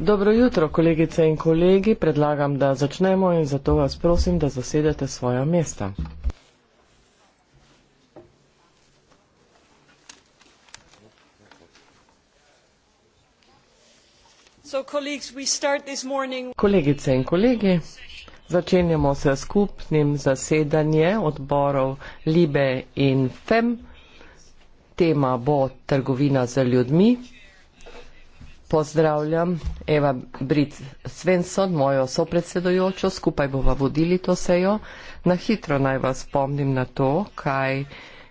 Dobro jutro, kolegice in kolegi. Predlagam, da začnemo in zato vas prosim, da zasedete svoja mesta. Kolegice in kolegi, začenjamo se skupnim zasedanje odborov Libe in FEM. Tema bo trgovina z ljudmi pozdravljam Eva Brit Svensson, mojo sopredsedojočo, skupaj bova vodili to sejo. Na hitro naj vas spomnim na to, kaj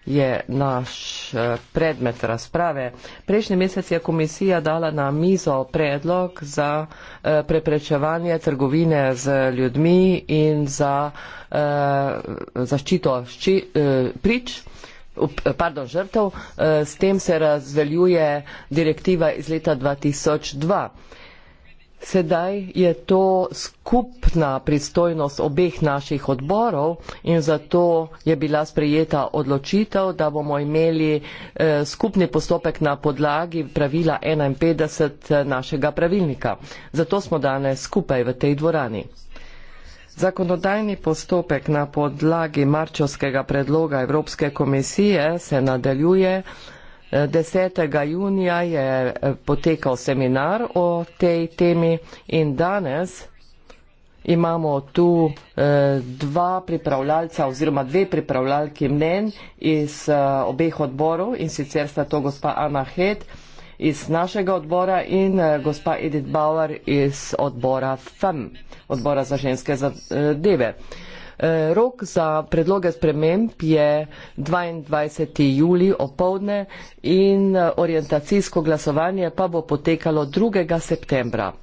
je naš eh, predmet razprave. Prejšnji mesec je komisija dala na mizo predlog za eh, preprečevanje trgovine z ljudmi in za eh, zaščito prič pardon, žrtev, eh, s tem se razveljuje direktiva iz leta 2002. Sedaj je to skupna pristojnost obeh naših odborov in zato je bila sprejeta odločitev, da bomo imeli eh, skupni postopek na podlagi pravila 51 eh, našega pravilnika. Zato smo danes skupaj v tej dvorani. Zakonodajni postopek na podlagi marčovskega predloga Evropske komisije se nadaljuje. 10. junija je eh, potekal seminar o tej temi in danes imamo tu eh, dva pripravljalca oziroma dve pripravljalki mnen iz eh, obeh odborov in sicer sta to gospa Ana Hed iz našega odbora in eh, gospa Edith Bauer iz odbora FEM, odbora za ženske zadeve. Eh, rok za predloge sprememb je 22. juli opovdne in eh, orientacijsko glasovanje pa bo potekalo 2. septembra.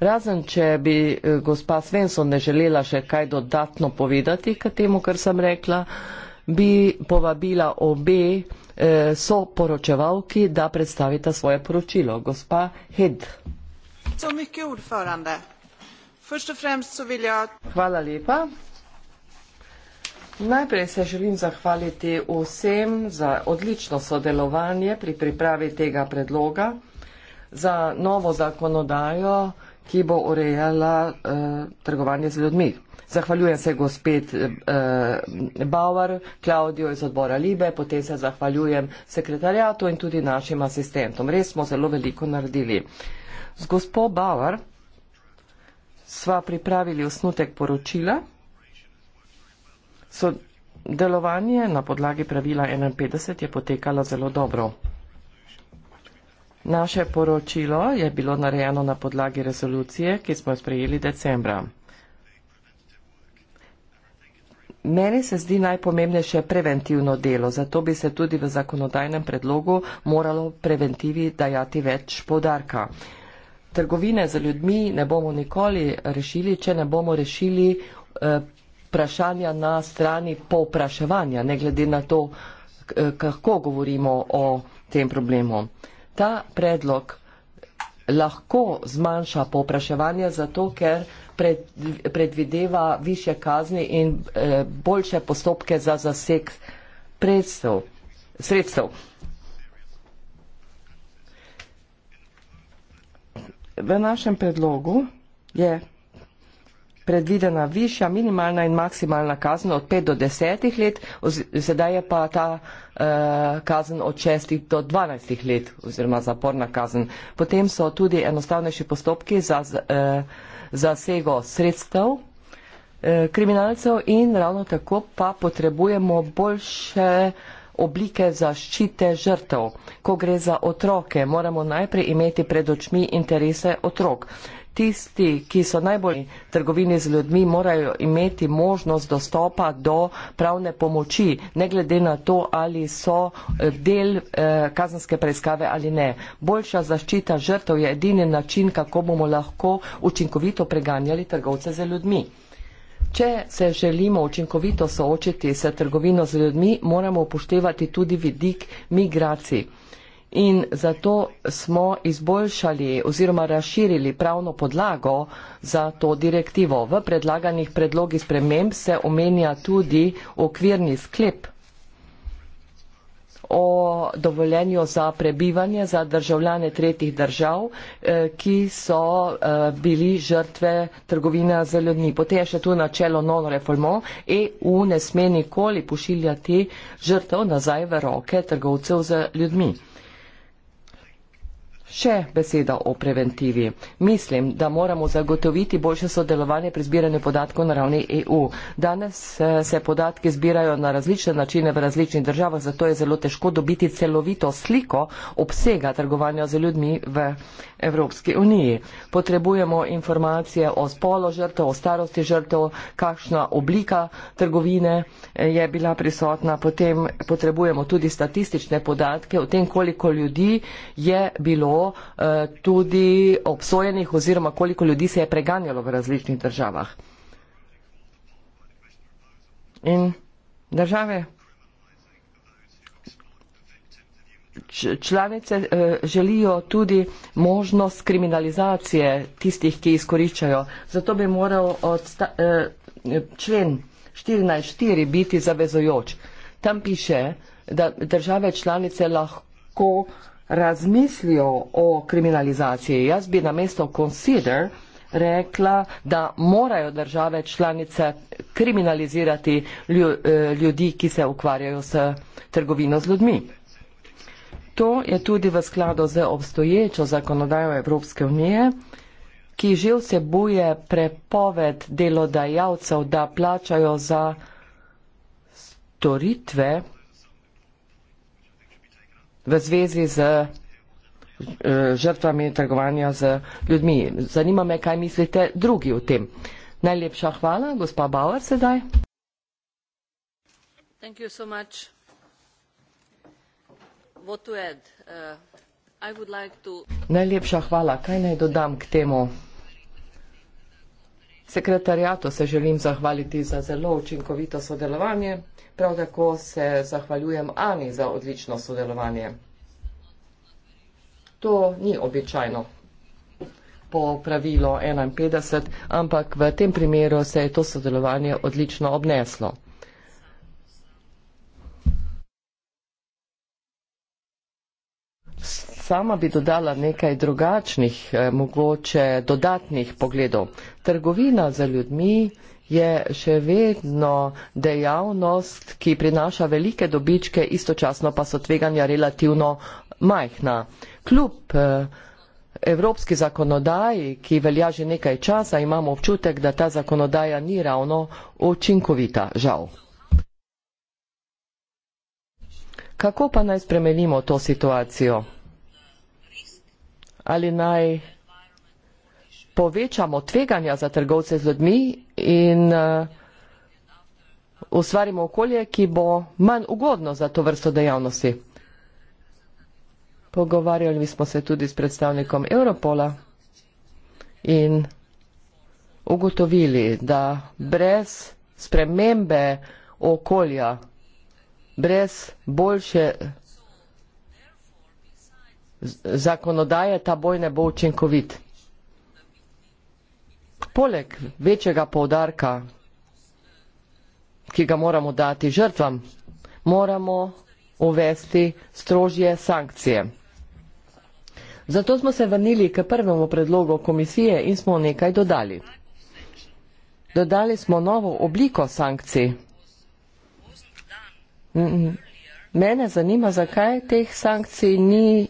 Razen, če bi gospa Svensson ne želela še kaj dodatno povedati k temu, kar sem rekla, bi povabila obe eh, so poročevalki, da predstavita svoje poročilo. Gospa Hed. Hvala lepa. Najprej se želim zahvaliti vsem za odlično sodelovanje pri pripravi tega predloga za novo zakonodajo ki bo urejala uh, trgovanje z ljudmi. Zahvaljujem se gospod uh, eh, Bauer, Klaudijo iz odbora Libe, potem se zahvaljujem sekretarjatu in tudi našim asistentom. Res smo zelo veliko naredili. Z gospod Bauer sva pripravili osnutek poročila. So Delovanje na podlagi pravila 51 je potekalo zelo dobro. Naše poročilo je bilo narejeno na podlagi rezolucije, ki smo jo sprejeli decembra. Meni se zdi najpomembnejše preventivno delo, zato bi se tudi v zakonodajnem predlogu moralo preventivi dajati več podarka. Trgovine z ljudmi ne bomo nikoli rešili, če ne bomo rešili eh, vprašanja eh, na strani povpraševanja, ne glede na to, eh, kako govorimo o tem problemu ta predlog lahko zmanjša popraševanje, zato ker predvideva više kazni in eh, boljše postopke za zasek predstav, sredstev. V našem predlogu je predvidena višja minimalna in maksimalna kazen od 5 do 10 let, sedaj je pa ta eh, kazen od 6 do 12 let oziroma zaporna kazen. Potem so tudi enostavnejši postopki za eh, zasego sredstev eh, kriminalcev in ravno tako pa potrebujemo boljše oblike zaščite žrtev. Ko gre za otroke, moramo najprej imeti pred očmi interese otrok. Eh, tisti, ki so najbolj trgovini z ljudmi, morajo imeti možnost dostopa do pravne pomoči, ne glede na to, ali so eh, del eh, kazenske preiskave ali ne. Boljša zaščita žrtev je edini način, kako bomo lahko učinkovito preganjali trgovce z ljudmi. Če se želimo učinkovito soočiti s trgovino z ljudmi, moramo upoštevati tudi vidik migracij. In zato smo izboljšali oziroma razširili pravno podlago za to direktivo. V predlaganih predlogi sprememb se omenja tudi okvirni sklep o dovoljenju za prebivanje za državljane tretjih držav, eh, ki so eh, bili žrtve trgovine z ljudmi. Potem je še tu načelo non reformant. EU ne sme nikoli pošiljati žrtev nazaj v roke trgovcev z ljudmi. Še beseda o preventivi. Mislim, da moramo zagotoviti boljše sodelovanje pri zbiranju podatkov na ravni EU. Danes eh, se podatki zbirajo na različne načine v različnih državah, zato je zelo težko dobiti celovito sliko obsega trgovanja z ljudmi v Evropski uniji. Potrebujemo informacije o spolu žrtev, o starosti žrtev, kakšna oblika trgovine eh, je bila prisotna. Potem potrebujemo tudi statistične podatke o tem, koliko ljudi je bilo Eh, tudi obsojenih oziroma koliko ljudi se je preganjalo v različnih državah. In države, članice eh, želijo tudi možnost kriminalizacije tistih, ki izkoriščajo. Zato bi moral odsta, eh, člen 14.4 biti zavezojoč. Tam piše, da države članice lahko uh, razmislijo o kriminalizaciji. Jaz bi na mesto consider rekla, da morajo države članice kriminalizirati eh, ljudi, ki se ukvarjajo s trgovino z ljudmi. To je tudi v skladu z obstoječo zakonodajo Evropske unije, ki že vsebuje prepoved delodajalcev, da plačajo za storitve v zvezi z eh, žrtvami trgovanja z ljudmi. Zanima me, kaj mislite drugi o tem. Najlepša hvala, gospa Bauer, sedaj. Thank you so much. What to add? Uh, I would like to... Najlepša hvala. Kaj naj dodam k temu? Sekretarjato se želim zahvaliti za zelo učinkovito sodelovanje, prav tako se zahvaljujem Ani za odlično sodelovanje. To ni običajno po pravilo 51, ampak v tem primeru se je to sodelovanje odlično obneslo. Sama bi dodala nekaj drugačnih, eh, mogoče dodatnih pogledov. Trgovina za ljudmi je še vedno dejavnost, ki prinaša velike dobičke, istočasno pa so tveganja relativno majhna. Kljub eh, evropski zakonodaji, ki velja že nekaj časa, imamo občutek, da ta zakonodaja ni ravno učinkovita, žal. Kako pa naj spremenimo to situacijo? Ali naj povečamo tveganja za trgovce z ljudmi in uh, ustvarimo okolje, ki bo manj ugodno za to vrsto dejavnosti. Pogovarjali smo se tudi s predstavnikom Europola in ugotovili, da brez spremembe okolja, brez boljše zakonodaje ta boj ne bo učinkovit poleg večjega povdarka, ki ga moramo dati žrtvam, moramo uvesti strožje sankcije. Zato smo se vrnili k prvemu predlogu komisije in smo nekaj dodali. Dodali smo novo obliko sankcij. Mene zanima, zakaj teh sankcij ni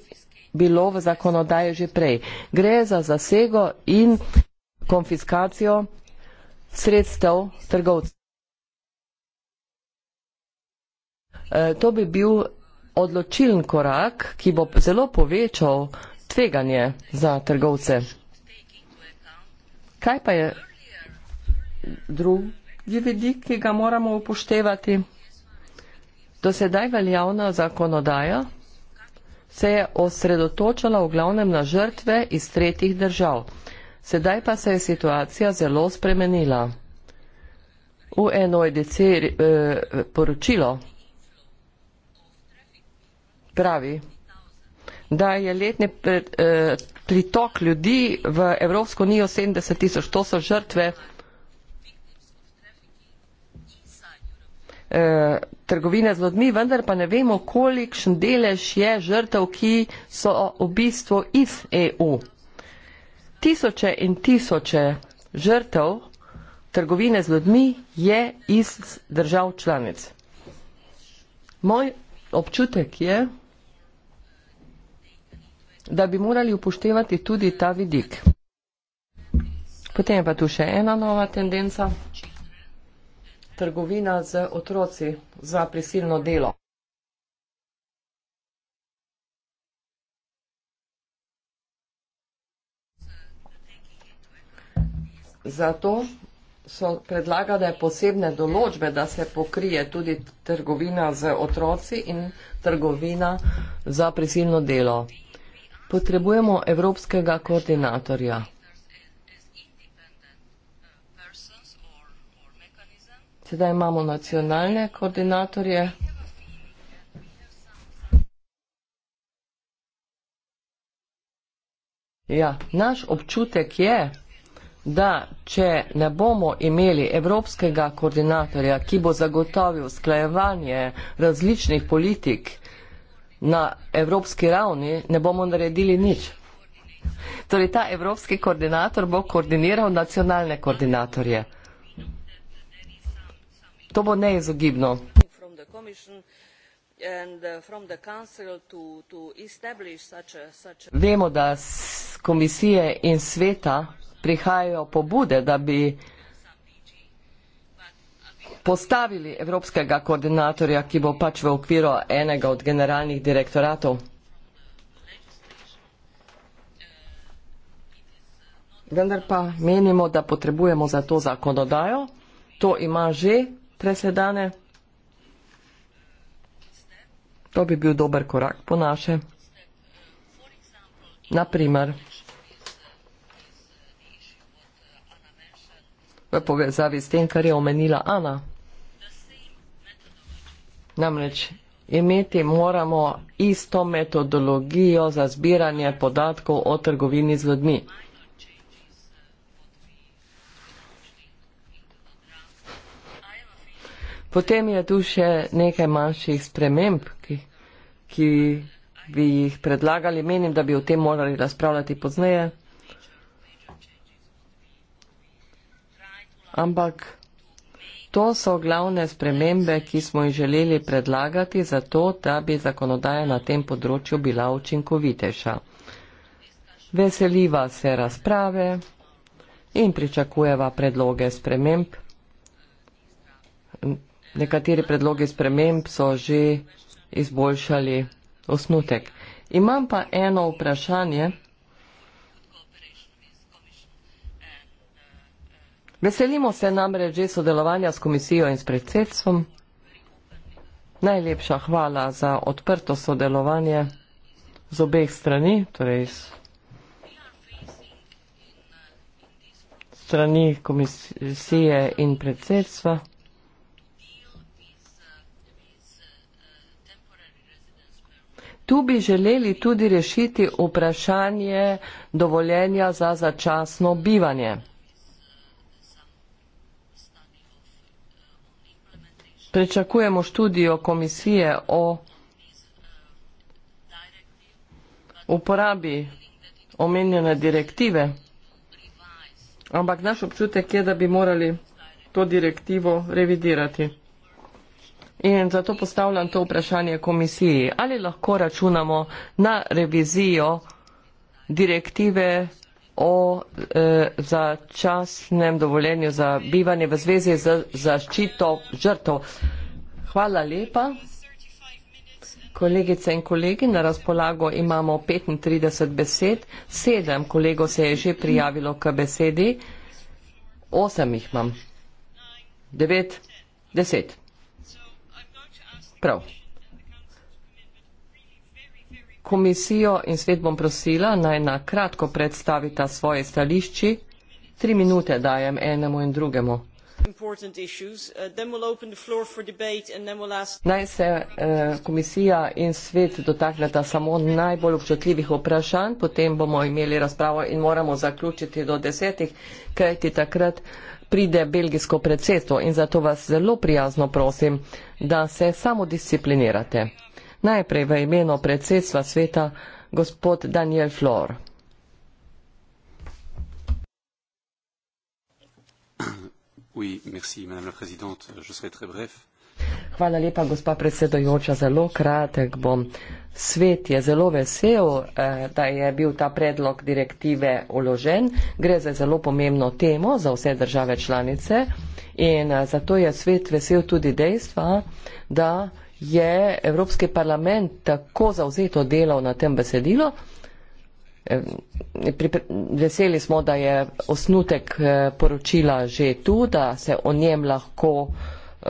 bilo v zakonodaje že prej. Gre za zasego in konfiskacijo sredstev trgovcev. E, to bi bil odločilen korak, ki bo zelo povečal tveganje za trgovce. Kaj pa je drugi vidik, ki ga moramo upoštevati? Do sedaj veljavna zakonodaja se je osredotočala v glavnem na žrtve iz tretjih držav. Sedaj pa se je situacija zelo spremenila. UNODC e eh, poročilo pravi, da je letni pred, eh, pritok ljudi v Evropsko unijo 70 tisoč, to so žrtve eh, trgovine z ljudmi, vendar pa ne vemo, kolikšen delež je žrtev, ki so v bistvu iz EU tisoče in tisoče žrtev trgovine z ljudmi je iz držav članic. Moj občutek je, da bi morali upoštevati tudi ta vidik. Potem je pa tu še ena nova tendenca, trgovina z otroci za prisilno delo. zato so predlagane posebne določbe, da se pokrije tudi trgovina z otroci in trgovina za prisilno delo. Potrebujemo evropskega koordinatorja. Sedaj imamo nacionalne koordinatorje. Ja, naš občutek je, da če ne bomo imeli evropskega koordinatorja, ki bo zagotovil sklajevanje različnih politik na evropski ravni, ne bomo naredili nič. Torej, ta evropski koordinator bo koordiniral nacionalne koordinatorje. To bo neizogibno. Uh, Vemo, da z komisije in sveta prihajajo pobude, da bi postavili evropskega koordinatorja, ki bo pač v okviru enega od generalnih direktoratov. Vendar pa menimo, da potrebujemo za to zakonodajo. To ima že presedane. To bi bil dober korak po naše. Naprimer, v povezavi s tem, kar je omenila Ana. Namreč imeti moramo isto metodologijo za zbiranje podatkov o trgovini z ljudmi. Potem je tu še nekaj manjših sprememb, ki, ki bi jih predlagali. Menim, da bi o tem morali razpravljati pozneje. Ampak to so glavne spremembe, ki smo jih želeli predlagati, zato da bi zakonodaja na tem področju bila učinkovitejša. Veseliva se razprave in pričakujeva predloge sprememb. Nekateri predlogi sprememb so že izboljšali osnutek. Imam pa eno vprašanje. Veselimo se namreč že sodelovanja s komisijo in s predsedstvom. Najlepša hvala za odprto sodelovanje z obeh strani, torej z strani komisije in predsedstva. Tu bi želeli tudi rešiti vprašanje dovoljenja za začasno bivanje. pričakujemo študijo komisije o uporabi omenjene direktive, ampak naš občutek je, da bi morali to direktivo revidirati. In zato postavljam to vprašanje komisiji. Ali lahko računamo na revizijo direktive o eh, začasnem dovoljenju za bivanje v zvezi z zaščito žrtov. Hvala lepa. Kolegice in kolegi, na razpolago imamo 35 besed, sedem kolegov se je že prijavilo k besedi, osem jih imam, devet, deset. Prav komisijo in svet bom prosila, naj na kratko predstavita svoje stališči. Tri minute dajem enemu in drugemu. Uh, naj se uh, komisija in svet dotakneta samo najbolj občutljivih vprašanj, potem bomo imeli razpravo in moramo zaključiti do desetih, kajti takrat pride belgijsko predsedstvo in zato vas zelo prijazno prosim, da se samo disciplinirate najprej v imenu predsedstva sveta gospod Daniel Flor. Oui, merci, Je bref. Hvala lepa, gospa predsedojoča, zelo kratek bom. Svet je zelo vesel, eh, da je bil ta predlog direktive uložen. Gre za zelo pomembno temo za vse države članice in eh, zato je svet vesel tudi dejstva, da je Evropski parlament tako zauzeto delal na tem besedilu. Veseli smo, da je osnutek eh, poročila že tu, da se o njem lahko, eh,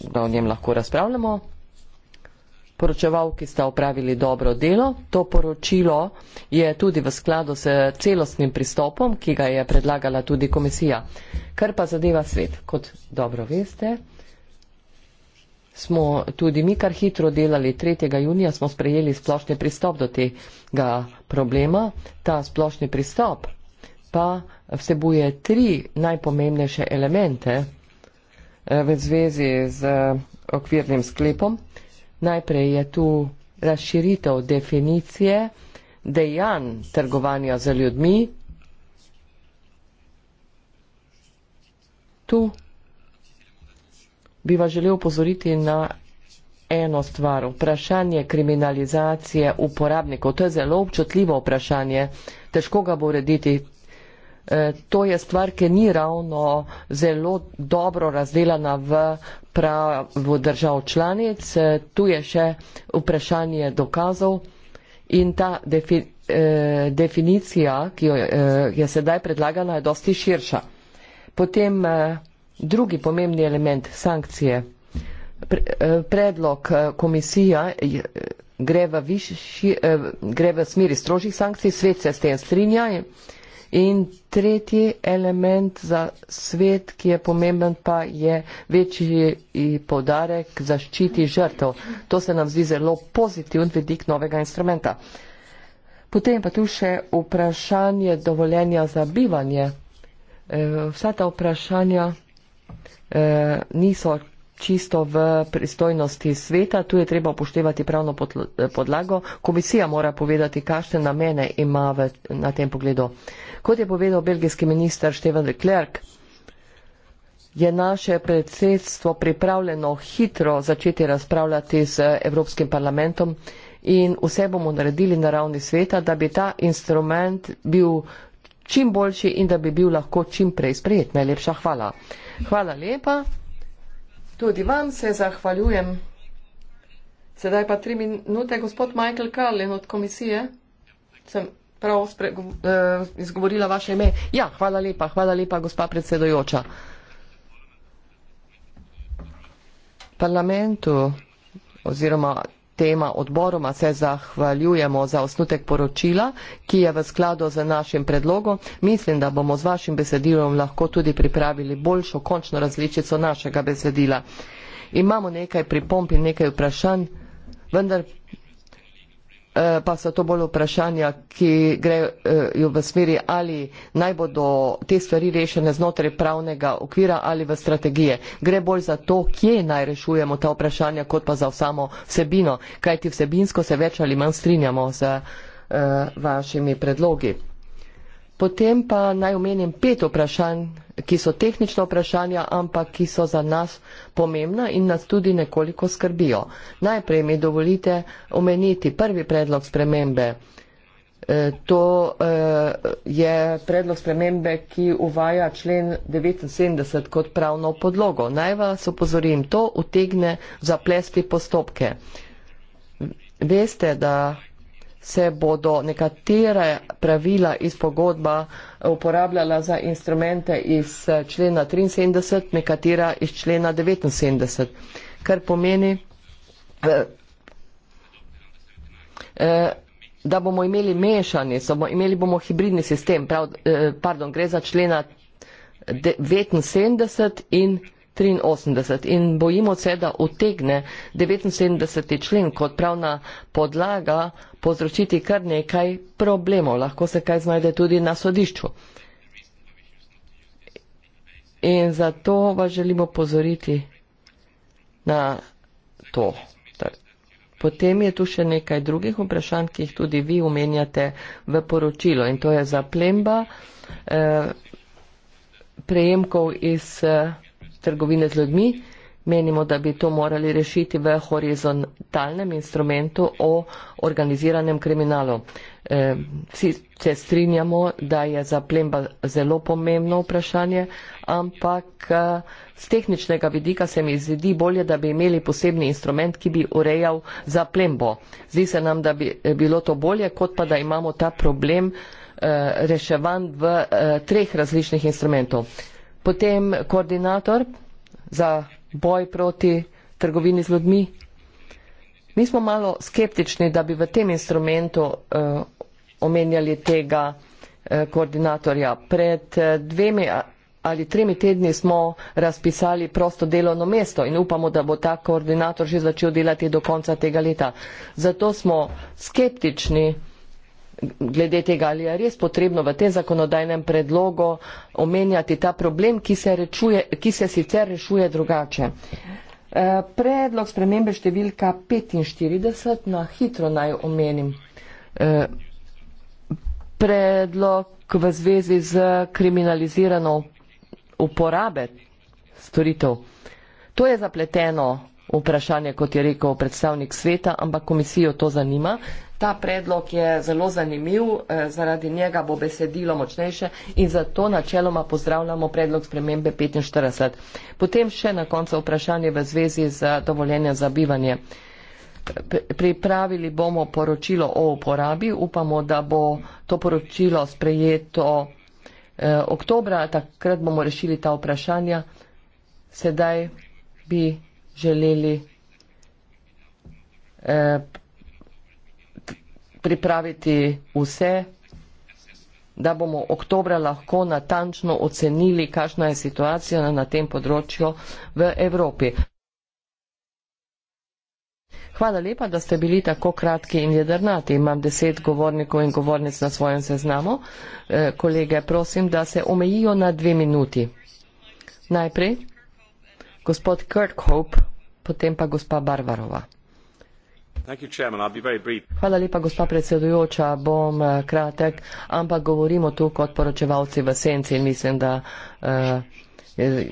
da o njem lahko razpravljamo. Poročevalki sta opravili dobro delo. To poročilo je tudi v skladu s celostnim pristopom, ki ga je predlagala tudi komisija. Kar pa zadeva svet, kot dobro veste, smo tudi mi kar hitro delali. 3. junija smo sprejeli splošni pristop do tega problema. Ta splošni pristop pa vsebuje tri najpomembnejše elemente eh, v zvezi z eh, okvirnim sklepom. Najprej je tu razširitev definicije dejan trgovanja z ljudmi. Tu bi vas želel upozoriti na eno stvar. Vprašanje kriminalizacije uporabnikov. To je zelo občutljivo vprašanje. Težko ga bo urediti. E, to je stvar, ki ni ravno zelo dobro razdelana v pravu držav članic. E, tu je še vprašanje dokazov in ta defi, eh, definicija, ki jo, eh, je sedaj predlagana, je dosti širša. Potem eh, Drugi pomembni element sankcije. Eh, predlog eh, komisija eh, gre v, višji, gre v smeri strožjih sankcij, svet se s tem strinja. In tretji element za svet, ki je pomemben, pa je večji podarek zaščiti žrtev. To se nam zdi zelo pozitiven vidik novega instrumenta. Potem pa tu še vprašanje dovoljenja za bivanje. Vsa ta vprašanja. Eh, niso čisto v pristojnosti sveta, tu je treba upoštevati pravno eh, podlago. Komisija mora povedati, kakšne namene ima v, na tem pogledu. Kot je povedal belgijski minister Steven de Klerk, je naše predsedstvo pripravljeno hitro začeti razpravljati z Evropskim parlamentom in vse bomo naredili na ravni sveta, da bi ta instrument bil čim boljši in da bi bil lahko čim prej sprejet. Najlepša hvala. Hvala lepa. Tudi vam se zahvaljujem. Sedaj pa tri minute, gospod Michael Carlin od komisije. Sem prav uh, izgovorila vaše ime. Ja, hvala lepa, hvala lepa, gospa predsedojoča. Parlamentu oziroma tema odboroma se zahvaljujemo za osnutek poročila, ki je v skladu z našim predlogom. Mislim, da bomo z vašim besedilom lahko tudi pripravili boljšo končno različico našega besedila. Imamo nekaj pripomp in nekaj vprašanj, vendar Eh, pa so to bolj vprašanja, ki grejo eh, v smeri, ali naj bodo te stvari rešene znotraj pravnega okvira ali v strategije. Gre bolj za to, kje naj rešujemo ta vprašanja, kot pa za samo vsebino, kajti vsebinsko se več ali manj strinjamo z eh, vašimi predlogi. Potem pa naj omenim pet vprašanj, ki so tehnična vprašanja, ampak ki so za nas pomembna in nas tudi nekoliko skrbijo. Najprej mi dovolite omeniti prvi predlog spremembe. E, to e, je predlog spremembe, ki uvaja člen 79 kot pravno podlogo. Naj vas upozorim, to utegne zaplesti postopke. Veste, da se bodo nekatere pravila iz pogodba uporabljala za instrumente iz eh, člena 73, nekatera iz člena 79, kar pomeni, eh, da bomo imeli mešani, bomo imeli bomo hibridni sistem, prav, eh, pardon, gre za člena 79 in 79. 83 in bojimo se, da utegne 79. člen kot pravna podlaga povzročiti kar nekaj problemov. Lahko se kaj znajde tudi na sodišču. In zato vas želimo pozoriti na to. Potem je tu še nekaj drugih vprašanj, ki jih tudi vi omenjate v poročilo. In to je zaplemba eh, prejemkov iz. Eh, trgovine z ljudmi. Menimo, da bi to morali rešiti v horizontalnem instrumentu o organiziranem kriminalu. E, vsi se strinjamo, da je za plemba zelo pomembno vprašanje, ampak a, eh, z tehničnega vidika se mi zdi bolje, da bi imeli posebni instrument, ki bi urejal za plembo. Zdi se nam, da bi eh, bilo to bolje, kot pa da imamo ta problem a, reševan v a, treh različnih instrumentov potem koordinator za boj proti trgovini z ljudmi. Mi smo malo skeptični, da bi v tem instrumentu uh, omenjali tega uh, koordinatorja. Pred uh, dvemi ali tremi tedni smo razpisali prosto delovno mesto in upamo, da bo ta koordinator že začel delati do konca tega leta. Zato smo skeptični glede tega, ali je res potrebno v tem zakonodajnem predlogu omenjati ta problem, ki se, rečuje, ki se sicer rešuje drugače. Eh, predlog spremembe številka 45, na no, hitro naj omenim, eh, predlog v zvezi z kriminalizirano uporabe storitev. To je zapleteno vprašanje, kot je rekel predstavnik sveta, ampak komisijo to zanima. Ta predlog je zelo zanimiv, e, zaradi njega bo besedilo močnejše in zato načeloma pozdravljamo predlog spremembe 45. Potem še na koncu vprašanje v zvezi z dovoljenjem za bivanje. Pripravili bomo poročilo o uporabi, upamo, da bo to poročilo sprejeto eh, oktobra, takrat bomo rešili ta vprašanja. Sedaj bi želeli. Eh, pripraviti vse, da bomo oktobra lahko natančno ocenili, kakšna je situacija na tem področju v Evropi. Hvala lepa, da ste bili tako kratki in jedrnati. Imam deset govornikov in govornic na svojem seznamu. E, kolege, prosim, da se omejijo na dve minuti. Najprej gospod Kirkhope, potem pa gospa Barbarova. Hvala lepa, gospa predsedujoča, bom eh, kratek, ampak govorimo tu kot poročevalci v senci in mislim, da uh,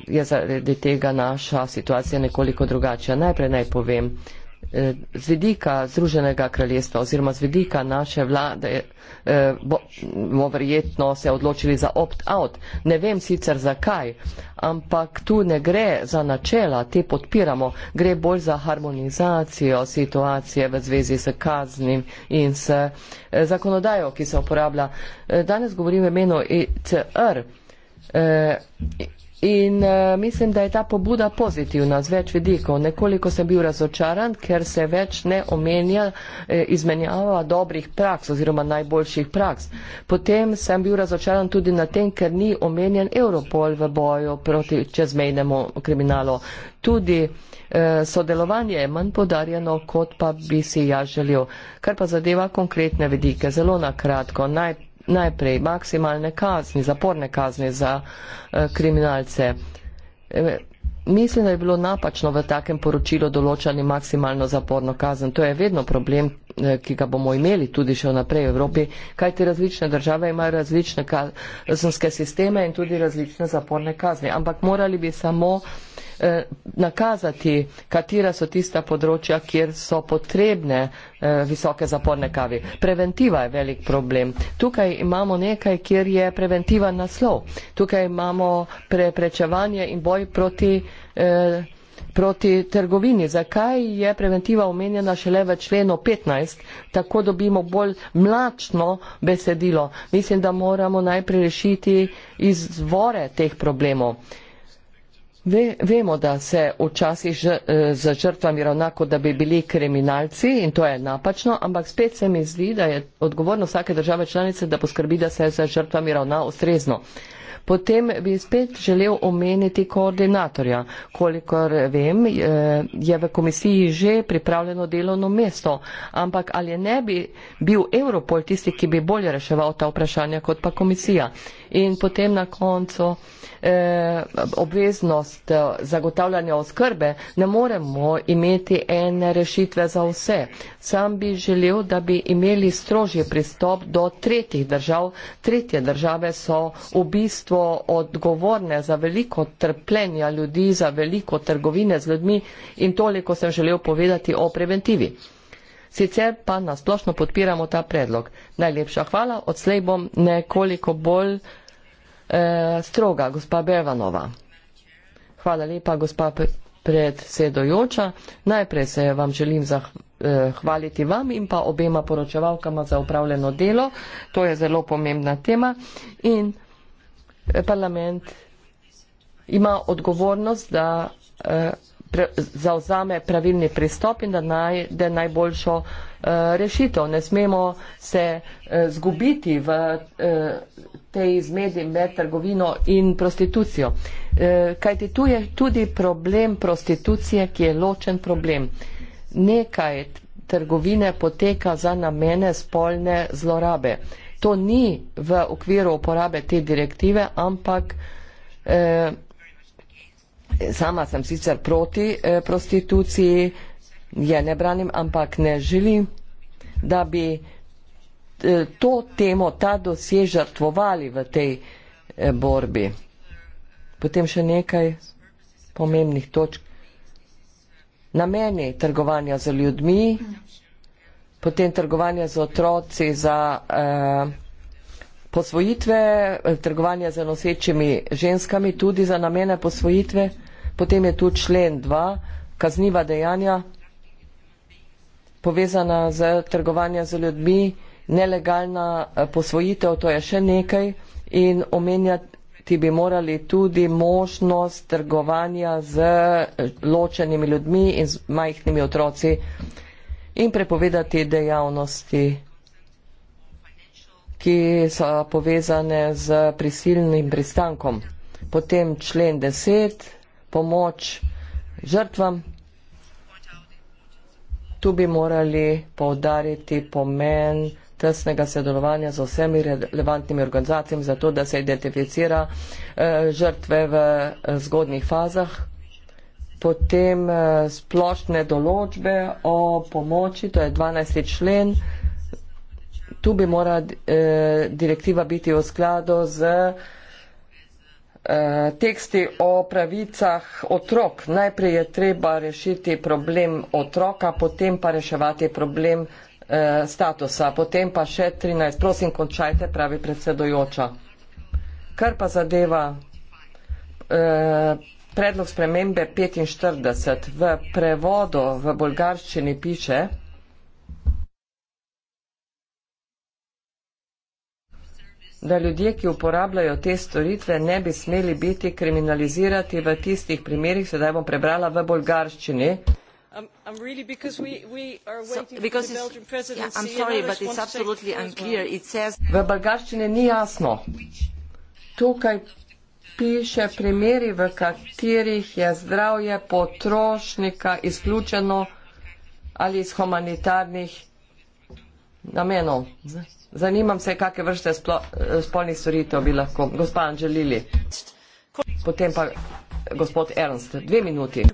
je zaradi tega naša situacija nekoliko drugačna. Najprej naj povem, Eh, z vidika Združenega kraljestva oziroma z vidika naše vlade eh, bomo bo verjetno se odločili za opt-out. Ne vem sicer zakaj, ampak tu ne gre za načela, te podpiramo, gre bolj za harmonizacijo situacije v zvezi s kaznim in s eh, zakonodajo, ki se uporablja. Danes govorim v imenu ECR. In uh, mislim, da je ta pobuda pozitivna z več vidikov. Nekoliko sem bil razočaran, ker se več ne omenja eh, izmenjava dobrih praks oziroma najboljših praks. Potem sem bil razočaran tudi na tem, ker ni omenjen Europol v boju proti čezmejnemu kriminalu. Tudi eh, sodelovanje je manj podarjeno, kot pa bi si ja želel. Kar pa zadeva konkretne vidike, zelo nakratko. Najprej najprej maksimalne kazni, zaporne kazni za eh, kriminalce. Eh, mislim, da je bilo napačno v takem poročilu določani maksimalno zaporno kazen. To je vedno problem, eh, ki ga bomo imeli tudi še naprej v Evropi, kaj te različne države imajo različne kazenske sisteme in tudi različne zaporne kazni. Ampak morali bi samo uh, Eh, nakazati, katera so tista področja, kjer so potrebne eh, visoke zaporne kavi. Preventiva je velik problem. Tukaj imamo nekaj, kjer je preventiva naslov. Tukaj imamo preprečevanje in boj proti eh, proti trgovini. Zakaj je preventiva omenjena šele v členu 15, tako dobimo bolj mlačno besedilo? Mislim, da moramo najprej rešiti izvore teh problemov. Uh, Ve, vemo, da se včasih eh, z žrtvami ravna, kot da bi bili kriminalci in to je napačno, ampak spet se mi zdi, da je odgovorno vsake države članice, da poskrbi, da se z žrtvami ravna ustrezno. Uh, Potem bi spet želel omeniti koordinatorja. Kolikor vem, je v komisiji že pripravljeno delovno mesto, ampak ali ne bi bil Europol tisti, ki bi bolje reševal ta vprašanja kot pa komisija. In potem na koncu eh, obveznost eh, zagotavljanja oskrbe ne moremo imeti ene rešitve za vse. Sam bi želel, da bi imeli strožji pristop do tretjih držav. Tretje države so v bistvu so odgovorne za veliko trpljenja ljudi, za veliko trgovine z ljudmi in toliko sem želel povedati o preventivi. Sicer pa nasplošno podpiramo ta predlog. Najlepša hvala, odslej bom nekoliko bolj eh, stroga, gospa Bevanova. Hvala lepa, gospa predsedojoča. Najprej se vam želim zahvaliti eh, vam in pa obema poročevalkama za upravljeno delo. To je zelo pomembna tema. In parlament ima odgovornost, da eh, zauzame pravilni pristop in da najde najboljšo eh, rešitev. Ne smemo se eh, zgubiti v tej izmedi med trgovino in prostitucijo. Kajti tu je tudi problem prostitucije, ki je ločen problem. Nekaj trgovine poteka za namene spolne zlorabe to ni v okviru uporabe te direktive, ampak eh, sama sem sicer proti eh, prostituciji, je ne branim, ampak ne želim, da bi eh, to temo, ta dosje žrtvovali v tej eh, borbi. Potem še nekaj pomembnih točk. Nameni trgovanja z ljudmi. Mm potem trgovanja z otroci, za eh, posvojitve, trgovanja z nosečimi ženskami, tudi za namene posvojitve. Potem je tu člen 2, kazniva dejanja, povezana z trgovanja z ljudmi, nelegalna eh, posvojitev, to je še nekaj. In omenjati bi morali tudi možnost trgovanja z eh, ločenimi ljudmi in z majhnimi otroci in prepovedati dejavnosti, ki so povezane z prisilnim pristankom. Potem člen 10, pomoč žrtvam. Tu bi morali povdariti pomen tesnega sodelovanja z vsemi relevantnimi organizacijami, zato da se identificira uh, žrtve v uh, eh, zgodnih fazah potem eh, splošne določbe o pomoči, to je 12. člen. Tu bi mora eh, direktiva biti v skladu z eh, teksti o pravicah otrok. Najprej je treba rešiti problem otroka, potem pa reševati problem statusa. Potem pa še 13. Prosim, končajte, pravi predsedojoča. Kar pa zadeva predlog spremembe 45 v prevodu v bolgarščini piše, da ljudje, ki uporabljajo te storitve, ne bi smeli biti kriminalizirati v tistih primerjih, sedaj bom prebrala v bolgarščini. I'm really because we, we are waiting so, because for the Belgian presidency. Yeah, I'm sorry, but it's absolutely unclear. Well. It says... V Bulgarščini ni jasno. Tukaj piše primeri, v katerih je zdravje potrošnika izključeno ali iz humanitarnih namenov. Zanimam se, kakve vrste splo, eh, spolnih storitev bi lahko gospa Anželili. Potem pa gospod Ernst, dve minuti.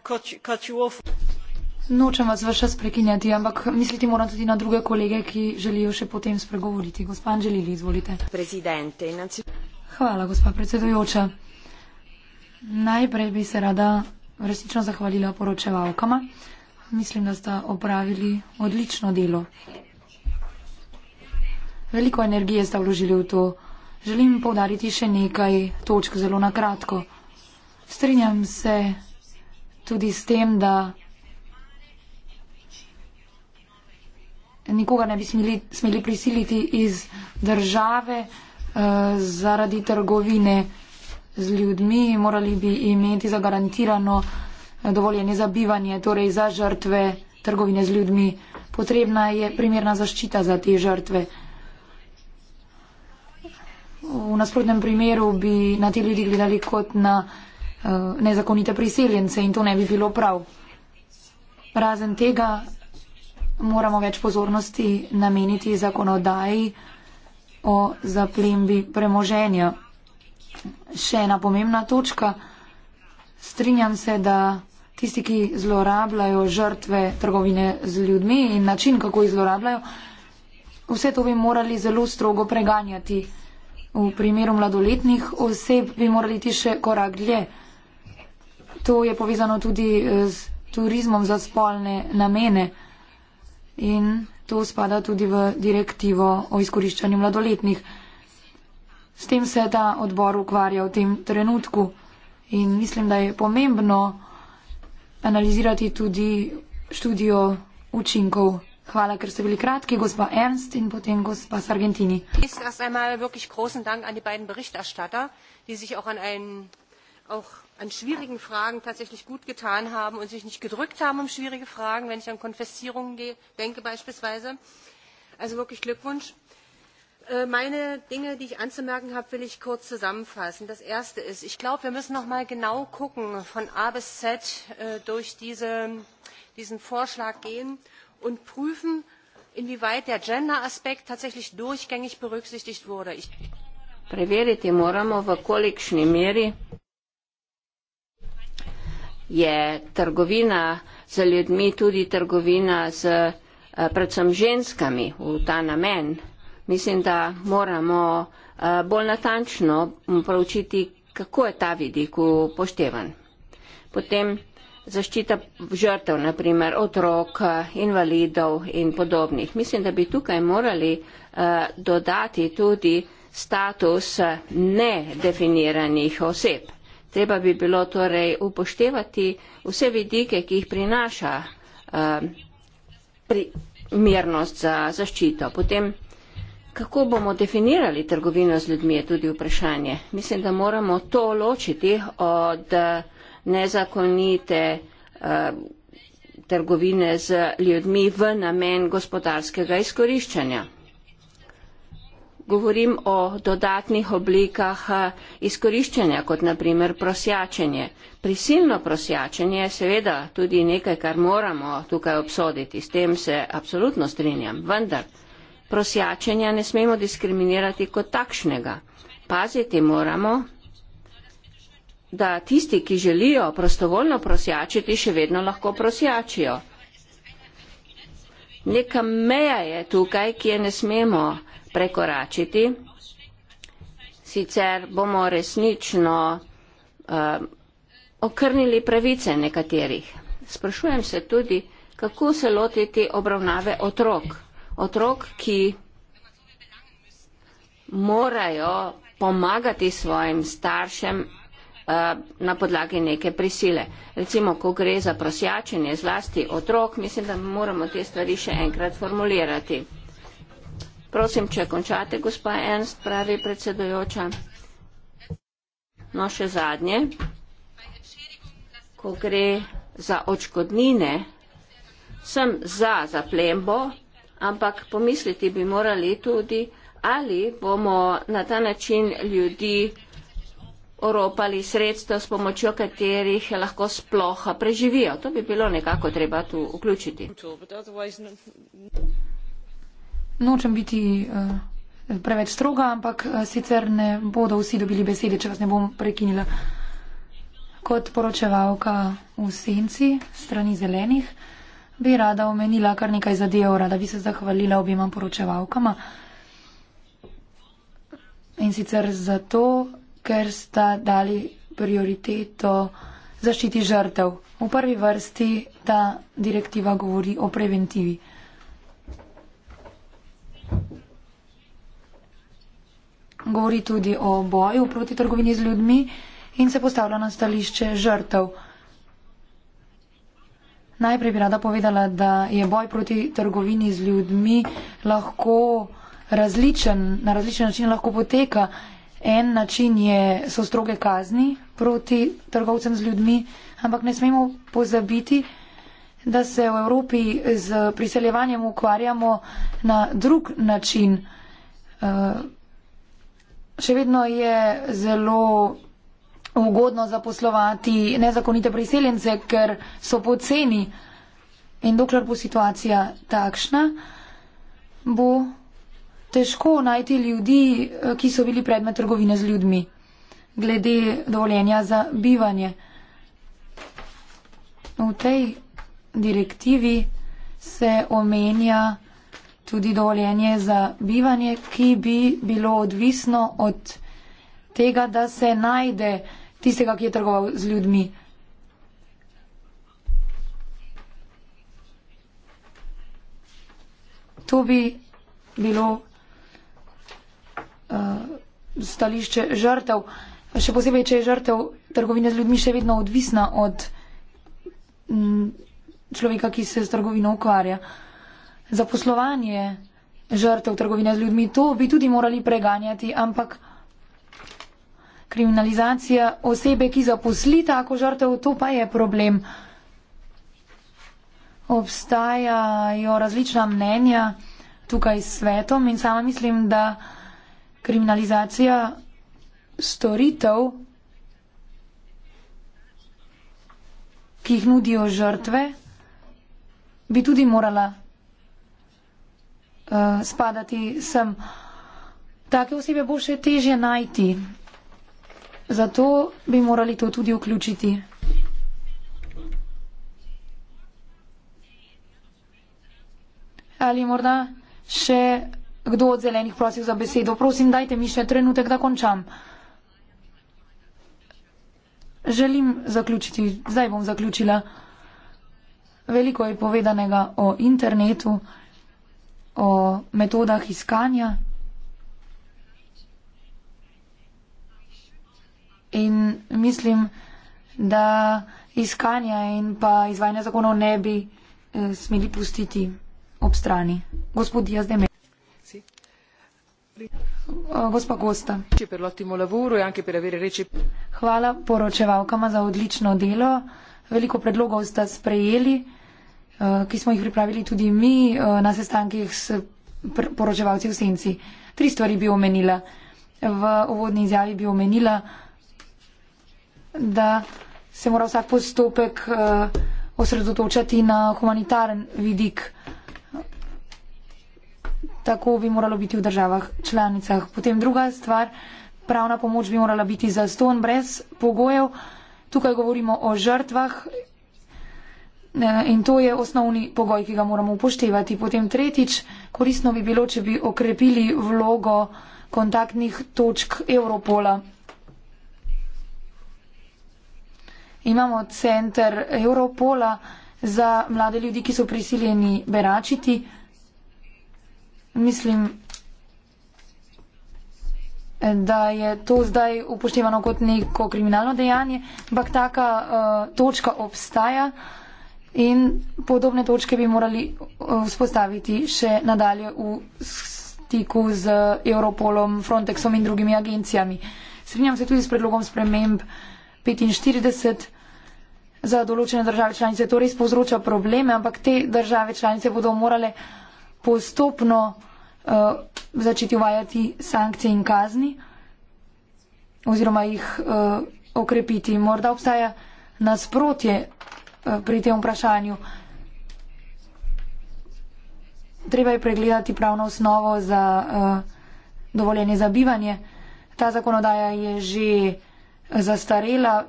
Nočem vas vse sprekinjati, ampak misliti moram tudi na druge kolege, ki želijo še potem spregovoriti. Gospa Anželili, izvolite. Hvala, gospa predsedujoča. Najprej bi se rada resnično zahvalila poročevalkama. Mislim, da sta opravili odlično delo. Veliko energije sta vložili v to. Želim povdariti še nekaj točk zelo na kratko. Strinjam se tudi s tem, da nikoga ne bi smeli, smeli prisiliti iz države uh, zaradi trgovine z ljudmi, morali bi imeti zagarantirano dovoljenje za bivanje, torej za žrtve trgovine z ljudmi. Potrebna je primerna zaščita za te žrtve. V nasprotnem primeru bi na te ljudi gledali kot na eh, nezakonite priseljence in to ne bi bilo prav. Razen tega moramo več pozornosti nameniti zakonodaji o zaplembi premoženja še ena pomembna točka. Strinjam se, da tisti, ki zlorabljajo žrtve trgovine z ljudmi in način, kako jih zlorabljajo, vse to bi morali zelo strogo preganjati. V primeru mladoletnih oseb bi morali ti še korak dlje. To je povezano tudi z eh, turizmom za spolne namene in to spada tudi v direktivo o izkoriščanju mladoletnih. S tem se ta odbor ukvarja v tem trenutku in mislim, da je pomembno analizirati tudi študijo učinkov. Hvala, ker ste bili kratki, gospa Ernst in potem gospa Sargentini. an schwierigen Fragen tatsächlich gut getan haben und sich nicht gedrückt haben um schwierige Fragen, wenn ich an Konfessierungen denke beispielsweise. Also wirklich Glückwunsch. Äh, meine Dinge, die ich anzumerken habe, will ich kurz zusammenfassen. Das Erste ist, ich glaube, wir müssen noch mal genau gucken, von A bis Z äh, durch diese, diesen Vorschlag gehen und prüfen, inwieweit der Gender-Aspekt tatsächlich durchgängig berücksichtigt wurde. Ich Preveriti moramo, v kolikšni meri je trgovina z ljudmi tudi trgovina z eh, predvsem ženskami v ta namen mislim, da moramo eh, bolj natančno proučiti, kako je ta vidik upoštevan. Potem zaščita žrtev, naprimer otrok, invalidov in podobnih. Mislim, da bi tukaj morali eh, dodati tudi status nedefiniranih oseb. Treba bi bilo torej upoštevati vse vidike, ki jih prinaša uh, pri, mirnost za zaščito. Potem Kako bomo definirali trgovino z ljudmi je tudi vprašanje. Mislim, da moramo to ločiti od eh, nezakonite eh, trgovine z ljudmi v namen gospodarskega izkoriščanja. Govorim o dodatnih oblikah eh, izkoriščanja, kot naprimer prosjačenje. Prisilno prosjačenje je seveda tudi nekaj, kar moramo tukaj obsoditi. S tem se absolutno strinjam. Vendar prosjačenja ne smemo diskriminirati kot takšnega. Paziti moramo, da tisti, ki želijo prostovoljno prosjačiti, še vedno lahko prosjačijo. Neka meja je tukaj, ki je ne smemo prekoračiti, sicer bomo resnično uh, okrnili pravice nekaterih. Sprašujem se tudi, kako se lotiti obravnave otrok otrok, ki morajo pomagati svojim staršem eh, na podlagi neke prisile. Recimo, ko gre za prosjačenje zlasti otrok, mislim, da moramo te stvari še enkrat formulirati. Prosim, če končate, gospa Ernst, pravi predsedujoča. No, še zadnje. Ko gre za očkodnine, sem za zaplembo, ampak pomisliti bi morali tudi, ali bomo na ta način ljudi oropali sredstva, s pomočjo katerih lahko sploh preživijo. To bi bilo nekako treba tu vključiti. Nočem biti uh, preveč stroga, ampak uh, sicer ne bodo vsi dobili besede, če vas ne bom prekinila. Kot poročevalka v senci strani zelenih bi rada omenila kar nekaj zadev, rada bi se zahvalila obima poročevalkama. In sicer zato, ker sta dali prioriteto zaščiti žrtev. V prvi vrsti ta direktiva govori o preventivi. Govori tudi o boju proti trgovini z ljudmi in se postavlja na stališče žrtev. Najprej bi rada povedala, da je boj proti trgovini z ljudmi lahko različen, na različen način lahko poteka. En način je, so stroge kazni proti trgovcem z ljudmi, ampak ne smemo pozabiti, da se v Evropi z priseljevanjem ukvarjamo na drug način. Še vedno je zelo ugodno zaposlovati nezakonite priseljence, ker so poceni. In dokler bo situacija takšna, bo težko najti ljudi, eh, ki so bili predmet trgovine z ljudmi, glede dovoljenja za bivanje. V tej direktivi se omenja tudi dovoljenje za bivanje, ki bi bilo odvisno od tega, da se najde tistega, ki je trgoval z ljudmi. To bi bilo uh, stališče žrtev, še posebej, če je žrtev trgovine z ljudmi še vedno odvisna od m, mm, človeka, ki se s trgovino ukvarja. Zaposlovanje žrtev trgovine z ljudmi, to bi tudi morali preganjati, ampak kriminalizacija osebe, ki zaposli tako žrtev, to pa je problem. Obstajajo različna mnenja tukaj s svetom in sama mislim, da kriminalizacija storitev, ki jih nudijo žrtve, bi tudi morala uh, spadati sem. Take osebe bo še težje najti. Zato bi morali to tudi vključiti. Ali morda še kdo od zelenih prosil za besedo? Prosim, dajte mi še trenutek, da končam. Želim zaključiti, zdaj bom zaključila. Veliko je povedanega o internetu, o metodah iskanja. in mislim, da iskanja in pa izvajanja zakonov ne bi eh, smeli pustiti ob strani. Gospod Diaz de Mello. Eh, gospa Gosta. E Hvala poročevalkama za odlično delo. Veliko predlogov ste sprejeli, eh, ki smo jih pripravili tudi mi eh, na sestankih s poročevalci v Senci. Tri stvari bi omenila. V uvodni izjavi bi omenila, da se mora vsak postopek eh, osredotočati na humanitaren vidik. Tako bi moralo biti v državah članicah. Potem druga stvar, pravna pomoč bi morala biti za ston brez pogojev. Tukaj govorimo o žrtvah eh, in to je osnovni pogoj, ki ga moramo upoštevati. Potem tretjič, koristno bi bilo, če bi okrepili vlogo kontaktnih točk Evropola. imamo center Europola za mlade ljudi, ki so prisiljeni beračiti. Mislim, da je to zdaj upoštevano kot neko kriminalno dejanje, ampak taka uh, točka obstaja in podobne točke bi morali eh, vzpostaviti še nadalje v stiku z Europolom, Frontexom in drugimi agencijami. Srinjam se tudi s predlogom sprememb uh, 45 za določene države članice. To res povzroča probleme, ampak te države članice bodo morale postopno uh, začeti uvajati sankcije in kazni oziroma jih uh, okrepiti. Morda obstaja nasprotje uh, pri tem vprašanju. Treba je pregledati pravno osnovo za uh, dovoljenje za bivanje. Ta zakonodaja je že zastarela.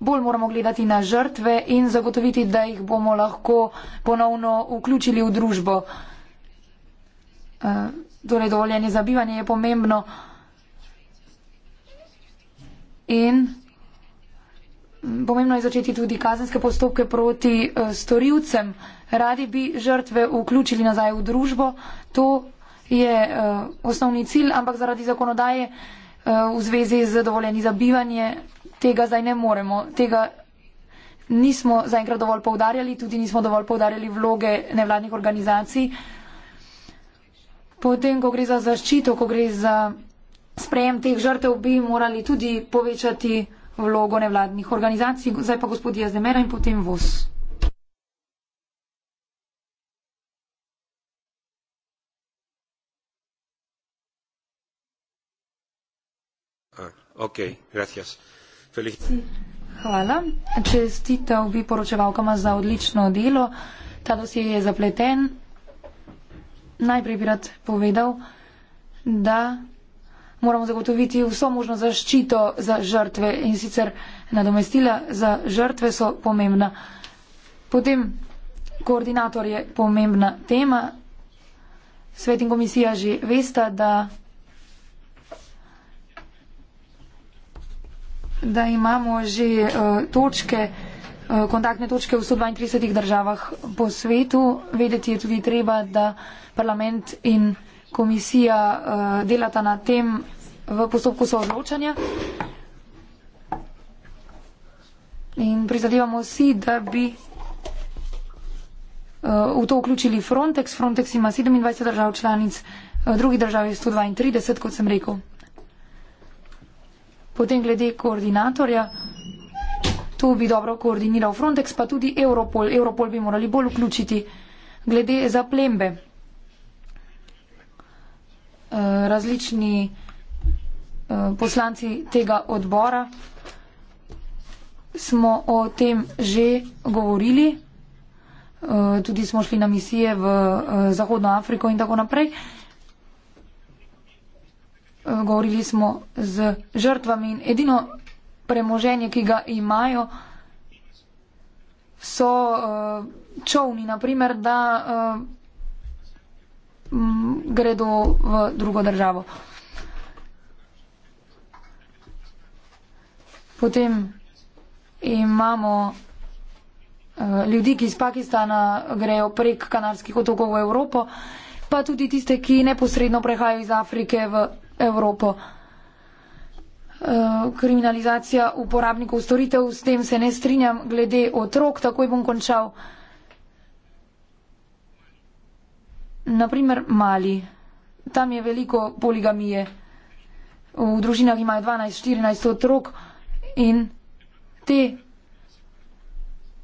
Bolj moramo gledati na žrtve in zagotoviti, da jih bomo lahko ponovno vključili v družbo. Eh, torej, dovoljenje za bivanje je pomembno. In pomembno je začeti tudi kazenske postopke proti eh, storilcem. Radi bi žrtve vključili nazaj v družbo. To je eh, osnovni cilj, ampak zaradi zakonodaje v zvezi z zadovoljeni za bivanje, tega zdaj ne moremo. Tega nismo zaenkrat dovolj poudarjali, tudi nismo dovolj poudarjali vloge nevladnih organizacij. Potem, ko gre za zaščito, ko gre za sprejem teh žrtev, bi morali tudi povečati vlogo nevladnih organizacij. Zdaj pa gospod Jazdemera in potem VOS. Hvala. Čestital bi poročevalkama za odlično delo. Ta dosje je zapleten. Najprej bi rad povedal, da moramo zagotoviti vso možno zaščito za žrtve in sicer nadomestila za žrtve so pomembna. Potem koordinator je pomembna tema. Svet in komisija že vesta, da. da imamo že uh, točke, uh, kontaktne točke v 132 državah po svetu. Vedeti je tudi treba, da parlament in komisija uh, delata na tem v postopku soodločanja. In prizadevamo si, da bi uh, v to vključili Frontex. Frontex ima 27 držav članic, uh, drugi državi 132, kot sem rekel. Potem glede koordinatorja, to bi dobro koordiniral Frontex, pa tudi Europol. Europol bi morali bolj vključiti glede zaplembe. Eh, različni eh, poslanci tega odbora smo o tem že govorili, eh, tudi smo šli na misije v Zahodno Afriko in tako naprej govorili smo z žrtvami in edino premoženje, ki ga imajo, so eh, čovni, naprimer, da eh, gredo v drugo državo. Potem imamo eh, ljudi, ki iz Pakistana grejo prek kanarskih otokov v Evropo, pa tudi tiste, ki neposredno prehajajo iz Afrike v Evropo. Eh, kriminalizacija uporabnikov storitev, s tem se ne strinjam, glede otrok, takoj bom končal. Naprimer, mali. Tam je veliko poligamije. V družinah imajo 12-14 otrok in te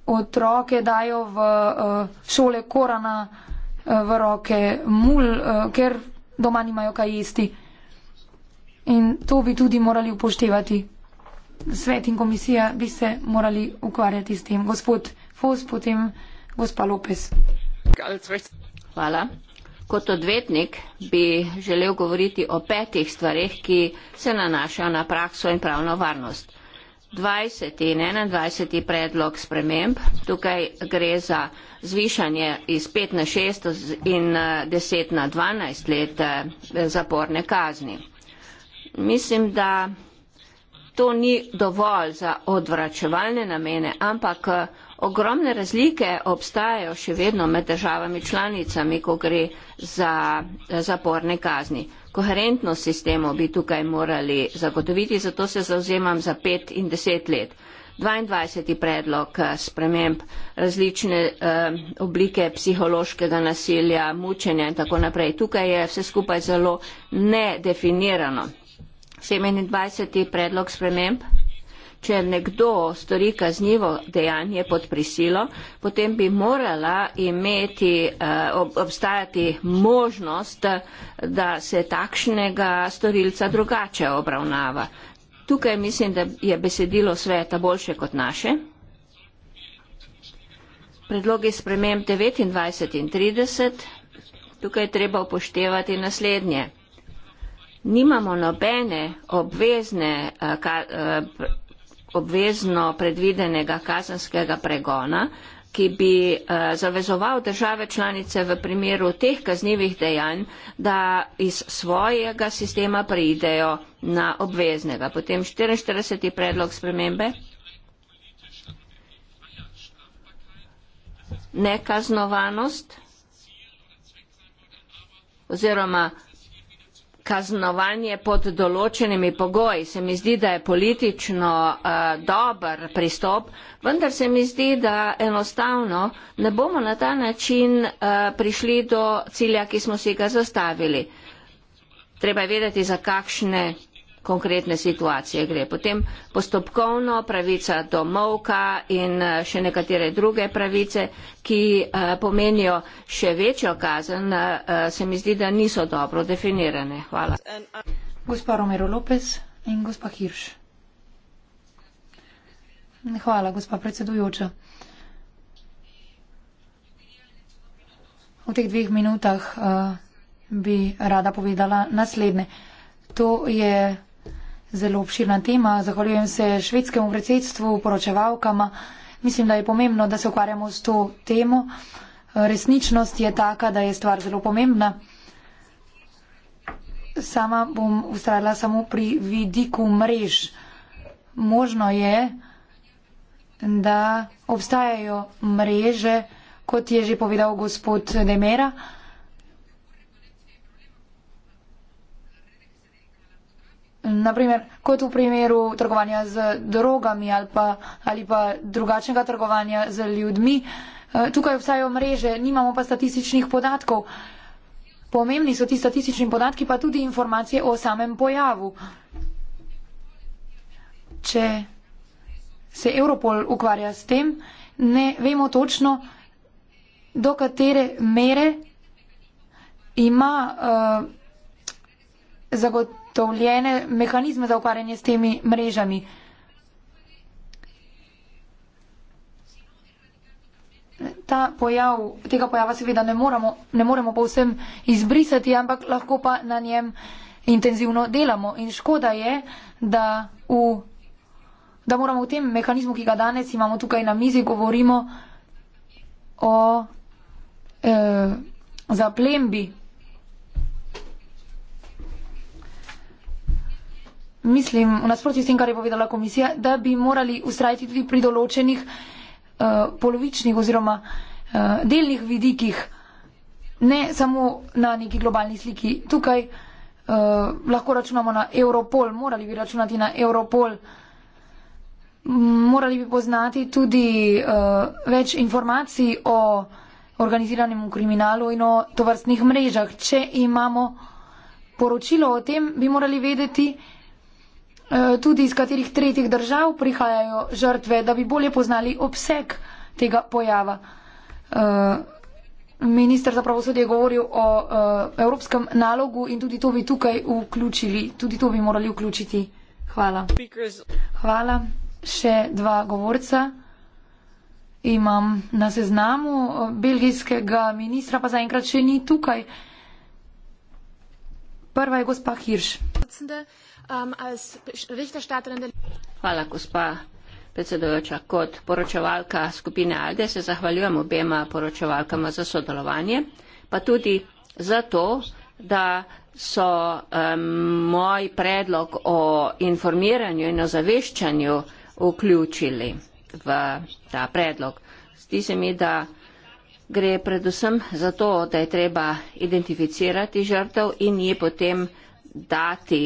otroke dajo v eh, šole korana eh, v roke mul, ker doma nimajo kaj jesti in to bi tudi morali upoštevati. Svet in komisija bi se morali ukvarjati s tem. Gospod Fos, potem gospa Lopes. Hvala. Kot odvetnik bi želel govoriti o petih stvarih, ki se nanašajo na prakso in pravno varnost. 20. in 21. predlog sprememb, tukaj gre za zvišanje iz 5 na 6 in 10 eh, na 12 let eh, zaporne kazni mislim, da to ni dovolj za odvračevalne namene, ampak eh, ogromne razlike obstajajo še vedno med državami članicami, ko gre za eh, zaporne kazni. Koherentnost sistemov bi tukaj morali zagotoviti, zato se zauzemam za pet in deset let. 22. predlog eh, sprememb različne eh, oblike psihološkega nasilja, mučenja in tako naprej. Tukaj je vse skupaj zelo nedefinirano. 27. predlog sprememb. Če nekdo stori kaznivo dejanje pod prisilo, potem bi morala imeti, eh, obstajati možnost, da se takšnega storilca drugače obravnava. Tukaj mislim, da je besedilo sveta boljše kot naše. Predlogi sprememb 29 in 30. Tukaj treba upoštevati naslednje nimamo nobene obvezne, eh, ka, eh, obvezno predvidenega kazanskega pregona, ki bi eh, zavezoval države članice v primeru teh kaznjivih dejanj, da iz svojega sistema pridejo na obveznega. Potem 44. predlog spremembe. Nekaznovanost oziroma kaznovanje pod določenimi pogoji. Se mi zdi, da je politično uh, dober pristop, vendar se mi zdi, da enostavno ne bomo na ta način uh, prišli do cilja, ki smo si ga zastavili. Treba je vedeti, za kakšne konkretne situacije gre. Potem postopkovno pravica do molka in eh, še nekatere druge pravice, ki eh, pomenijo še večjo kazen, eh, se mi zdi, da niso dobro definirane. Hvala. Gospa Romero Lopez in gospa Hirš. Hvala, gospa predsedujoča. V teh dveh minutah uh, bi rada povedala naslednje. To je zelo obširna tema. Zahvaljujem se švedskemu predsedstvu, poročevalkama. Mislim, da je pomembno, da se ukvarjamo s to temo. Resničnost je taka, da je stvar zelo pomembna. Sama bom ustrajala samo pri vidiku mrež. Možno je, da obstajajo mreže, kot je že povedal gospod Demera. naprimer, kot v primeru trgovanja z drogami ali pa, ali pa drugačnega trgovanja z ljudmi. Eh, tukaj obstajajo mreže, nimamo pa statističnih podatkov. Pomembni so ti statistični podatki, pa tudi informacije o samem pojavu. Če se Europol ukvarja s tem, ne vemo točno, do katere mere ima uh, eh, zagotovljeno dovoljene mehanizme za ukvarjanje s temi mrežami. Ta pojav, tega pojava seveda ne, moramo, ne moremo povsem izbrisati, ampak lahko pa na njem intenzivno delamo. In škoda je, da, v, da moramo v tem mehanizmu, ki ga danes imamo tukaj na mizi, govorimo o e, zaplembi mislim, v nasprotju s tem, kar je povedala komisija, da bi morali ustrajati tudi pri določenih uh, polovičnih oziroma uh, delnih vidikih, ne samo na neki globalni sliki. Tukaj uh, lahko računamo na Europol, morali bi računati na Europol. Morali bi poznati tudi uh, več informacij o organiziranem kriminalu in o tovrstnih mrežah. Če imamo poročilo o tem, bi morali vedeti, uh, Eh, tudi iz katerih tretjih držav prihajajo žrtve, da bi bolje poznali obseg tega pojava. Eh, Ministr za pravosodje je govoril o eh, evropskem nalogu in tudi to bi tukaj vključili, tudi to bi morali vključiti. Hvala. Hvala. Še dva govorca imam na seznamu. Belgijskega ministra pa zaenkrat še ni tukaj. Prva je gospa Hirš. Um, Hvala, gospa predsedujoča. Kot poročevalka skupine ALDE se zahvaljujem obema poročevalkama za sodelovanje, pa tudi za to, da so um, moj predlog o informiranju in ozaveščanju vključili v ta predlog. Zdi se mi, da gre predvsem za to, da je treba identificirati žrtev in ji potem dati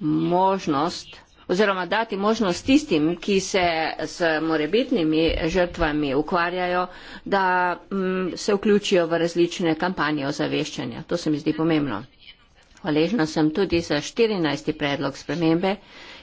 možnost oziroma dati možnost tistim, ki se s morebitnimi žrtvami ukvarjajo, da m, mm, se vključijo v različne kampanje ozaveščanja. To se mi zdi pomembno. Hvaležna sem tudi za 14. predlog spremembe,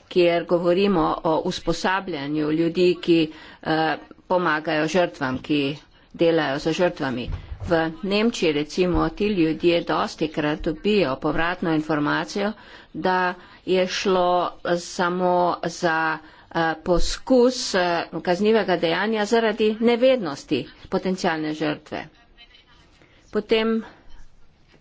kjer govorimo o usposabljanju ljudi, ki eh, pomagajo žrtvam, ki delajo za žrtvami. V Nemčiji recimo ti ljudje dosti krat dobijo povratno informacijo, da je šlo samo za eh, poskus eh, kaznivega dejanja zaradi nevednosti potencijalne žrtve. Potem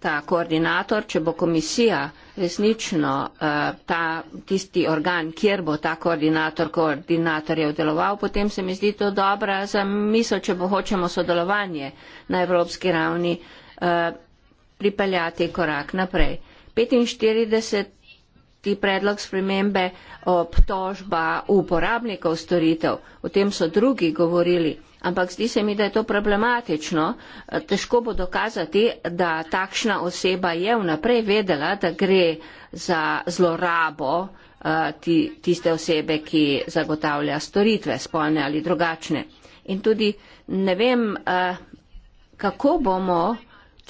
ta koordinator, če bo komisija resnično eh, ta, tisti organ, kjer bo ta koordinator koordinatorjev deloval, potem se mi zdi to dobra za misel, če bo hočemo sodelovanje na evropski ravni pripeljati korak naprej. 45 ti predlog spremembe obtožba uporabnikov storitev. O tem so drugi govorili. Ampak zdi se mi, da je to problematično. Težko bo dokazati, da takšna oseba je vnaprej vedela, da gre za zlorabo eh, ti, tiste osebe, ki zagotavlja storitve, spolne ali drugačne. In tudi ne vem, eh, kako bomo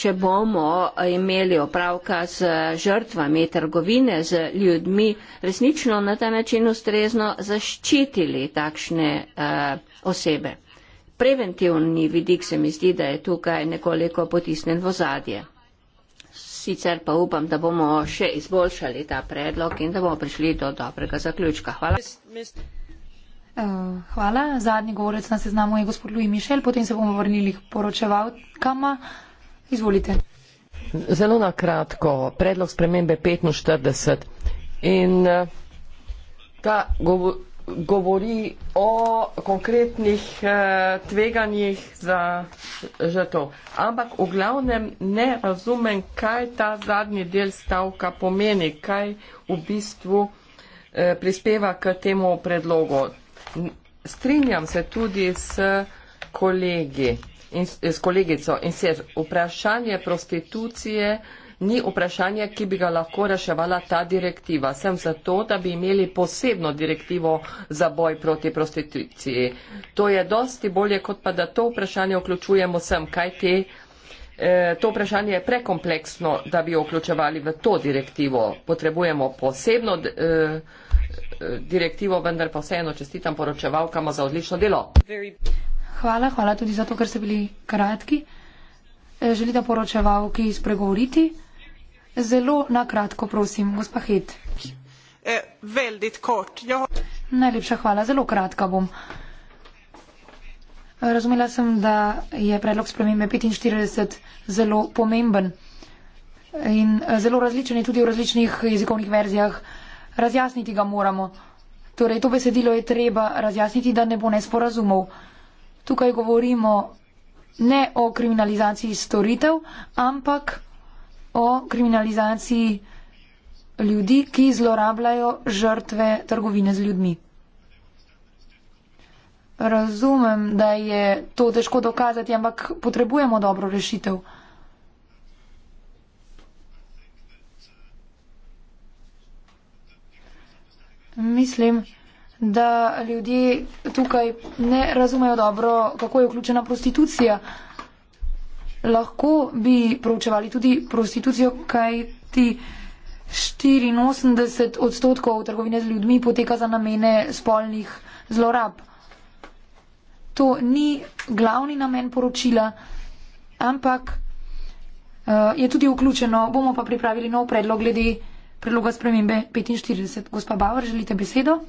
če bomo eh, imeli opravka z žrtvami trgovine, z ljudmi, resnično na ta način ustrezno zaščitili takšne uh, osebe. Preventivni vidik se mi zdi, da je tukaj nekoliko potisnen v zadje. Sicer pa upam, da bomo še izboljšali ta predlog in da bomo prišli do dobrega zaključka. Hvala. Uh, hvala. Zadnji govorec na seznamu je gospod Louis Mišel, potem se bomo vrnili k poročevalkama. Uh, Izvolite. Zelo na kratko, predlog spremembe 45 in eh, ta govori o konkretnih eh, tveganjih za žrtov. Ampak v glavnem ne razumem, kaj ta zadnji del stavka pomeni, kaj v bistvu eh, prispeva k temu predlogu. Strinjam se tudi s kolegi in, s kolegico in sicer vprašanje prostitucije ni vprašanje, ki bi ga lahko reševala ta direktiva. Sem zato, da bi imeli posebno direktivo za boj proti prostituciji. To je dosti bolje, kot pa da to vprašanje vključujemo sem, kaj te. Eh, to vprašanje je prekompleksno, da bi jo vključevali v to direktivo. Potrebujemo posebno eh, eh, direktivo, vendar pa vseeno čestitam poročevalkama za odlično delo. Hvala, hvala tudi zato, ker ste bili kratki. E, želite poročevalki spregovoriti? Zelo na kratko, prosim, gospa Het. E, Najlepša hvala, zelo kratka bom. Razumela sem, da je predlog spremembe 45 zelo pomemben in e, zelo različen je tudi v različnih jezikovnih verzijah. Razjasniti ga moramo. Torej, to besedilo je treba razjasniti, da ne bo nesporazumov tukaj govorimo ne o kriminalizaciji storitev, ampak o kriminalizaciji ljudi, ki zlorabljajo žrtve trgovine z ljudmi. Razumem, da je to težko dokazati, ampak potrebujemo dobro rešitev. Mislim, da ljudje tukaj ne razumejo dobro, kako je vključena prostitucija. Lahko bi proučevali tudi prostitucijo, kaj ti 84 odstotkov trgovine z ljudmi poteka za namene spolnih zlorab. To ni glavni namen poročila, ampak uh, je tudi vključeno. Bomo pa pripravili nov predlog glede predloga spremembe 45. Gospa Bauer, želite besedo?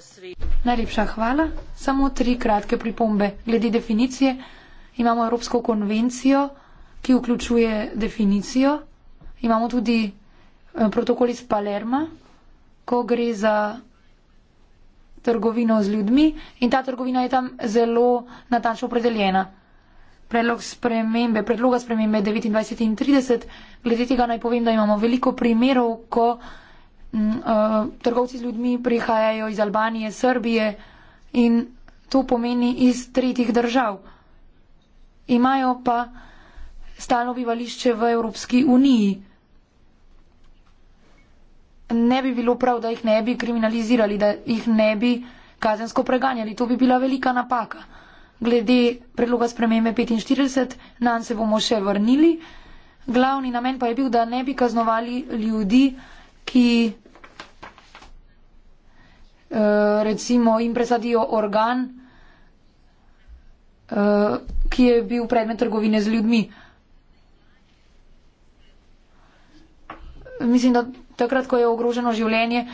svetu. Najlepša hvala. Samo tri kratke pripombe. Glede definicije imamo Evropsko konvencijo, ki vključuje definicijo. Imamo tudi eh, protokol iz Palerma, ko gre za trgovino z ljudmi in ta trgovina je tam zelo natančno opredeljena. Predlog spremembe, predloga spremembe 29 in 30, glede tega naj povem, da imamo veliko primerov, ko Mm, eh, trgovci z ljudmi prihajajo iz Albanije, Srbije in to pomeni iz tretjih držav. Imajo pa stalno bivališče v Evropski uniji. Ne bi bilo prav, da jih ne bi kriminalizirali, da jih ne bi kazensko preganjali. To bi bila velika napaka. Glede predloga spremembe 45, nam se bomo še vrnili. Glavni namen pa je bil, da ne bi kaznovali ljudi, ki eh, recimo jim presadijo organ, eh, ki je bil predmet trgovine z ljudmi. Mislim, da takrat, ko je ogroženo življenje,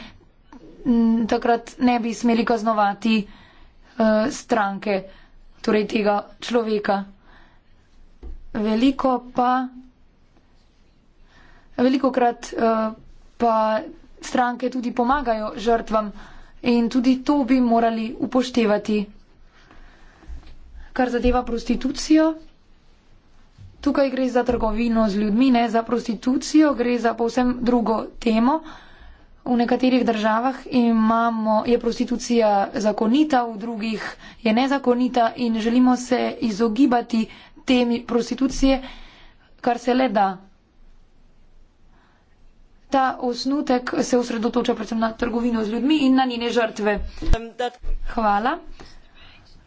takrat ne bi smeli kaznovati eh, stranke, torej tega človeka. Veliko pa, veliko krat pa stranke tudi pomagajo žrtvam in tudi to bi morali upoštevati. Kar zadeva prostitucijo, tukaj gre za trgovino z ljudmi, ne za prostitucijo, gre za povsem drugo temo. V nekaterih državah imamo, je prostitucija zakonita, v drugih je nezakonita in želimo se izogibati temi prostitucije, kar se le da ta osnutek se osredotoča predvsem na trgovino z ljudmi in na njene žrtve. Hvala.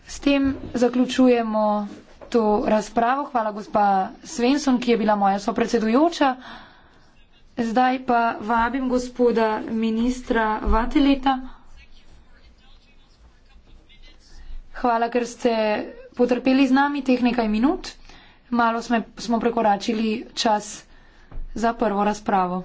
S tem zaključujemo to razpravo. Hvala gospa Svensson, ki je bila moja sopredsedujoča. Zdaj pa vabim gospoda ministra Vateleta. Hvala, ker ste potrpeli z nami teh nekaj minut. Malo sme, smo prekoračili čas za prvo razpravo.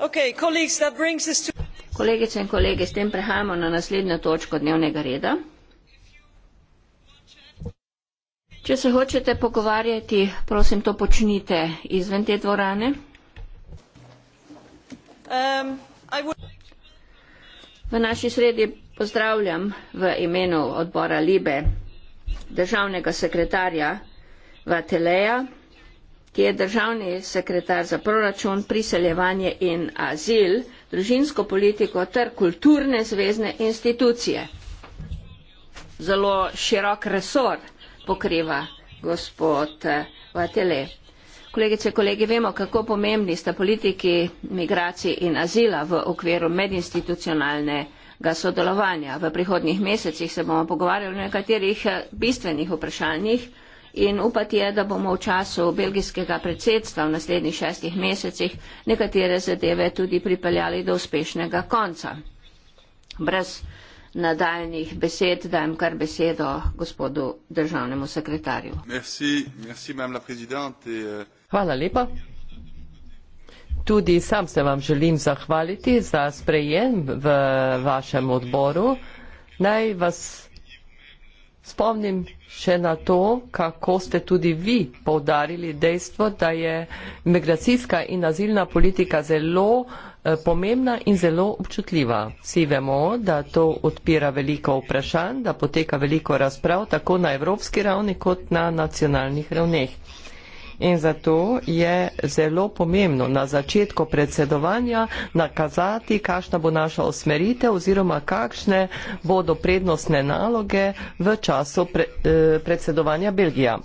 kolegice in kolegi s tem prehajamo na naslednjo točko dnevnega reda če se hočete pogovarjati prosim to počnite izven te dvorane um, v naši sredi pozdravljam v imenu odbora libe državnega sekretarja vateleja ki je državni sekretar za proračun, priseljevanje in azil, družinsko politiko ter kulturne zvezne institucije. Zelo širok resor pokriva gospod eh, Vatele. Kolegice, kolegi, vemo, kako pomembni sta politiki migracij in azila v okviru medinstitucionalne sodelovanja. V prihodnjih mesecih se bomo pogovarjali o nekaterih eh, bistvenih vprašanjih, in upati je, da bomo v času belgijskega predsedstva v naslednjih šestih mesecih nekatere zadeve tudi pripeljali do uspešnega konca. Brez nadaljnih besed dajem kar besedo gospodu državnemu sekretarju. Merci, merci, euh, Hvala lepa. Tudi sam se vam želim zahvaliti za sprejem v vašem odboru. Naj vas spomnim, še na to, kako ste tudi vi povdarili dejstvo, da je imigracijska in azilna politika zelo eh, pomembna in zelo občutljiva. Vsi vemo, da to odpira veliko vprašanj, da poteka veliko razprav tako na evropski ravni kot na nacionalnih ravneh. In zato je zelo pomembno na začetku predsedovanja nakazati, kakšna bo naša osmeritev oziroma kakšne bodo prednostne naloge v času pre, eh, predsedovanja Belgija.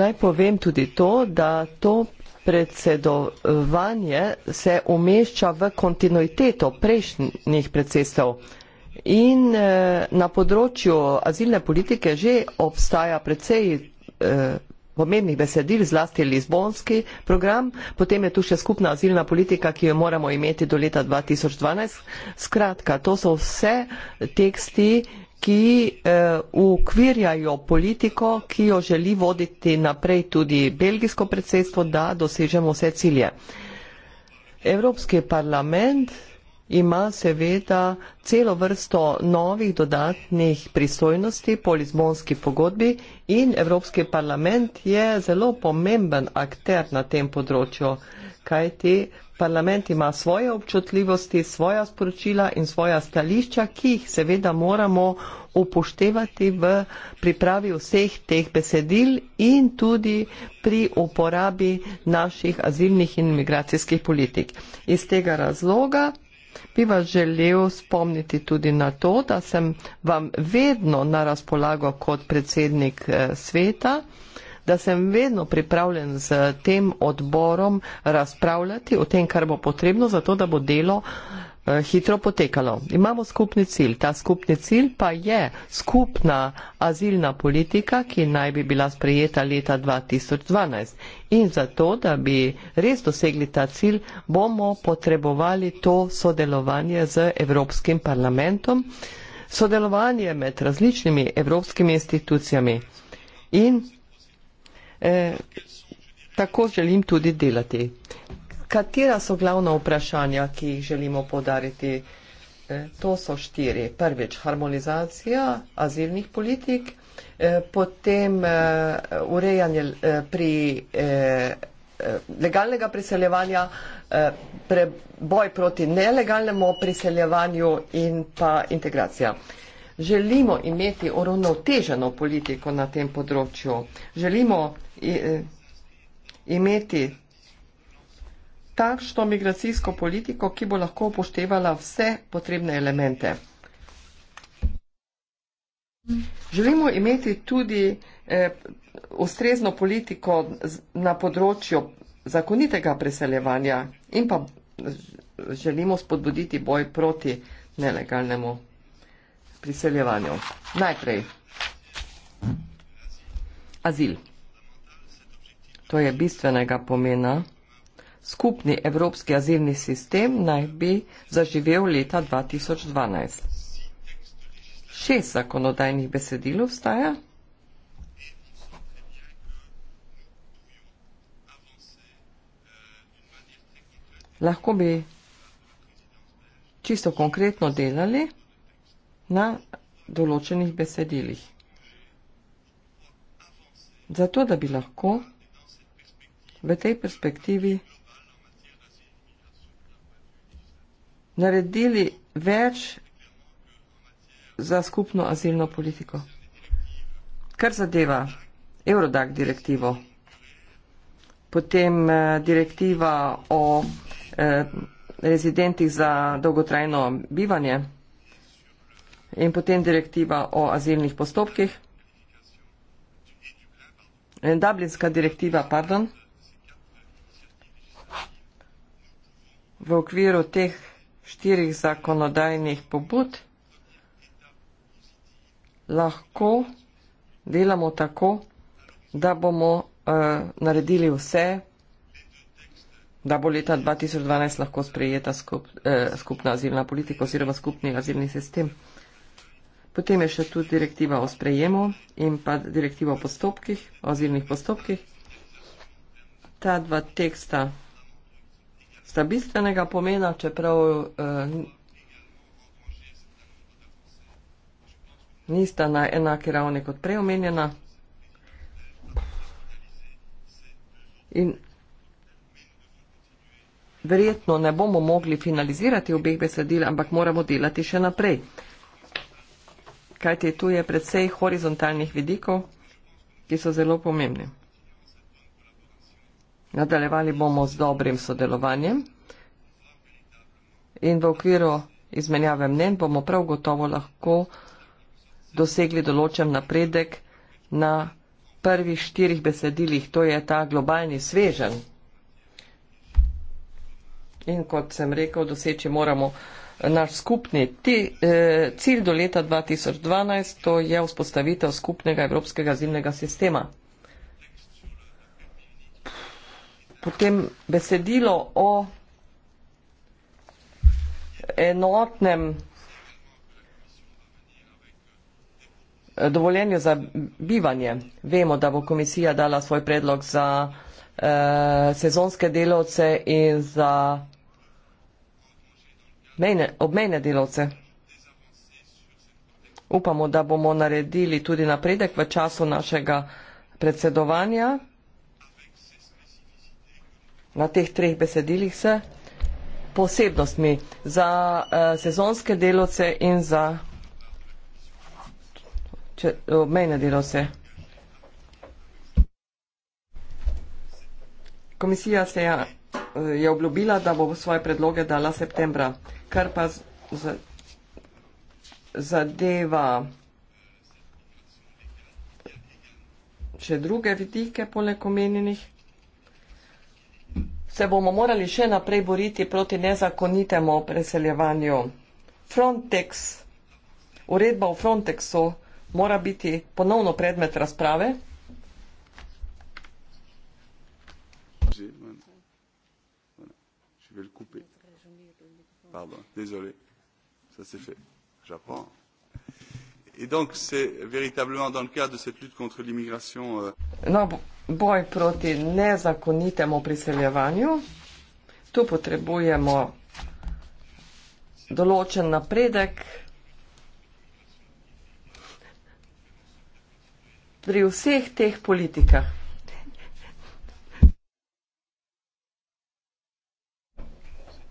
Naj povem tudi to, da to predsedovanje se umešča v kontinuiteto prejšnjih predsedstev. In eh, na področju azilne politike že obstaja precej eh, pomembnih besedil, zlasti lizbonski program, potem je tu še skupna azilna politika, ki jo moramo imeti do leta 2012. Skratka, to so vse teksti, ki eh, ukvirjajo eh, politiko, ki jo želi voditi naprej tudi belgijsko predsedstvo, da dosežemo vse cilje. Evropski parlament ima seveda celo vrsto novih dodatnih pristojnosti po Lizbonski pogodbi in Evropski parlament je zelo pomemben akter na tem področju, kajti parlament ima svoje občutljivosti, svoja sporočila in svoja stališča, ki jih seveda moramo upoštevati v pripravi vseh teh besedil in tudi pri uporabi naših azilnih in migracijskih politik. Iz tega razloga bi vas želel spomniti tudi na to, da sem vam vedno na razpolago kot predsednik eh, sveta, da sem vedno pripravljen z tem odborom razpravljati o tem, kar bo potrebno, zato da bo delo uh, Eh, hitro potekalo. Imamo skupni cilj. Ta skupni cilj pa je skupna azilna politika, ki naj bi bila sprejeta leta 2012. In zato, da bi res dosegli ta cilj, bomo potrebovali to sodelovanje z Evropskim parlamentom, sodelovanje med različnimi evropskimi institucijami. In eh, tako želim tudi delati katera so glavna vprašanja, ki jih želimo podariti? E, to so štiri. Prvič, harmonizacija azilnih politik, e, potem e, urejanje pri legalnega priseljevanja, boj proti nelegalnemu priseljevanju in pa integracija. Želimo imeti uravnoteženo politiko na tem področju. Želimo imeti takšno migracijsko politiko, ki bo lahko upoštevala vse potrebne elemente. Želimo imeti tudi eh, ustrezno politiko na področju zakonitega preseljevanja in pa želimo spodbuditi boj proti nelegalnemu priseljevanju. Najprej. Azil. To je bistvenega pomena. Skupni evropski azilni sistem naj bi zaživel leta 2012. Šest zakonodajnih besedil vstaja. Lahko bi čisto konkretno delali na določenih besedilih. Zato, da bi lahko v tej perspektivi naredili več za skupno azilno politiko. Kar zadeva Eurodag direktivo, potem eh, direktiva o eh, rezidentih za dolgotrajno bivanje in potem direktiva o azilnih postopkih. Dublinska direktiva, pardon, v okviru teh štirih zakonodajnih pobud, lahko delamo tako, da bomo uh, naredili vse, da bo leta 2012 lahko sprejeta skup, uh, skupna azilna politika oziroma skupni azilni sistem. Potem je še tu direktiva o sprejemu in pa direktiva o postopkih, o azilnih postopkih. Ta dva teksta sta bistvenega pomena, čeprav eh, nista na enaki ravni kot preomenjena. In verjetno ne bomo mogli finalizirati obeh besedil, ampak moramo delati še naprej. Kajti tu je predvsej horizontalnih vidikov, ki so zelo pomembni. Nadaljevali bomo z dobrim sodelovanjem in v okviru izmenjave mnen bomo prav gotovo lahko dosegli določen napredek na prvih štirih besedilih, to je ta globalni svežen. In kot sem rekel, doseči moramo naš skupni ti, eh, cilj do leta 2012, to je vzpostavitev skupnega evropskega zimnega sistema. potem besedilo o enotnem eh, dovoljenju za bivanje. Vemo, da bo komisija dala svoj predlog za eh, sezonske delovce in za mejne, obmejne delovce. Upamo, da bomo naredili tudi napredek v času našega predsedovanja na teh treh besedilih s posebnostmi za uh, sezonske delovce in za eh, obmejne delovce. Komisija se je, eh, je obljubila, da bo svoje predloge dala septembra, kar pa z, z, zadeva še druge vidike poleg omenjenih se bomo morali še naprej boriti proti nezakonitemu preseljevanju. Frontex, uredba o Frontexu mora biti ponovno predmet razprave. Pardon, désolé, ça s'est fait. Japon. Et donc c'est véritablement dans le cadre de cette lutte contre l'immigration. Euh... Non, boj proti nezakonitemu priseljevanju. Tu potrebujemo določen napredek pri vseh teh politikah.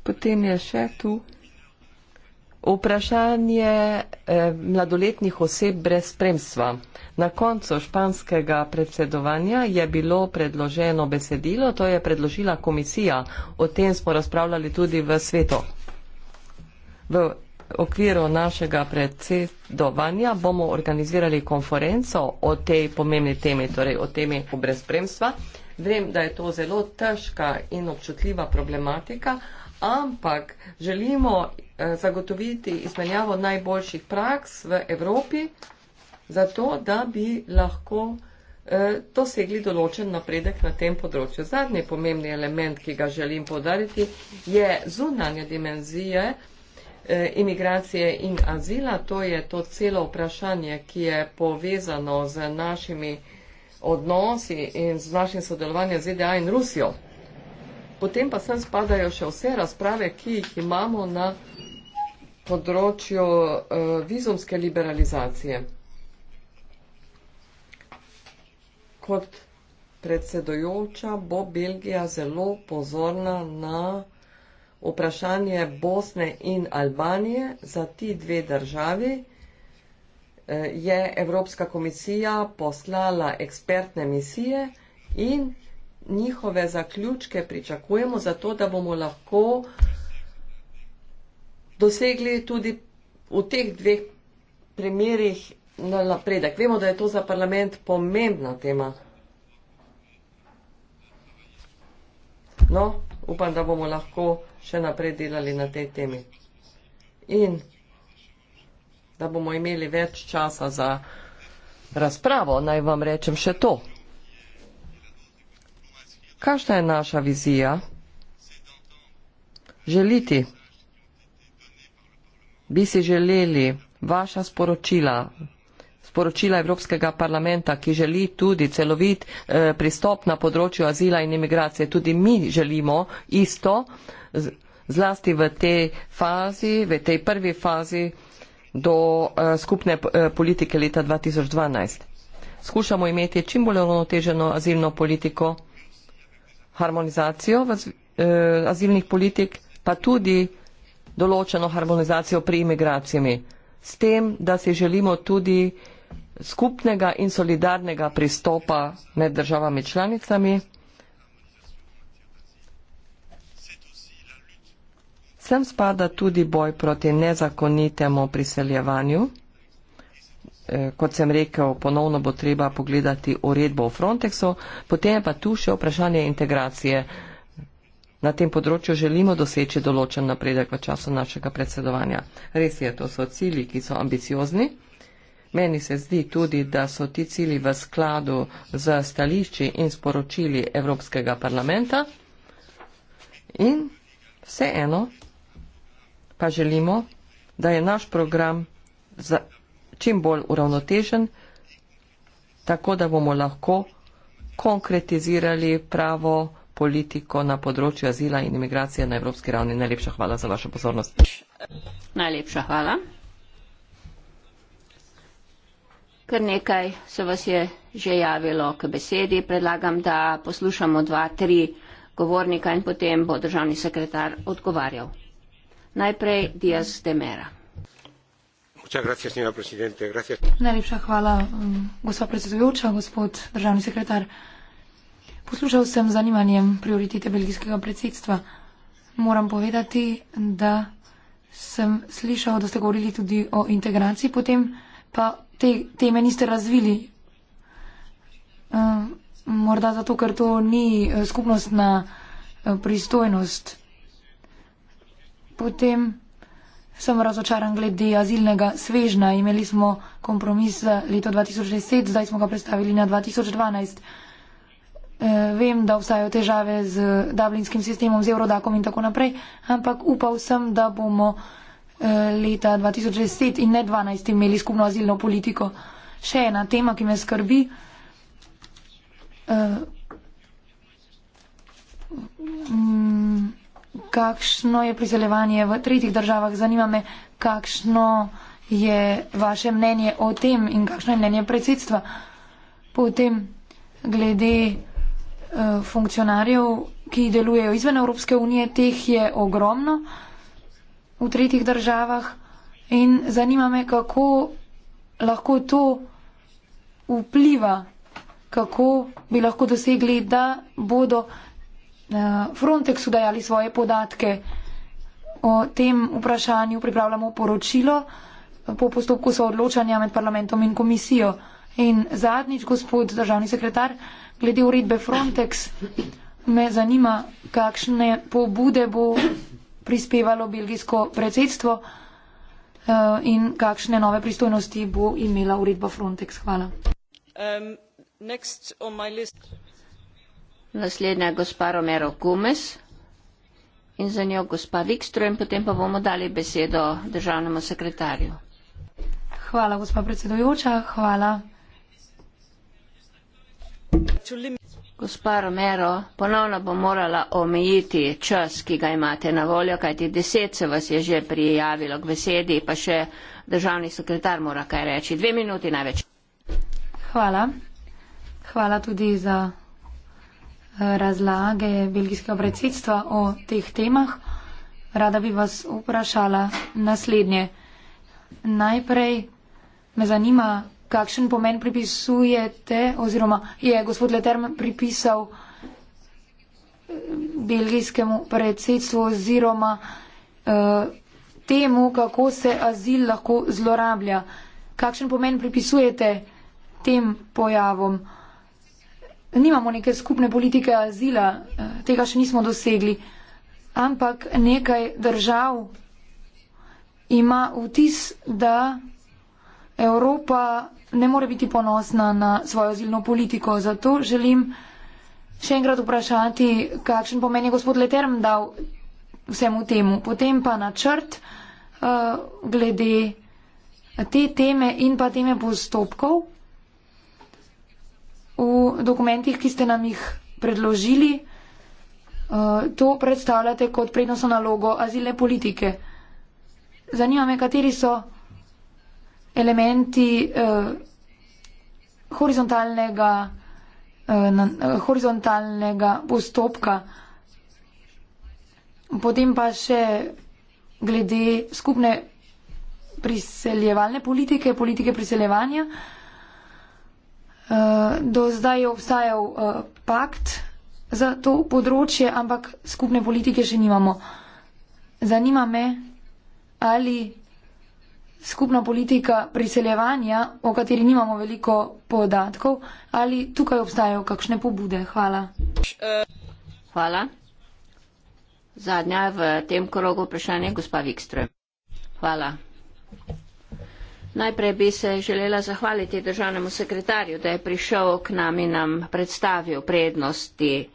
Potem je še tu. Vprašanje eh, mladoletnih oseb brez spremstva. Na koncu španskega predsedovanja je bilo predloženo besedilo, to je predložila komisija. O tem smo razpravljali tudi v svetu. V okviru našega predsedovanja bomo organizirali konferenco o tej pomembni temi, torej o temi brez spremstva. Vem, da je to zelo težka in občutljiva problematika ampak želimo eh, zagotoviti izmenjavo najboljših praks v Evropi, zato da bi lahko eh, dosegli določen napredek na tem področju. Zadnji pomembni element, ki ga želim podariti, je zunanje dimenzije eh, imigracije in azila. To je to celo vprašanje, ki je povezano z našimi odnosi in z našim sodelovanjem ZDA in Rusijo. Potem pa sem spadajo še vse razprave, ki jih imamo na področju uh, vizumske liberalizacije. Kot predsedojoča bo Belgija zelo pozorna na vprašanje Bosne in Albanije. Za ti dve državi eh, je Evropska komisija poslala ekspertne misije in njihove zaključke pričakujemo, zato da bomo lahko dosegli tudi v teh dveh primerjih napredek. Vemo, da je to za parlament pomembna tema. No, upam, da bomo lahko še naprej delali na tej temi. In da bomo imeli več časa za razpravo, naj vam rečem še to. Kakšna je naša vizija? Želiti. Bi si želeli vaša sporočila, sporočila Evropskega parlamenta, ki želi tudi celovit eh, pristop na področju azila in imigracije. Tudi mi želimo isto, zlasti v tej fazi, v tej prvi fazi do eh, skupne eh, politike leta 2012. Skušamo imeti čim bolj ravnoteženo azilno politiko harmonizacijo eh, azilnih politik, pa tudi določeno harmonizacijo pri imigracijami. S tem, da si želimo tudi skupnega in solidarnega pristopa med državami članicami. Sem spada tudi boj proti nezakonitemu priseljevanju kot sem rekel, ponovno bo treba pogledati uredbo o Frontexu, potem pa tu še vprašanje integracije. Na tem področju želimo doseči določen napredek v času našega predsedovanja. Res je, to so cilji, ki so ambiciozni. Meni se zdi tudi, da so ti cilji v skladu z stališči in sporočili Evropskega parlamenta. In vseeno pa želimo, da je naš program za čim bolj uravnotežen, tako da bomo lahko konkretizirali pravo politiko na področju azila in imigracije na evropski ravni. Najlepša hvala za vašo pozornost. Najlepša hvala. Kar nekaj se vas je že javilo k besedi. Predlagam, da poslušamo dva, tri govornika in potem bo državni sekretar odgovarjal. Najprej Dias de Mera. Najlepša hvala, mm, gospa predsedujoča, gospod državni sekretar. Poslušal sem zanimanjem prioritete belgijskega predsedstva. Moram povedati, da sem slišal, da ste govorili tudi o integraciji, potem pa te teme niste razvili. Mm, morda zato, ker to ni eh, skupnostna eh, pristojnost. Potem sem razočaran glede azilnega svežna. Imeli smo kompromis leto 2010, zdaj smo ga predstavili na 2012. Eh, vem, da obstajajo težave z dublinskim sistemom, z Eurodakom in tako naprej, ampak upal sem, da bomo eh, leta 2010 in ne 2012 imeli skupno azilno politiko. Še ena tema, ki me skrbi. Uh, mm, kakšno je priseljevanje v tretjih državah. Zanima me, kakšno je vaše mnenje o tem in kakšno je mnenje predsedstva. Potem glede uh, funkcionarjev, ki delujejo izven Evropske unije, teh je ogromno v tretjih državah in zanima me, kako lahko to vpliva, kako bi lahko dosegli, da bodo Eh, Frontexu dajali svoje podatke. O tem vprašanju pripravljamo poročilo eh, po postopku soodločanja med parlamentom in komisijo. In zadnjič, gospod državni sekretar, glede uredbe Frontex, me zanima, kakšne pobude bo prispevalo belgijsko predsedstvo eh, in kakšne nove pristojnosti bo imela uredba Frontex. Hvala. Um, Naslednja je gospa Romero Gumes in za njo gospa Vikstro in potem pa bomo dali besedo državnemu sekretarju. Hvala, gospa predsedujoča, hvala. Gospa Romero, ponovno bom morala omejiti čas, ki ga imate na voljo, kajti deset se vas je že prijavilo k besedi, pa še državni sekretar mora kaj reči. Dve minuti največ. Hvala. Hvala tudi za razlage belgijskega predsedstva o teh temah, rada bi vas vprašala naslednje. Najprej me zanima, kakšen pomen pripisujete oziroma je gospod Leterm pripisal eh, belgijskemu predsedstvu oziroma eh, temu, kako se azil lahko zlorablja. Kakšen pomen pripisujete tem pojavom? Nimamo neke skupne politike azila, eh, tega še nismo dosegli, ampak nekaj držav ima vtis, da Evropa ne more biti ponosna na svojo azilno politiko. Zato želim še enkrat vprašati, kakšen pomen je gospod Leterm dal vsemu temu. Potem pa načrt uh, glede te teme in pa teme postopkov v dokumentih, ki ste nam jih predložili, eh, to predstavljate kot prednostno nalogo azilne politike. Zanima me, kateri so elementi eh, horizontalnega, eh, eh horizontalnega postopka, potem pa še glede skupne priseljevalne politike, politike priseljevanja. Eh, Eh, do zdaj je obstajal uh, pakt za to področje, ampak skupne politike še nimamo. Zanima me, ali skupna politika priseljevanja, o kateri nimamo veliko podatkov, ali tukaj obstajajo kakšne pobude. Hvala. Hvala. Zadnja v tem krogu vprašanje je gospa Vikström. Hvala. Najprej bi se želela zahvaliti državnemu sekretarju, da je prišel k nam in nam predstavil prednosti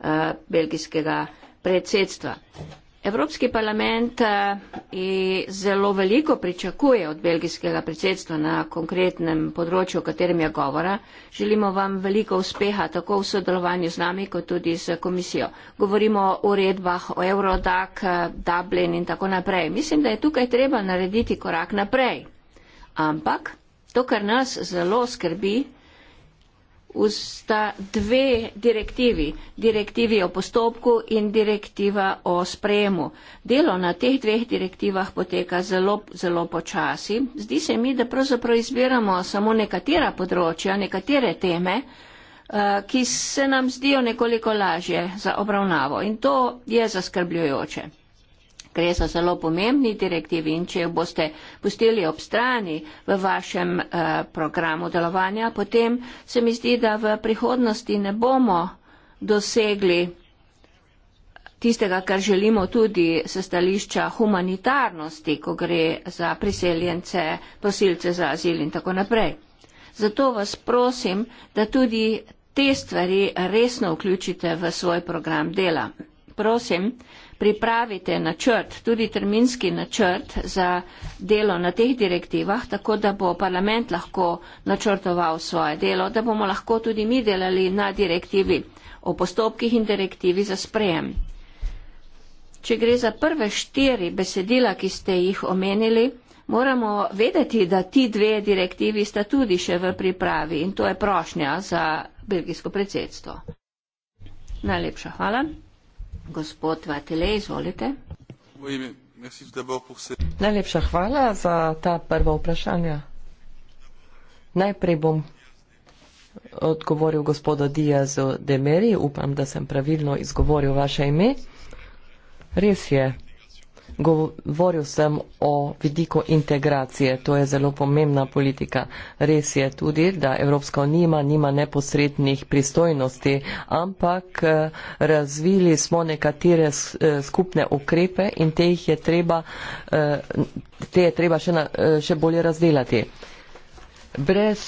uh, belgijskega predsedstva. Evropski parlament uh, zelo veliko pričakuje od belgijskega predsedstva na konkretnem področju, o katerem je govora. Želimo vam veliko uspeha tako v sodelovanju z nami, kot tudi z komisijo. Govorimo o uredbah, o Eurodac, eh, Dublin in tako naprej. Mislim, da je tukaj treba narediti korak naprej. Ampak to, kar nas zelo skrbi, sta dve direktivi. Direktivi o postopku in direktiva o sprejemu. Delo na teh dveh direktivah poteka zelo, zelo počasi. Zdi se mi, da pravzaprav izbiramo samo nekatera področja, nekatere teme, eh, ki se nam zdijo nekoliko lažje za obravnavo. In to je zaskrbljujoče gre za zelo pomembni direktivi in če jo boste pustili ob strani v vašem eh, programu delovanja, potem se mi zdi, da v prihodnosti ne bomo dosegli tistega, kar želimo tudi se stališča humanitarnosti, ko gre za priseljence, prosilce za azil in tako naprej. Zato vas prosim, da tudi te stvari resno vključite v svoj program dela. Prosim, pripravite načrt, tudi terminski načrt za delo na teh direktivah, tako da bo parlament lahko načrtoval svoje delo, da bomo lahko tudi mi delali na direktivi o postopkih in direktivi za sprejem. Če gre za prve štiri besedila, ki ste jih omenili, moramo vedeti, da ti dve direktivi sta tudi še v pripravi in to je prošnja za belgijsko predsedstvo. Najlepša hvala. Gospod Vatele, izvolite. Najlepša hvala za ta prva vprašanja. Najprej bom odgovoril gospodu Diazu de Meri, upam, da sem pravilno izgovoril vaše ime. Res je, govoril sem o vidiku integracije. To je zelo pomembna politika. Res je tudi, da Evropska unija nima neposrednih pristojnosti, ampak eh, razvili smo nekatere eh, skupne ukrepe in te, je treba, eh, te je treba še, na, še bolje razdelati. Brez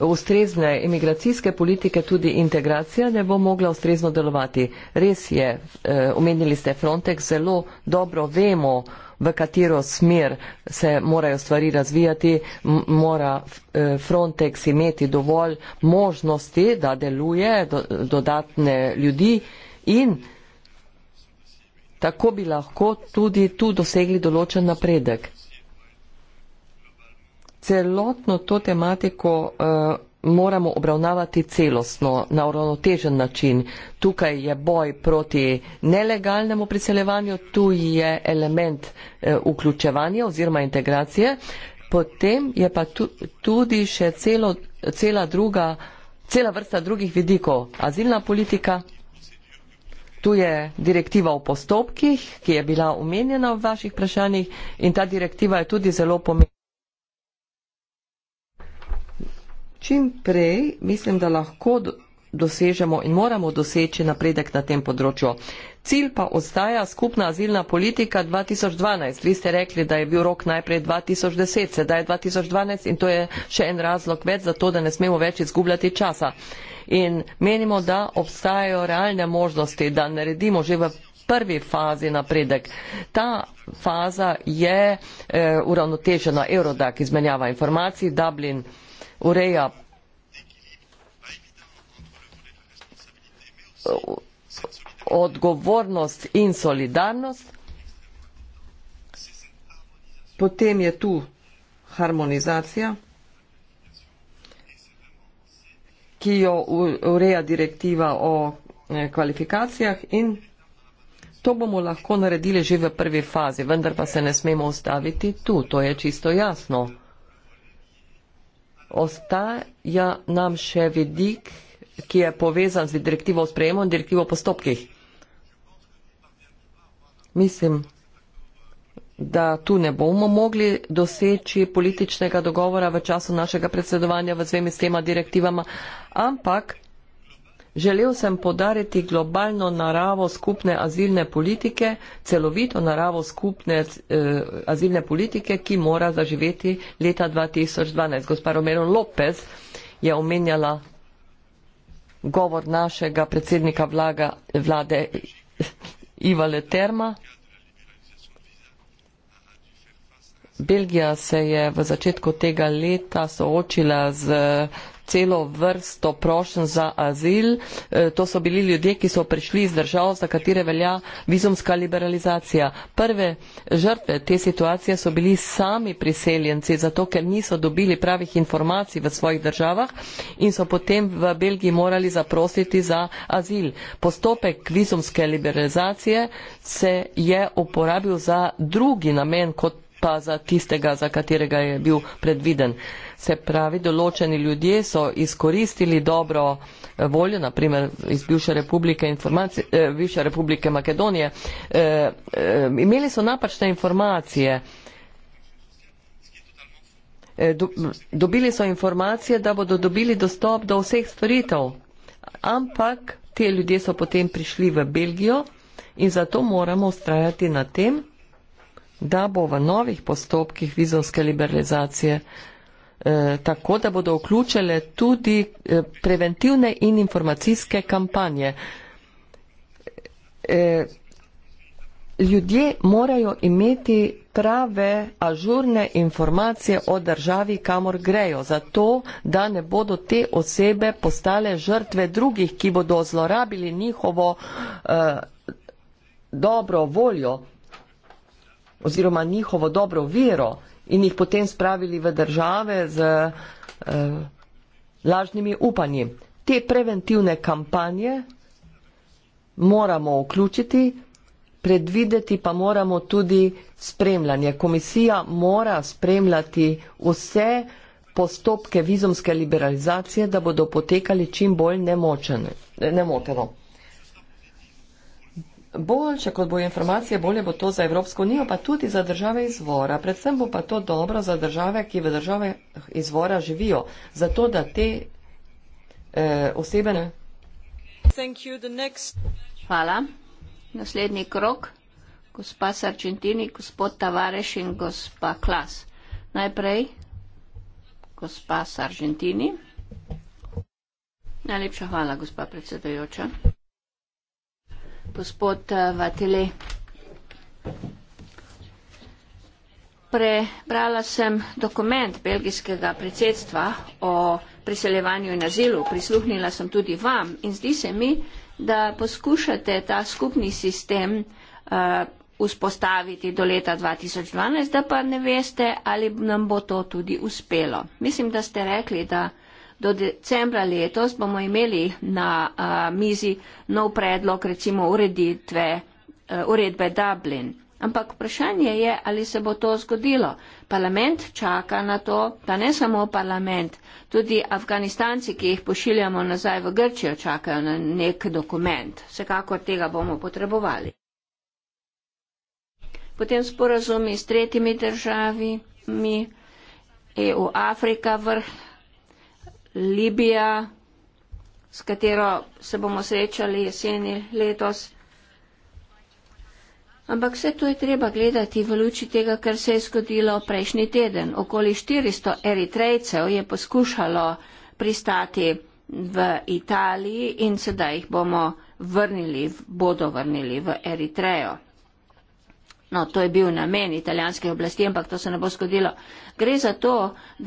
ustrezne imigracijske politike tudi integracija ne bo mogla ustrezno delovati. Res je, eh, omenili ste Frontex, zelo dobro vemo, v katero smer se morajo stvari razvijati, mora eh, Frontex imeti dovolj možnosti, da deluje do, dodatne ljudi in tako bi lahko tudi tu dosegli določen napredek celotno to tematiko eh, moramo obravnavati celostno, na uravnotežen način. Tukaj je boj proti nelegalnemu priseljevanju, tu je element eh, vključevanja oziroma integracije, potem je pa tudi še celo, cela, druga, cela vrsta drugih vidikov. Azilna politika, tu je direktiva o postopkih, ki je bila omenjena v vaših vprašanjih in ta direktiva je tudi zelo pomembna. čim prej mislim, da lahko dosežemo in moramo doseči napredek na tem področju. Cilj pa ostaja skupna azilna politika 2012. Vi ste rekli, da je bil rok najprej 2010, sedaj je 2012 in to je še en razlog več za to, da ne smemo več izgubljati časa. In menimo, da obstajajo realne možnosti, da naredimo že v prvi fazi napredek. Ta faza je eh, uravnotežena, Eurodac izmenjava informacij, Dublin ureja odgovornost in solidarnost, potem je tu harmonizacija, ki jo ureja direktiva o eh, kvalifikacijah in to bomo lahko naredili že v prvi fazi, vendar pa se ne smemo ustaviti tu, to je čisto jasno ostaja nam še vidik, ki je povezan z direktivo o sprejemu in direktivo o postopkih. Mislim, da tu ne bomo mogli doseči političnega dogovora v času našega predsedovanja v zvemi s tema direktivama, ampak Želel sem podariti globalno naravo skupne azilne politike, celovito naravo skupne eh, azilne politike, ki mora zaživeti leta 2012. Gospa Romero Lopez je omenjala govor našega predsednika vlaga, vlade Iva Leterma. Belgija se je v začetku tega leta soočila z eh, celo vrsto prošen za azil. E, to so bili ljudje, ki so prišli iz držav, za katere velja vizumska liberalizacija. Prve žrtve te situacije so bili sami priseljenci, zato ker niso dobili pravih informacij v svojih državah in so potem v Belgiji morali zaprositi za azil. Postopek vizumske liberalizacije se je uporabil za drugi namen kot pa za tistega, za katerega je bil predviden. Se pravi, določeni ljudje so izkoristili dobro eh, voljo, naprimer iz bivše republike, eh, bivše republike Makedonije, eh, eh, imeli so napačne informacije. Eh, dobili so informacije, da bodo dobili dostop do vseh storitev, ampak te ljudje so potem prišli v Belgijo in zato moramo ustrajati na tem, da bo v novih postopkih vizonske liberalizacije eh, tako, da bodo vključile tudi eh, preventivne in informacijske kampanje. Eh, ljudje morajo imeti prave, ažurne informacije o državi, kamor grejo, zato, da ne bodo te osebe postale žrtve drugih, ki bodo zlorabili njihovo uh, dobro voljo oziroma njihovo dobro vero in jih potem spravili v države z eh, lažnimi upanji. Te preventivne kampanje moramo vključiti, predvideti pa moramo tudi spremljanje. Komisija mora spremljati vse postopke vizumske liberalizacije, da bodo potekali čim bolj nemočene, nemoteno boljše, kot bo informacije, bolje bo to za Evropsko unijo, pa tudi za države izvora. Predvsem bo pa to dobro za države, ki v države izvora živijo, zato da te eh, osebe ne. Hvala. Naslednji krok, gospa Sarčentini, gospod Tavareš in gospa Klas. Najprej gospa Sarčentini. Najlepša hvala, gospa predsedajoča. Gospod eh, Vatele. Prebrala sem dokument belgijskega predsedstva o priseljevanju in azilu, prisluhnila sem tudi vam in zdi se mi, da poskušate ta skupni sistem uh, vzpostaviti do leta 2012, da pa ne veste, ali nam bo to tudi uspelo. Mislim, da ste rekli, da Do decembra letos bomo imeli na a, mizi nov predlog recimo ureditve, a, uredbe Dublin. Ampak vprašanje je, ali se bo to zgodilo. Parlament čaka na to, pa ne samo parlament, tudi Afganistanci, ki jih pošiljamo nazaj v Grčijo, čakajo na nek dokument. Vsekakor tega bomo potrebovali. Potem sporazumi s tretjimi državami, EU, Afrika, vrh Libija, s katero se bomo srečali jeseni letos. Ampak vse to je treba gledati v luči tega, kar se je zgodilo prejšnji teden. Okoli 400 eritrejcev je poskušalo pristati v Italiji in sedaj jih bomo vrnili, bodo vrnili v Eritrejo. No, to je bil namen italijanskih oblasti, ampak to se ne bo zgodilo. Gre za to,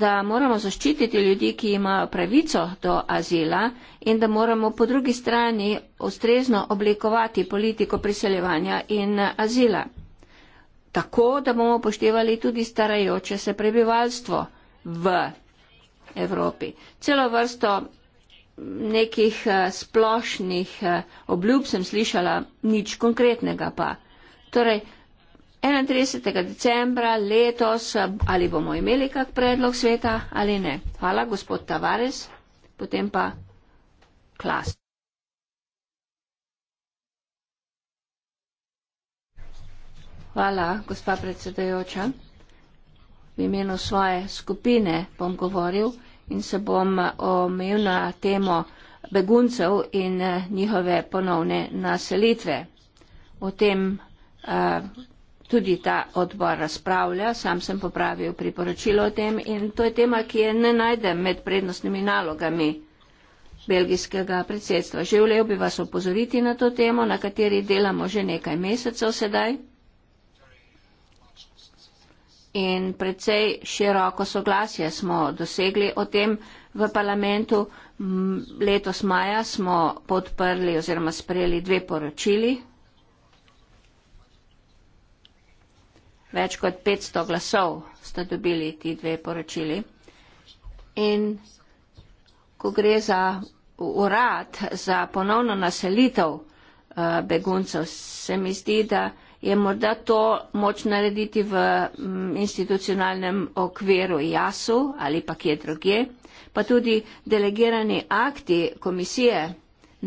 da moramo zaščititi ljudi, ki imajo pravico do azila in da moramo po drugi strani ustrezno oblikovati politiko priseljevanja in azila. Tako, da bomo poštevali tudi starajoče se prebivalstvo v Evropi. Celo vrsto nekih eh, splošnih eh, obljub sem slišala, nič konkretnega pa. Torej, 31. decembra letos, ali bomo imeli kak predlog sveta ali ne. Hvala, gospod Tavares, potem pa klas. Hvala, gospa predsedajoča. V imenu svoje skupine bom govoril in se bom omejil na temo beguncev in eh, njihove ponovne naselitve. O tem uh, tudi ta odbor razpravlja, sam sem popravil priporočilo o tem in to je tema, ki je ne najdem med prednostnimi nalogami belgijskega predsedstva. Želel bi vas opozoriti na to temo, na kateri delamo že nekaj mesecev sedaj. In predvsej široko soglasje smo dosegli o tem v parlamentu. Letos maja smo podprli oziroma sprejeli dve poročili več kot 500 glasov sta dobili ti dve poročili. In ko gre za urad za ponovno naselitev eh, beguncev, se mi zdi, da je morda to moč narediti v mm, institucionalnem okviru JASU ali pa kje drugje, pa tudi delegirani akti komisije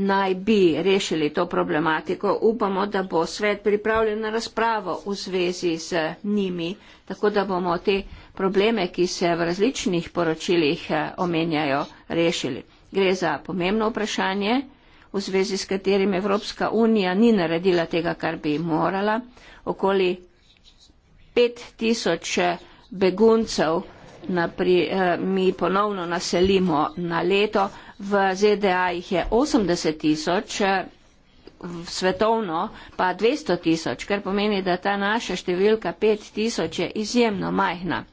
naj bi rešili to problematiko. Upamo, da bo svet pripravljen na razpravo v zvezi z njimi, tako da bomo te probleme, ki se v različnih poročilih eh, omenjajo, rešili. Gre za pomembno vprašanje, v zvezi s katerim Evropska unija ni naredila tega, kar bi morala. Okoli 5000 eh, beguncev napri, eh, mi ponovno naselimo na leto v ZDA jih je 80 tisoč, svetovno pa 200 tisoč, kar pomeni, da ta naša številka 5 tisoč je izjemno majhna.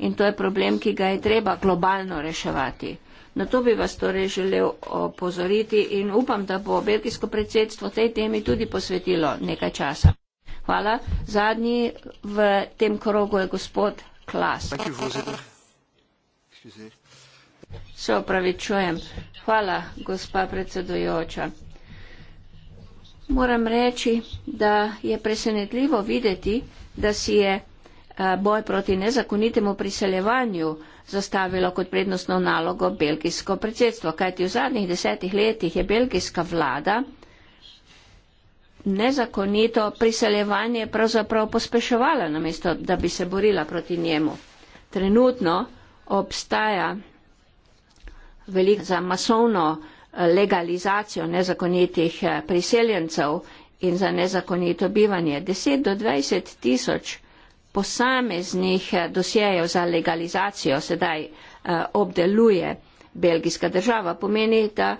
In to je problem, ki ga je treba globalno reševati. Na to bi vas torej želel opozoriti in upam, da bo belgijsko predsedstvo tej temi tudi posvetilo nekaj časa. Hvala. Zadnji v tem krogu je gospod Klas. Thank you, voorzitter. Excuseer. Se opravičujem. Hvala, gospa predsedujoča. Moram reči, da je presenetljivo videti, da si je boj proti nezakonitemu priseljevanju zastavilo kot prednostno nalogo belgijsko predsedstvo. Kajti v zadnjih desetih letih je belgijska vlada nezakonito priseljevanje pravzaprav pospeševala, namesto da bi se borila proti njemu. Trenutno obstaja veliko za masovno eh, legalizacijo nezakonitih eh, priseljencev in za nezakonito bivanje. 10 do 20 tisoč posameznih eh, dosjejev za legalizacijo sedaj obdeluje belgijska država. Pomeni, da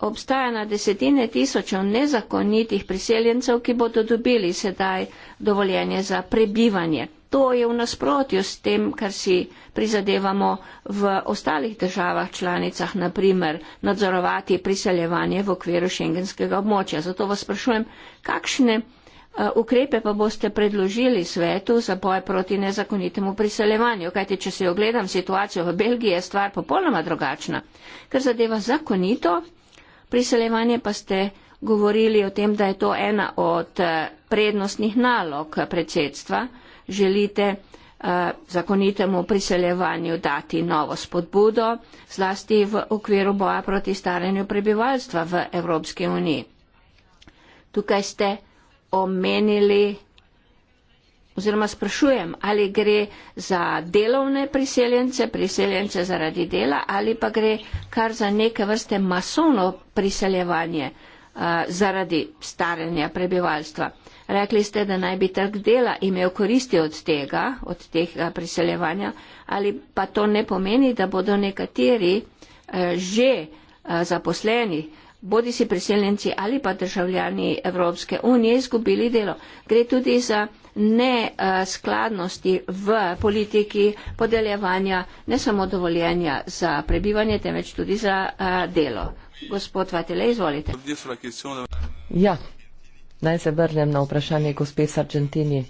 obstaja na desetine tisočev nezakonitih priseljencev, ki bodo dobili sedaj dovoljenje za prebivanje to je v nasprotju s tem, kar si prizadevamo v ostalih državah članicah, naprimer nadzorovati priseljevanje v okviru šengenskega območja. Zato vas sprašujem, kakšne eh, ukrepe pa boste predložili svetu za boj proti nezakonitemu priseljevanju, kajte če se ogledam situacijo v Belgiji, je stvar popolnoma drugačna. Ker zadeva zakonito priseljevanje, pa ste govorili o tem, da je to ena od eh, prednostnih nalog predsedstva želite eh, zakonitemu priseljevanju dati novo spodbudo, zlasti v okviru boja proti staranju prebivalstva v Evropski uniji. Tukaj ste omenili oziroma sprašujem, ali gre za delovne priseljence, priseljence zaradi dela ali pa gre kar za neke vrste masovno priseljevanje uh, zaradi staranja prebivalstva. Rekli ste, da naj bi trg dela imel koristi od tega, od tega eh, priseljevanja, ali pa to ne pomeni, da bodo nekateri eh, že eh, zaposleni, bodi si priseljenci ali pa državljani Evropske unije, izgubili delo. Gre tudi za neskladnosti v politiki podeljevanja ne samo dovoljenja za prebivanje, temveč tudi za delo. Gospod Vatele, izvolite. Ja, Naj se vrnem na vprašanje gospe Sargentini.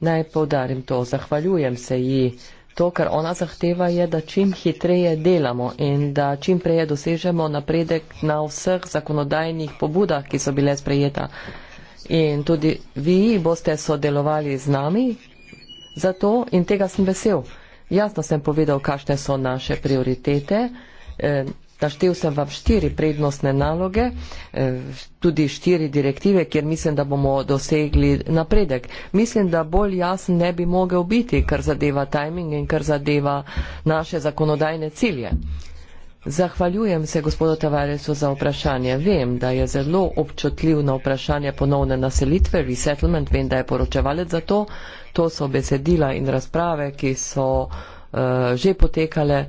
Naj povdarim to. Zahvaljujem se ji. To, kar ona zahteva, je, da čim hitreje delamo in da čim preje dosežemo napredek na vseh zakonodajnih pobudah, ki so bile sprejeta. In tudi vi boste sodelovali z nami za to in tega sem vesel. Jasno sem povedal, kakšne so naše prioritete. Eh, Naštel sem vam štiri prednostne naloge, eh, tudi štiri direktive, kjer mislim, da bomo dosegli napredek. Mislim, da bolj jasen ne bi mogel biti, kar zadeva tajming in kar zadeva naše zakonodajne cilje. Zahvaljujem se gospodu Tavaresu za vprašanje. Vem, da je zelo občutljiv na vprašanje ponovne naselitve, resettlement, vem, da je poročevalec za to. To so besedila in razprave, ki so uh, že potekale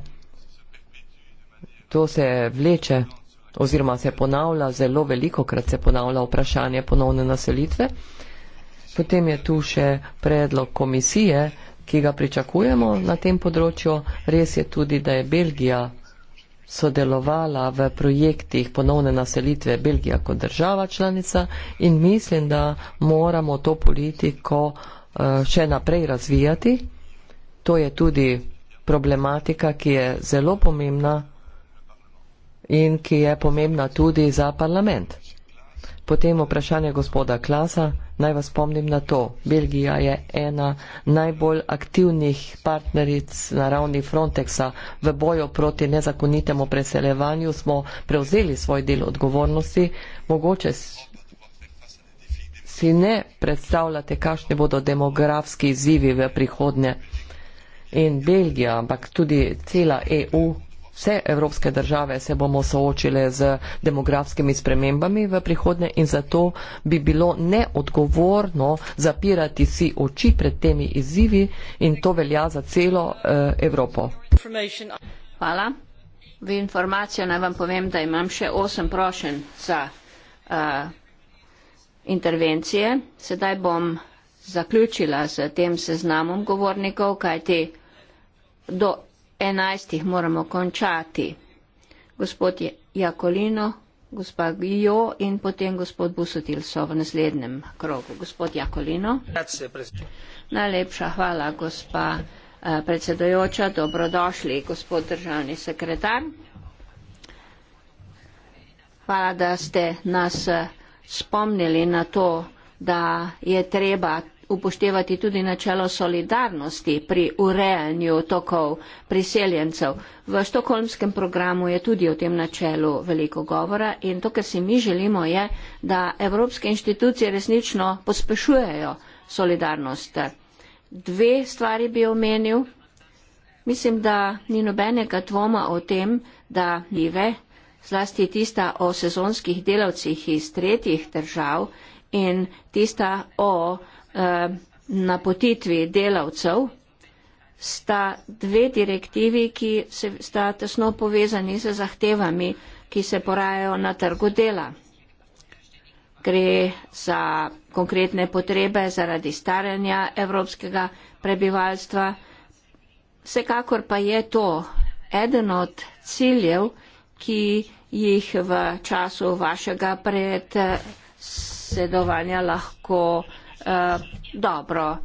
to se vleče oziroma se ponavlja, zelo veliko krat se ponavlja vprašanje ponovne naselitve. Potem je tu še predlog komisije, ki ga pričakujemo na tem področju. Res je tudi, da je Belgija sodelovala v projektih ponovne naselitve Belgija kot država članica in mislim, da moramo to politiko eh, še naprej razvijati. To je tudi problematika, ki je zelo pomembna in ki je pomembna tudi za parlament. Potem vprašanje gospoda Klasa, naj vas spomnim na to. Belgija je ena najbolj aktivnih partneric na ravni Frontexa v boju proti nezakonitemu preseljevanju. Smo prevzeli svoj del odgovornosti. Mogoče si ne predstavljate, kakšni bodo demografski izzivi v prihodnje. In Belgija, ampak tudi cela EU vse evropske države se bomo soočile z demografskimi spremembami v prihodnje in zato bi bilo neodgovorno zapirati si oči pred temi izzivi in to velja za celo uh, Evropo. Hvala. V informacijo naj vam povem, da imam še osem prošen za uh, intervencije. Sedaj bom zaključila z tem seznamom govornikov, kajti do enajstih moramo končati. Gospod Jakolino, gospa Gijo in potem gospod Busutil so v naslednjem krogu. Gospod Jakolino. Najlepša hvala, gospa eh, predsedojoča. Dobrodošli, gospod državni sekretar. Hvala, da ste nas eh, spomnili na to, da je treba upoštevati tudi načelo solidarnosti pri urejanju tokov priseljencev. V štokholmskem programu je tudi o tem načelu veliko govora in to, kar si mi želimo, je, da evropske inštitucije resnično pospešujejo solidarnost. Dve stvari bi omenil. Mislim, da ni nobenega dvoma o tem, da nive, zlasti tista o sezonskih delavcih iz tretjih držav in tista o Eh, napotitvi delavcev sta dve direktivi, ki se, sta tesno povezani z zahtevami, ki se porajajo na trgu dela. Gre za konkretne potrebe zaradi staranja evropskega prebivalstva. Vsekakor pa je to eden od ciljev, ki jih v času vašega predsedovanja lahko uh, E, dobro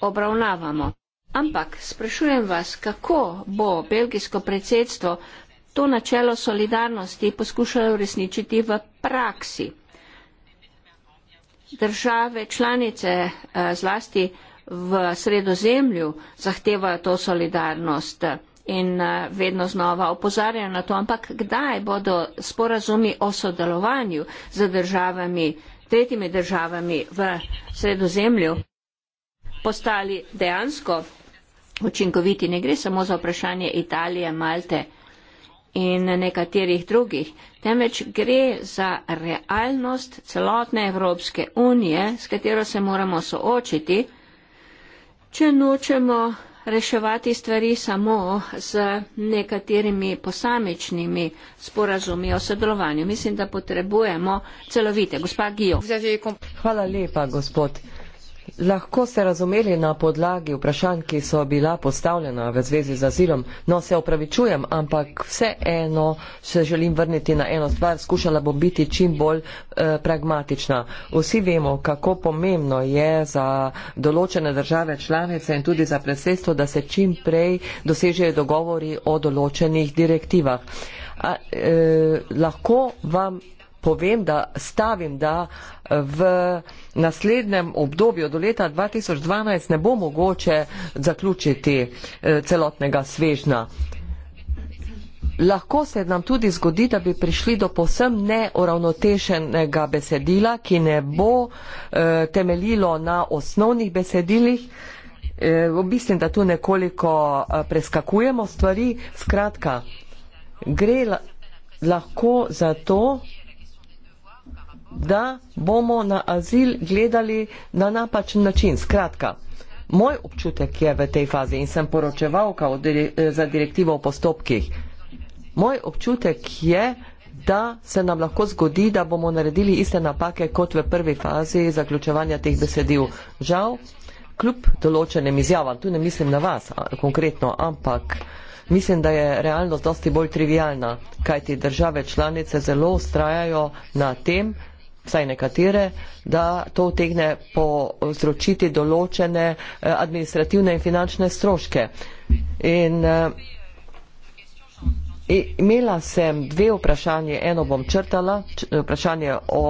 obravnavamo. Ampak sprašujem vas, kako bo belgijsko predsedstvo to načelo solidarnosti poskušalo uresničiti v praksi. Države članice e, zlasti v sredozemlju zahtevajo to solidarnost in e, vedno znova opozarjajo na to, ampak kdaj bodo sporazumi o sodelovanju z državami tretjimi državami v sredozemlju postali dejansko učinkoviti. Ne gre samo za vprašanje Italije, Malte in nekaterih drugih, temveč gre za realnost celotne Evropske unije, s katero se moramo soočiti, če nočemo reševati stvari samo z nekaterimi posamičnimi sporazumi o sodelovanju. Mislim, da potrebujemo celovite. Gospa Gijo. Hvala lepa, gospod. Lahko ste razumeli na podlagi vprašanj, ki so bila postavljena v zvezi z azilom. No, se opravičujem, ampak vseeno se želim vrniti na eno stvar. Skušala bom biti čim bolj e, pragmatična. Vsi vemo, kako pomembno je za določene države članice in tudi za predsedstvo, da se čim prej dosežejo dogovori o določenih direktivah. A, e, lahko vam povem, da stavim, da eh, v naslednjem obdobju do leta 2012 ne bo mogoče zaključiti eh, celotnega svežna. Lahko se nam tudi zgodi, da bi prišli do posem neuravnotešenega besedila, ki ne bo eh, temeljilo na osnovnih besedilih. Eh, mislim, da tu nekoliko eh, preskakujemo stvari. Skratka, gre la lahko za to da bomo na azil gledali na napačen način. Skratka, moj občutek je v tej fazi in sem poročevalka za direktivo o postopkih. Moj občutek je, da se nam lahko zgodi, da bomo naredili iste napake kot v prvi fazi zaključevanja teh besedil. Žal, kljub določenim izjavam, tu ne mislim na vas konkretno, ampak mislim, da je realnost dosti bolj trivialna, kajti države članice zelo ustrajajo na tem, vsaj nekatere, da to vtegne povzročiti določene eh, administrativne in finančne stroške. In, eh, Imela sem dve vprašanje, eno bom črtala, eh, vprašanje o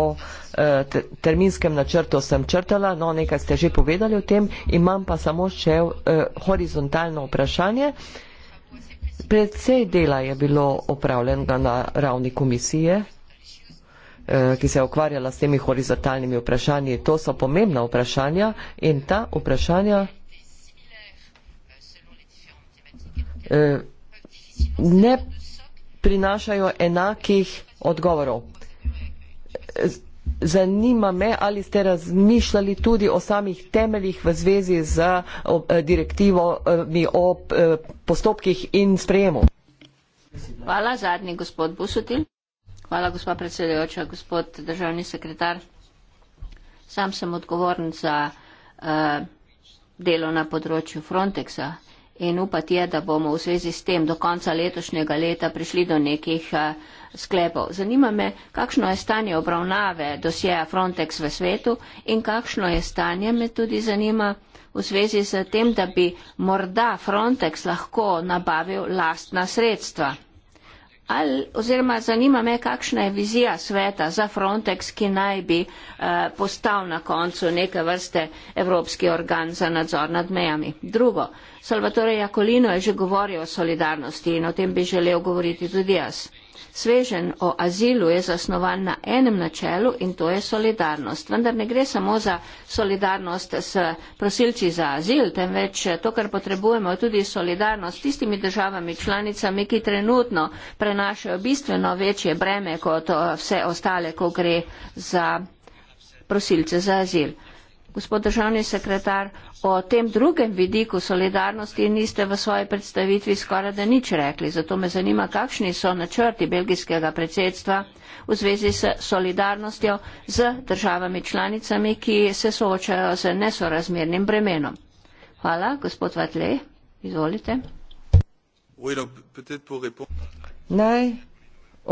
terminskem načrtu sem črtala, no nekaj ste že povedali o tem, imam pa samo še horizontalno vprašanje. Predvsej dela je bilo opravljenega na ravni komisije, Eh, ki se je ukvarjala s temi horizontalnimi vprašanji. To so pomembna vprašanja in ta vprašanja eh, ne prinašajo enakih odgovorov. Zanima me, ali ste razmišljali tudi o samih temeljih v zvezi z eh, direktivami o postopkih in sprejemu. Hvala, zadnji gospod Busutil. Hvala, gospa predsedujoča, gospod državni sekretar. Sam sem odgovoren za uh, delo na področju Frontexa in upati je, da bomo v zvezi s tem do konca letošnjega leta prišli do nekih uh, sklepov. Zanima me, kakšno je stanje obravnave dosjeja Frontex v svetu in kakšno je stanje, me tudi zanima v zvezi s tem, da bi morda Frontex lahko nabavil lastna sredstva. Ali, oziroma zanima me, kakšna je vizija sveta za Frontex, ki naj bi eh, postal na koncu neke vrste evropski organ za nadzor nad mejami. Drugo, Salvatore Jakolino je že govoril o solidarnosti in o tem bi želel govoriti tudi jaz. Svežen o azilu je zasnovan na enem načelu in to je solidarnost. Vendar ne gre samo za solidarnost s prosilci za azil, temveč to, kar potrebujemo, je tudi solidarnost s tistimi državami članicami, ki trenutno prenašajo bistveno večje breme kot vse ostale, ko gre za prosilce za azil gospod državni sekretar, o tem drugem vidiku solidarnosti niste v svoji predstavitvi skoraj da nič rekli. Zato me zanima, kakšni so načrti belgijskega predsedstva v zvezi s solidarnostjo z državami članicami, ki se soočajo z nesorazmernim bremenom. Hvala, gospod Vatlej, izvolite. Naj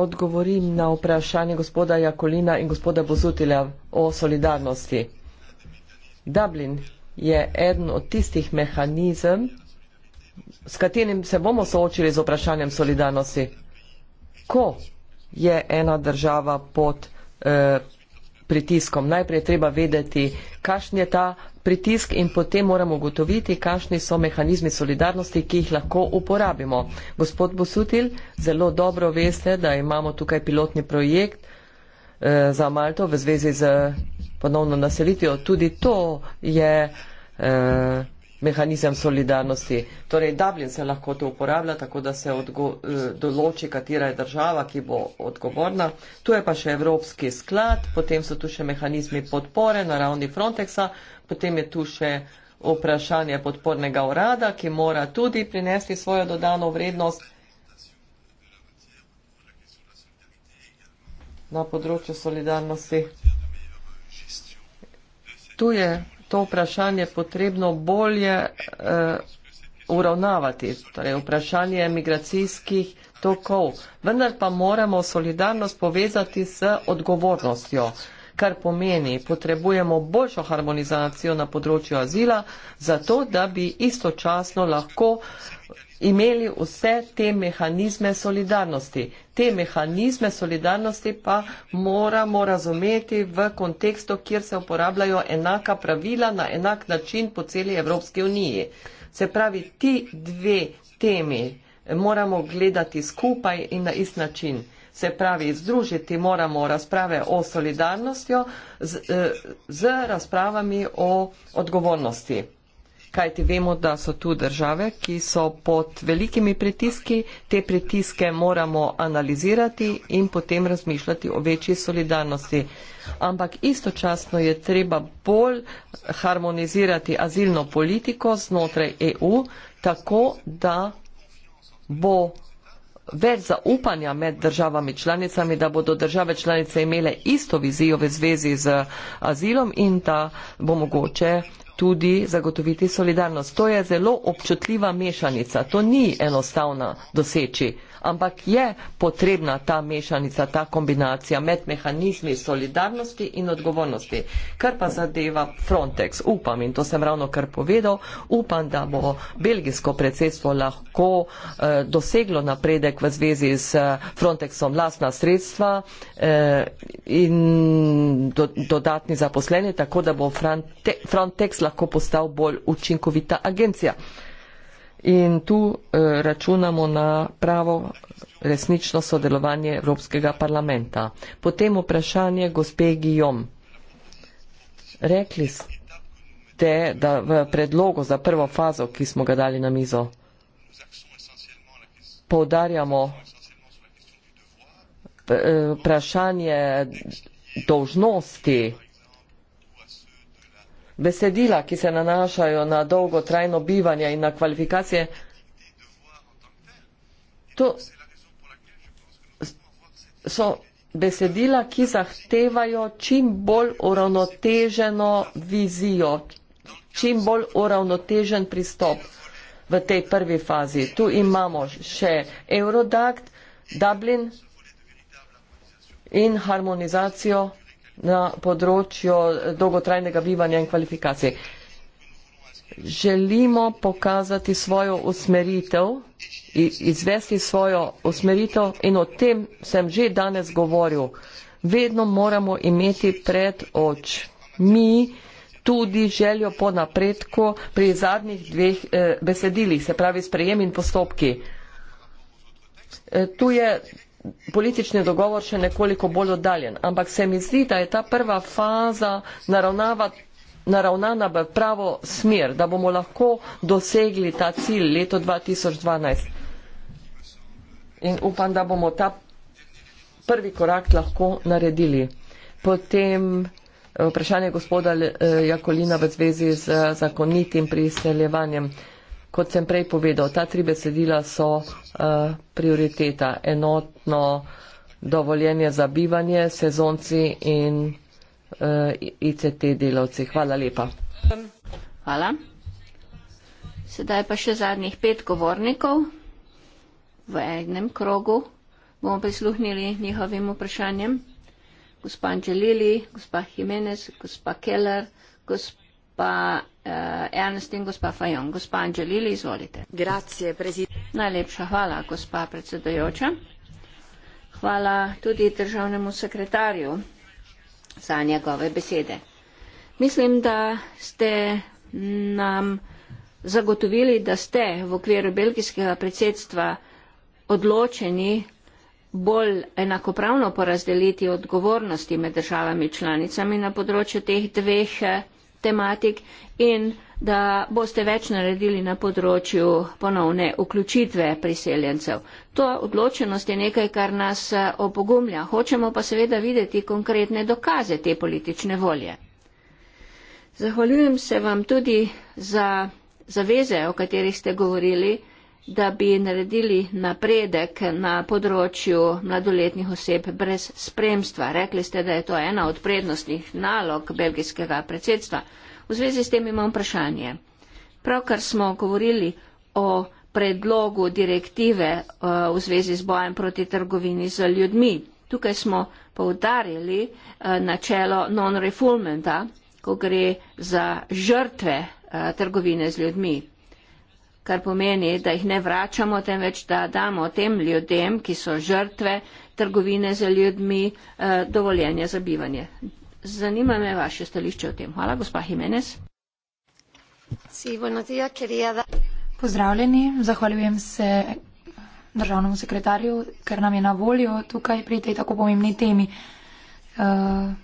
odgovorim na vprašanje gospoda Jakolina in gospoda Bozutila o solidarnosti. Dublin je eden od tistih mehanizem, s katerim se bomo soočili z vprašanjem solidarnosti. Ko je ena država pod eh, pritiskom. Najprej treba vedeti, kakšen je ta pritisk in potem moramo ugotoviti, kakšni so mehanizmi solidarnosti, ki jih lahko uporabimo. Gospod Busutil, zelo dobro veste, da imamo tukaj pilotni projekt eh, Eh, za Malto v zvezi z ponovno naselitvijo. Tudi to je eh, mehanizem solidarnosti. Torej, Dublin se lahko to uporablja, tako da se eh, določi, katera je država, ki bo odgovorna. Tu je pa še Evropski sklad, potem so tu še mehanizmi podpore na ravni Frontexa, potem je tu še vprašanje podpornega urada, ki mora tudi prinesti svojo dodano vrednost. na področju solidarnosti. Tu je to vprašanje potrebno bolje uh, uravnavati, torej vprašanje migracijskih tokov. Vendar pa moramo solidarnost povezati s odgovornostjo, kar pomeni, potrebujemo boljšo harmonizacijo na področju azila, zato da bi istočasno lahko imeli vse te mehanizme solidarnosti. Te mehanizme solidarnosti pa moramo razumeti v kontekstu, kjer se uporabljajo enaka pravila na enak način po celi Evropski uniji. Se pravi, ti dve temi moramo gledati skupaj in na ist način. Se pravi, združiti moramo razprave o solidarnostjo z, eh, z razpravami o odgovornosti kajti vemo, da so tu države, ki so pod velikimi pritiski. Te pritiske moramo analizirati in potem razmišljati o večji solidarnosti. Ampak istočasno je treba bolj harmonizirati azilno politiko znotraj EU, tako da bo več zaupanja med državami članicami, da bodo države članice imele isto vizijo v zvezi z azilom in da bo mogoče tudi zagotoviti solidarnost. To je zelo občutljiva mešanica, to ni enostavna doseči, ampak je potrebna ta mešanica, ta kombinacija med mehanizmi solidarnosti in odgovornosti. Kar pa zadeva Frontex, upam in to sem ravno kar povedal, upam, da bo belgijsko predsedstvo lahko eh, doseglo napredek v zvezi z eh, Frontexom lastna sredstva eh, in do, dodatni zaposleni, tako da bo Frontex lahko postal bolj učinkovita agencija. In tu eh, računamo na pravo resnično sodelovanje Evropskega parlamenta. Potem vprašanje gospe Gijom. Rekli ste, da v predlogu za prvo fazo, ki smo ga dali na mizo, poudarjamo eh, vprašanje dolžnosti besedila, ki se nanašajo na dolgotrajno bivanje in na kvalifikacije. To so besedila, ki zahtevajo čim bolj uravnoteženo vizijo, čim bolj uravnotežen pristop v tej prvi fazi. Tu imamo še Eurodakt, Dublin in harmonizacijo na področju dolgotrajnega bivanja in kvalifikacij. Želimo pokazati svojo usmeritev, izvesti svojo usmeritev in o tem sem že danes govoril. Vedno moramo imeti pred oč. Mi tudi željo po napredku pri zadnjih dveh eh, besedilih, se pravi sprejem in postopki. Eh, tu je politični dogovor še nekoliko bolj oddaljen. Ampak se mi zdi, da je ta prva faza naravnava naravnana v pravo smer, da bomo lahko dosegli ta cilj leto 2012. In upam, da bomo ta prvi korak lahko naredili. Potem eh, vprašanje gospoda eh, Jakolina v zvezi z eh, zakonitim priseljevanjem kot sem prej povedal, ta tri besedila so uh, prioriteta. Enotno dovoljenje za bivanje, sezonci in uh, eh, ICT delavci. Hvala lepa. Hvala. Sedaj pa še zadnjih pet govornikov v enem krogu. Bomo prisluhnili njihovim vprašanjem. Gospa Anželili, gospa Jimenez, gospa Keller, gospa Eh, Ernst in gospa Fajon. Gospa Anželili, izvolite. Grazie, Najlepša hvala, gospa predsedojoča. Hvala tudi državnemu sekretarju za njegove besede. Mislim, da ste nam zagotovili, da ste v okviru belgijskega predsedstva odločeni bolj enakopravno porazdeliti odgovornosti med državami članicami na področju teh dveh eh, tematik in da boste več naredili na področju ponovne vključitve priseljencev. To odločenost je nekaj, kar nas eh, opogumlja. Hočemo pa seveda videti konkretne dokaze te politične volje. Zahvaljujem se vam tudi za zaveze, o katerih ste govorili da bi naredili napredek na področju mladoletnih oseb brez spremstva. Rekli ste, da je to ena od prednostnih nalog belgijskega predsedstva. V zvezi s tem imam vprašanje. Pravkar smo govorili o predlogu direktive eh, v zvezi z bojem proti trgovini z ljudmi. Tukaj smo poudarili eh, načelo non-refulmenta, ko gre za žrtve eh, trgovine z ljudmi kar pomeni, da jih ne vračamo, temveč da damo tem ljudem, ki so žrtve trgovine za ljudmi, eh, dovoljenje za bivanje. Zanima me vaše stališče o tem. Hvala, gospa Jimenez. Pozdravljeni, zahvaljujem se državnemu sekretarju, ker nam je na voljo tukaj pri tej tako pomembni temi eh,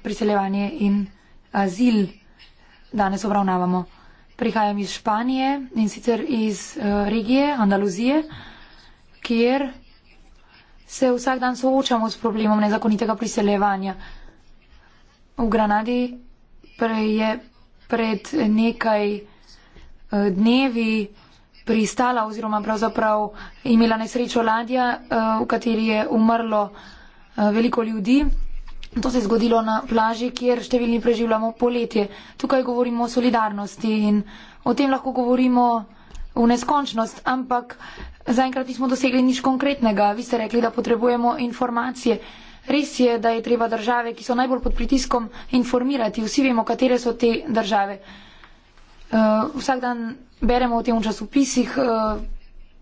priseljevanje in azil danes obravnavamo. Prihajam iz Španije in sicer iz eh, regije Andaluzije, kjer se vsak dan soočamo s problemom nezakonitega priseljevanja. V Granadi je pred nekaj eh, dnevi pristala oziroma pravzaprav imela nesrečo ladja, eh, v kateri je umrlo veliko ljudi. To se je zgodilo na plaži, kjer številni preživljamo poletje. Tukaj govorimo o solidarnosti in o tem lahko govorimo v neskončnost, ampak zaenkrat nismo dosegli nič konkretnega. Vi ste rekli, da potrebujemo informacije. Res je, da je treba države, ki so najbolj pod pritiskom, informirati. Vsi vemo, katere so te države. Uh, vsak dan beremo o tem v časopisih, uh,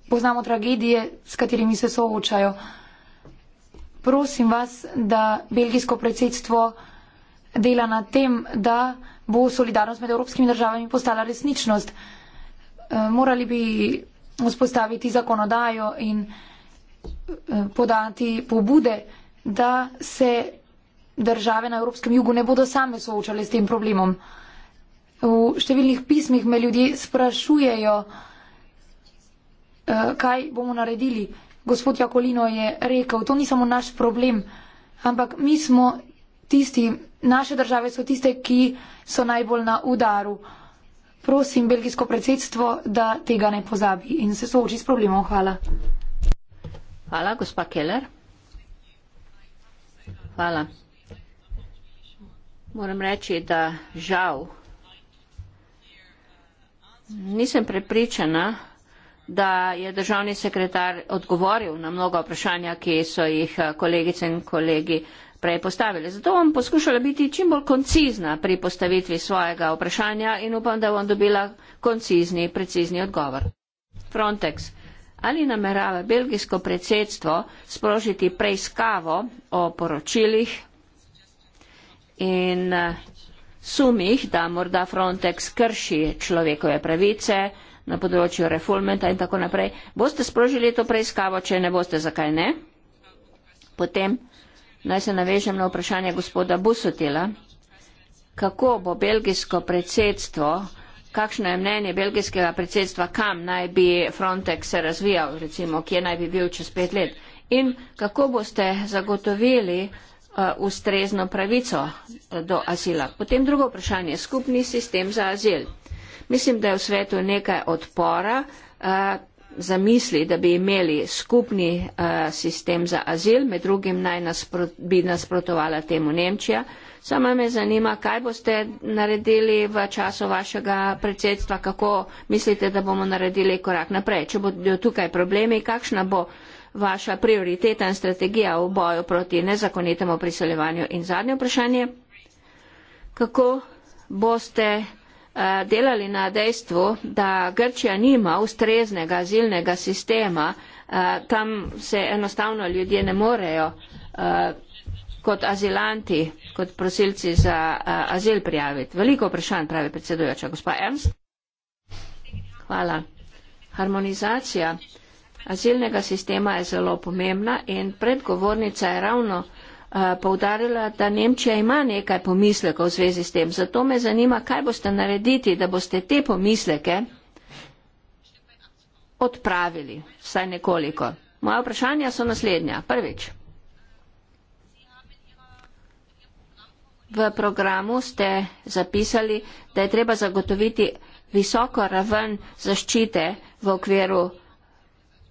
poznamo tragedije, s katerimi se soočajo. Uh, prosim vas, da belgijsko predsedstvo dela na tem, da bo solidarnost med evropskimi državami postala resničnost. Eh, morali bi vzpostaviti zakonodajo in eh, podati pobude, da se države na evropskem jugu ne bodo same soočale s tem problemom. V številnih pismih me ljudje sprašujejo, eh, kaj bomo naredili. Gospod Jakolino je rekel, to ni samo naš problem, ampak mi smo tisti, naše države so tiste, ki so najbolj na udaru. Prosim belgijsko predsedstvo, da tega ne pozabi in se sooči s problemom. Hvala. Hvala, gospa Keller. Hvala. Moram reči, da žal nisem prepričana, da je državni sekretar odgovoril na mnoga vprašanja, ki so jih eh, kolegice in kolegi prej postavili. Zato bom poskušala biti čim bolj koncizna pri postavitvi svojega vprašanja in upam, da bom dobila koncizni, precizni odgovor. Frontex. Ali namerava belgijsko predsedstvo sprožiti preiskavo o poročilih in eh, sumih, da morda Frontex krši človekove pravice, na področju refulmenta in tako naprej. Boste sprožili to preiskavo, če ne boste, zakaj ne? Potem naj se navežem na vprašanje gospoda Busotila, kako bo belgijsko predsedstvo, kakšno je mnenje belgijskega predsedstva, kam naj bi Frontex se razvijal, recimo, kje naj bi bil čez pet let in kako boste zagotovili uh, ustrezno pravico uh, do azila. Potem drugo vprašanje, skupni sistem za azil. Mislim, da je v svetu nekaj odpora eh, za misli, da bi imeli skupni eh, sistem za azil, med drugim naj nasprot, bi nasprotovala temu Nemčija. Sama me zanima, kaj boste naredili v času vašega predsedstva, kako mislite, da bomo naredili korak naprej. Če bodo tukaj problemi, kakšna bo vaša prioriteta in strategija v boju proti nezakonitemu priseljevanju. In zadnje vprašanje, kako boste Eh, delali na dejstvu, da Grčija nima ustreznega azilnega sistema, eh, tam se enostavno ljudje ne morejo eh, kot azilanti, kot prosilci za azil prijaviti. Veliko vprašanj pravi predsedujoča gospa Ernst. Hvala. Harmonizacija azilnega sistema je zelo pomembna in predgovornica je ravno Eh, poudarila, da Nemčija ima nekaj pomislekov v zvezi s tem. Zato me zanima, kaj boste narediti, da boste te pomisleke odpravili, vsaj nekoliko. Moja vprašanja so naslednja. Prvič. V programu ste zapisali, da je treba zagotoviti visoko raven zaščite v okviru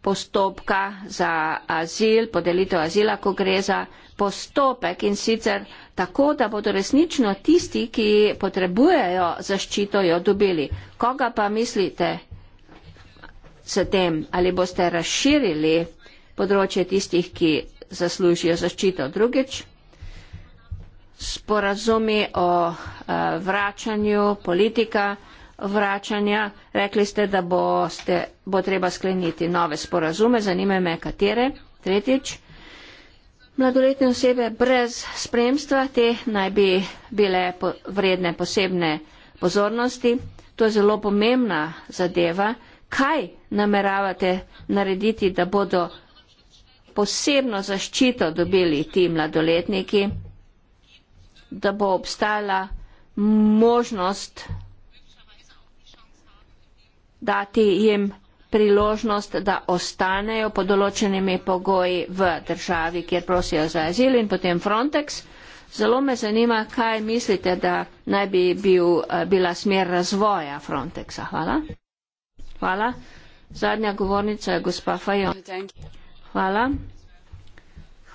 postopka za azil, podelitev azila, ko gre za postopek in sicer tako, da bodo resnično tisti, ki potrebujejo zaščito, jo dobili. Koga pa mislite s tem, ali boste razširili področje tistih, ki zaslužijo zaščito? Drugič, sporazumi o eh, vračanju politika vračanja. Rekli ste, da bo, ste, bo treba skleniti nove sporazume, zanime me katere. Tretjič, mladoletne osebe brez spremstva, te naj bi bile po, vredne posebne pozornosti. To je zelo pomembna zadeva. Kaj nameravate narediti, da bodo posebno zaščito dobili ti mladoletniki, da bo obstajala možnost dati jim priložnost, da ostanejo pod določenimi pogoji v državi, kjer prosijo za azil in potem Frontex. Zelo me zanima, kaj mislite, da naj bi bil, eh, bila smer razvoja Frontexa. Hvala. Hvala. Zadnja govornica je gospa Fajon. Hvala.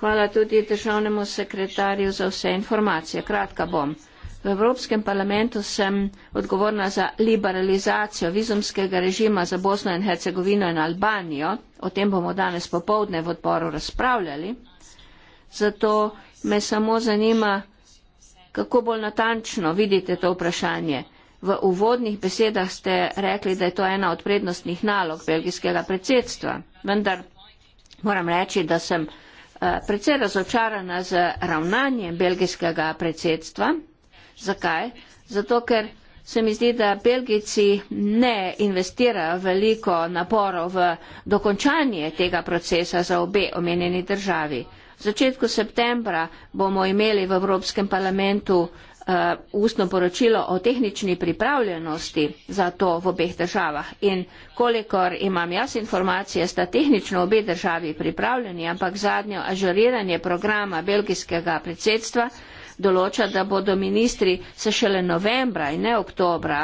Hvala tudi državnemu sekretarju za vse informacije. Kratka bom. V Evropskem parlamentu sem odgovorna za liberalizacijo vizumskega režima za Bosno in Hercegovino in Albanijo. O tem bomo danes popovdne v odboru razpravljali. Zato me samo zanima, kako bolj natančno vidite to vprašanje. V uvodnih besedah ste rekli, da je to ena od prednostnih nalog belgijskega predsedstva. Vendar moram reči, da sem eh, precej razočarana z ravnanjem belgijskega predsedstva Zakaj? Zato, ker se mi zdi, da Belgici ne investirajo veliko naporov v dokončanje tega procesa za obe omenjeni državi. V začetku septembra bomo imeli v Evropskem parlamentu uh, ustno poročilo o tehnični pripravljenosti za to v obeh državah. In kolikor imam jaz informacije, sta tehnično obe državi pripravljeni, ampak zadnjo ažuriranje programa belgijskega predsedstva določa, da bodo ministri se šele novembra in ne oktobra,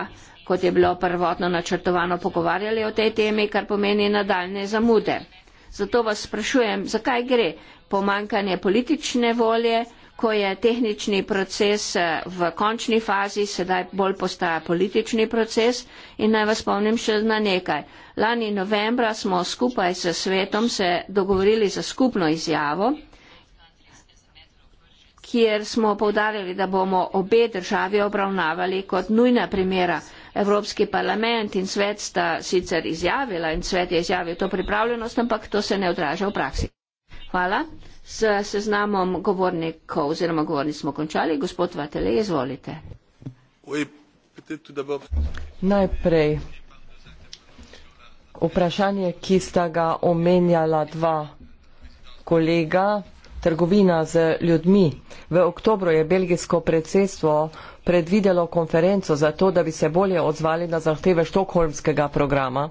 kot je bilo prvotno načrtovano, pogovarjali o tej temi, kar pomeni nadaljne zamude. Zato vas sprašujem, zakaj gre pomankanje politične volje, ko je tehnični proces eh, v končni fazi, sedaj bolj postaja politični proces. In naj vas spomnim še na nekaj. Lani novembra smo skupaj s svetom se dogovorili za skupno izjavo, kjer smo povdarjali, da bomo obe državi obravnavali kot nujna primera. Evropski parlament in svet sta sicer izjavila in svet je izjavil to pripravljenost, ampak to se ne odraža v praksi. Hvala. S seznamom govornikov oziroma govornic smo končali. Gospod Vatele, izvolite. Najprej vprašanje, ki sta ga omenjala dva kolega, trgovina z ljudmi. V oktobru je belgijsko predsedstvo predvidelo konferenco za to, da bi se bolje odzvali na zahteve štokholmskega programa.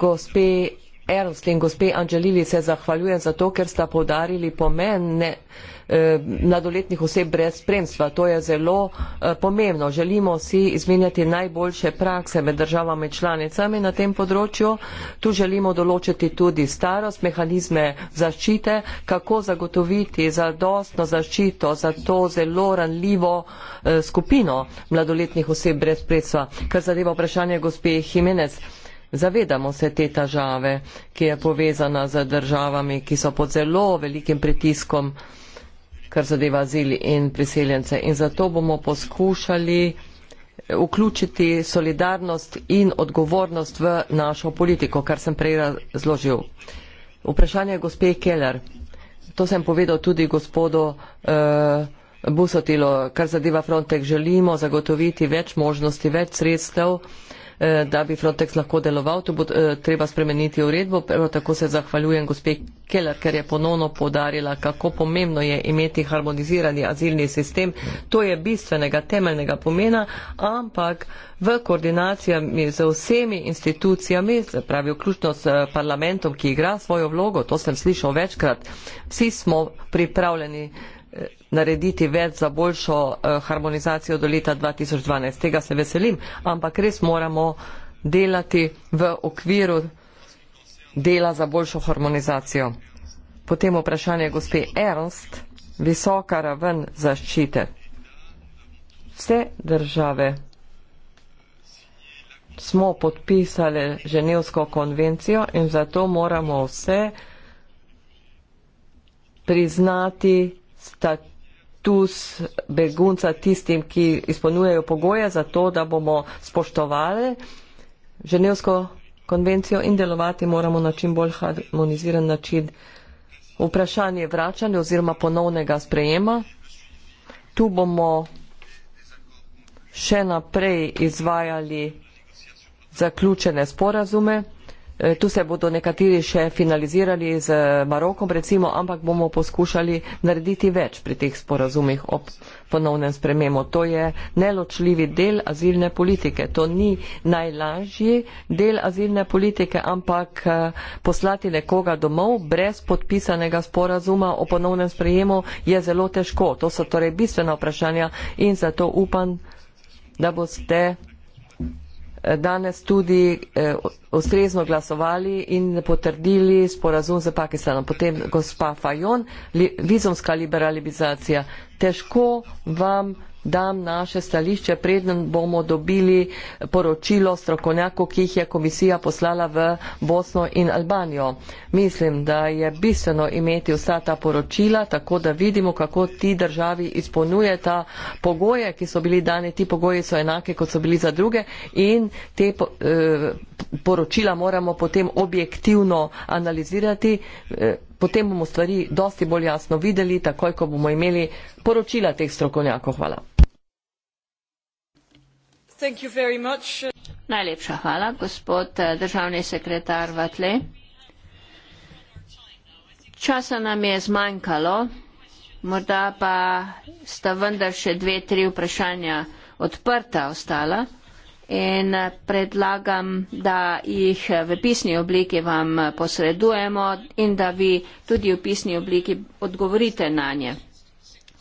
Gospe Ernst in gospe Angelili se zahvaljujem za to, ker sta podarili pomen ne, Eh, mladoletnih oseb brez spremstva. To je zelo eh, pomembno. Želimo si izmenjati najboljše prakse med državami članicami na tem področju. Tu želimo določiti tudi starost, mehanizme zaščite, kako zagotoviti zadostno zaščito za to zelo ranljivo eh, skupino mladoletnih oseb brez spremstva. Kar zadeva vprašanje gospe Jimenez. Zavedamo se te težave, ki je povezana z državami, ki so pod zelo velikim pritiskom kar zadeva azil in priseljence. In zato bomo poskušali vključiti solidarnost in odgovornost v našo politiko, kar sem prej razložil. Vprašanje gospe Keller. To sem povedal tudi gospodu uh, Busotilo. Kar zadeva Frontex, želimo zagotoviti več možnosti, več sredstev Eh, da bi Frontex lahko deloval. Tu bo eh, treba spremeniti uredbo. Prav tako se zahvaljujem gospe Keller, ker je ponovno podarila, kako pomembno je imeti harmonizirani azilni sistem. To je bistvenega, temeljnega pomena, ampak v koordinacijami z vsemi institucijami, pravi vključno s eh, parlamentom, ki igra svojo vlogo, to sem slišal večkrat, vsi smo pripravljeni narediti več za boljšo eh, harmonizacijo do leta 2012. Tega se veselim, ampak res moramo delati v okviru dela za boljšo harmonizacijo. Potem vprašanje gospe Ernst, visoka raven zaščite. Vse države smo podpisali Ženevsko konvencijo in zato moramo vse priznati status begunca tistim, ki izpolnjujejo pogoje za to, da bomo spoštovali Ženevsko konvencijo in delovati moramo na čim bolj harmoniziran način. Vprašanje vračanja oziroma ponovnega sprejema. Tu bomo še naprej izvajali zaključene sporazume. E, tu se bodo nekateri še finalizirali z Marokom, recimo, ampak bomo poskušali narediti več pri teh sporazumih ob ponovnem sprememu. To je neločljivi del azilne politike. To ni najlažji del azilne politike, ampak e, poslati nekoga domov brez podpisanega sporazuma o ponovnem sprejemu je zelo težko. To so torej bistvena vprašanja in zato upam, da boste danes tudi eh, ustrezno glasovali in potrdili sporazum z Pakistanom. Potem gospa Fajon, vizumska liberalizacija. Težko vam dam naše stališče, predem bomo dobili poročilo strokovnjakov, ki jih je komisija poslala v Bosno in Albanijo. Mislim, da je bistveno imeti vsa ta poročila, tako da vidimo, kako ti državi izpolnjuje ta pogoje, ki so bili dane, ti pogoji so enake, kot so bili za druge in te eh, poročila moramo potem objektivno analizirati. Eh, potem bomo stvari dosti bolj jasno videli, takoj, ko bomo imeli poročila teh strokovnjakov. Hvala najlepša hvala gospod eh, državni sekretar vatle časa nam je zmanjkalo morda pa sta vendar še dve tri vprašanja odprta ostala in eh, predlagam, da jih eh, v pisni obliki vam posredujemo in da vi tudi v pisni obliki odgovorite na nje.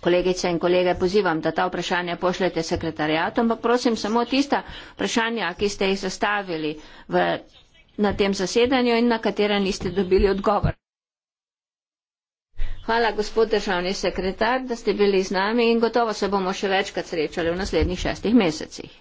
Kolegice in kolege pozivam, da ta vprašanja pošljete sekretarjatom, ampak prosim samo tista vprašanja, ki ste jih zastavili v, na tem zasedanju in na katera niste dobili odgovor. Hvala, gospod državni sekretar, da ste bili z nami in gotovo se bomo še večkrat srečali v naslednjih šestih mesecih.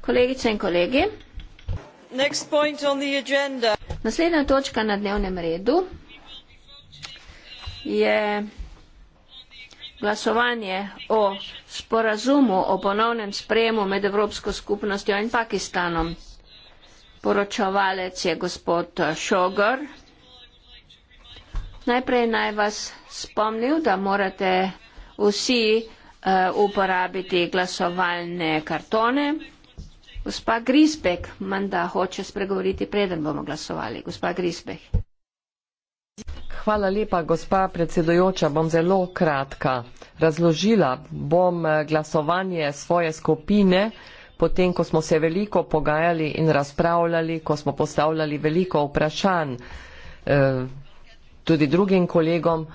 Kolegice in kolegi, naslednja točka na dnevnem redu je glasovanje o sporazumu o ponovnem sprejemu med Evropsko skupnostjo in Pakistanom. Poročevalec je gospod Šogor. Najprej naj vas spomnil, da morate vsi Eh, uporabiti glasovalne kartone. Gospa Grisbek, manda hoče spregovoriti, preden bomo glasovali. Gospa Grisbek. Hvala lepa, gospa predsedojoča. Bom zelo kratka. Razložila bom eh, glasovanje svoje skupine, potem ko smo se veliko pogajali in razpravljali, ko smo postavljali veliko vprašanj eh, tudi drugim kolegom,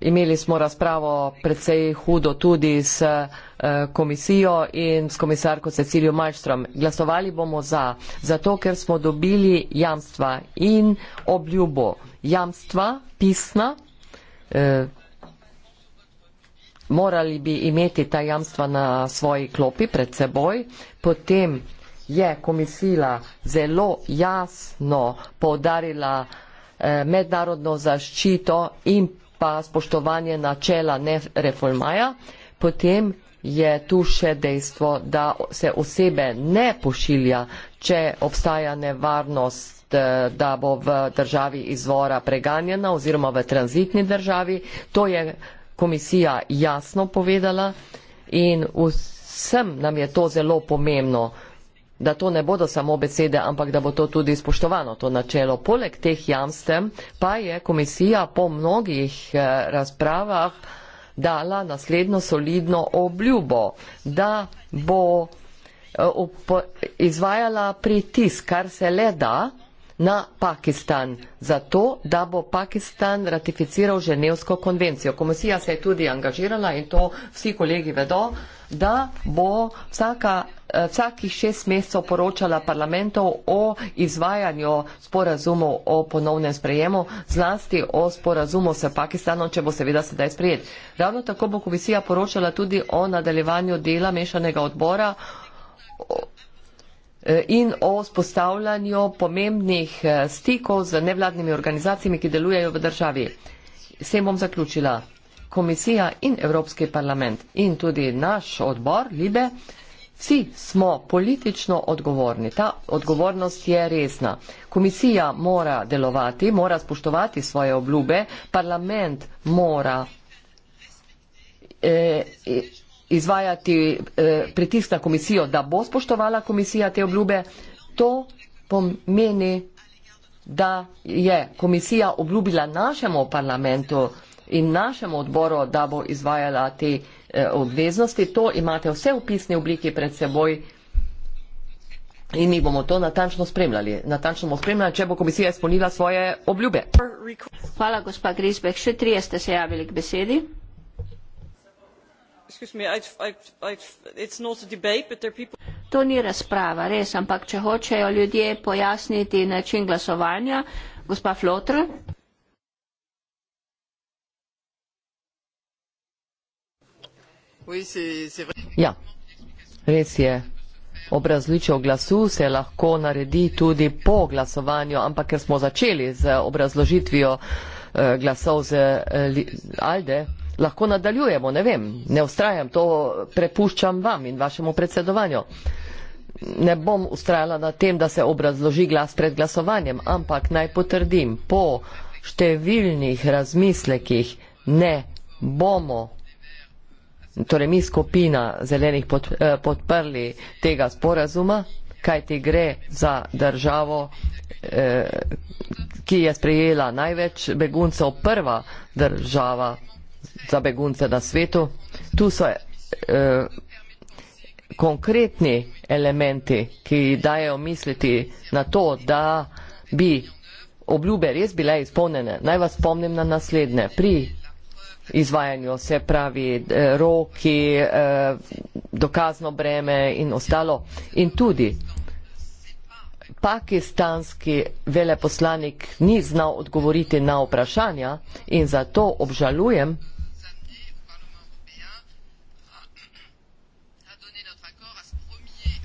Imeli smo razpravo predvsej hudo tudi s eh, komisijo in s komisarko Cecilijo Majstrom. Glasovali bomo za, zato ker smo dobili jamstva in obljubo. Jamstva, pisna, eh, morali bi imeti ta jamstva na svoji klopi pred seboj. Potem je komisija zelo jasno povdarila eh, mednarodno zaščito in pa spoštovanje načela ne reformaja, potem je tu še dejstvo, da se osebe ne pošilja, če obstaja nevarnost, eh, da bo v državi izvora preganjena oziroma v tranzitni državi. To je komisija jasno povedala in vsem nam je to zelo pomembno da to ne bodo samo besede, ampak da bo to tudi spoštovano, to načelo. Poleg teh jamstev pa je komisija po mnogih eh, razpravah dala naslednjo solidno obljubo, da bo eh, izvajala pritisk, kar se le da, na Pakistan, zato da bo Pakistan ratificiral Ženevsko konvencijo. Komisija se je tudi angažirala in to vsi kolegi vedo, da bo vsaka, eh, vsakih šest mesecev poročala parlamentov o izvajanju sporazumov o ponovnem sprejemu, zlasti o sporazumu s Pakistanom, če bo seveda sedaj sprejet. Ravno tako bo komisija poročala tudi o nadaljevanju dela mešanega odbora Eh, in o spostavljanju pomembnih eh, stikov z nevladnimi organizacijami, ki delujejo v državi. Sem bom zaključila. Komisija in Evropski parlament in tudi naš odbor Libe, vsi smo politično odgovorni. Ta odgovornost je resna. Komisija mora delovati, mora spoštovati svoje obljube, parlament mora. Eh, eh, izvajati eh, pritisk na komisijo, da bo spoštovala komisija te obljube, to pomeni, da je komisija obljubila našemu parlamentu in našemu odboru, da bo izvajala te eh, obveznosti. To imate vse v pisni obliki pred seboj in mi bomo to natančno spremljali. Natančno bomo spremljali, če bo komisija izpolnila svoje obljube. Hvala, gospa Grisbek. Še trije ste se javili k besedi to ni razprava res ampak če hočejo ljudje pojasniti način glasovanja gospa flautre ja res je obrazličev glasu se lahko naredi tudi po glasovanju ampak ker smo začeli z obrazložitvijo eh, glasov z eh, alde lahko nadaljujemo, ne vem, ne ustrajam, to prepuščam vam in vašemu predsedovanju. Ne bom ustrajala na tem, da se obrazloži glas pred glasovanjem, ampak naj potrdim, po številnih razmislekih ne bomo, torej mi skupina zelenih pod, eh, podprli tega sporazuma, kaj ti gre za državo, eh, ki je sprejela največ beguncev, prva država za begunce na svetu. Tu so eh, konkretni elementi, ki dajo misliti na to, da bi obljube res bile izpolnjene. Naj vas spomnim na naslednje. Pri izvajanju se pravi eh, roki, eh, dokazno breme in ostalo. In tudi pakistanski veleposlanik ni znal odgovoriti na vprašanja in zato obžalujem,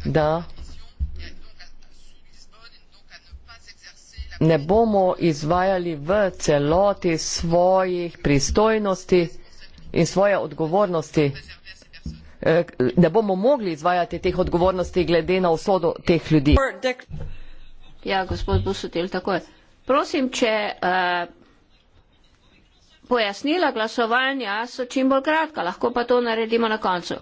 da ne bomo izvajali v celoti svojih pristojnosti in svoje odgovornosti, eh, ne bomo mogli izvajati teh odgovornosti glede na usodo teh ljudi. Ja, gospod Busutil, tako je. Prosim, če uh, pojasnila glasovanja so čim bolj kratka, lahko pa to naredimo na koncu.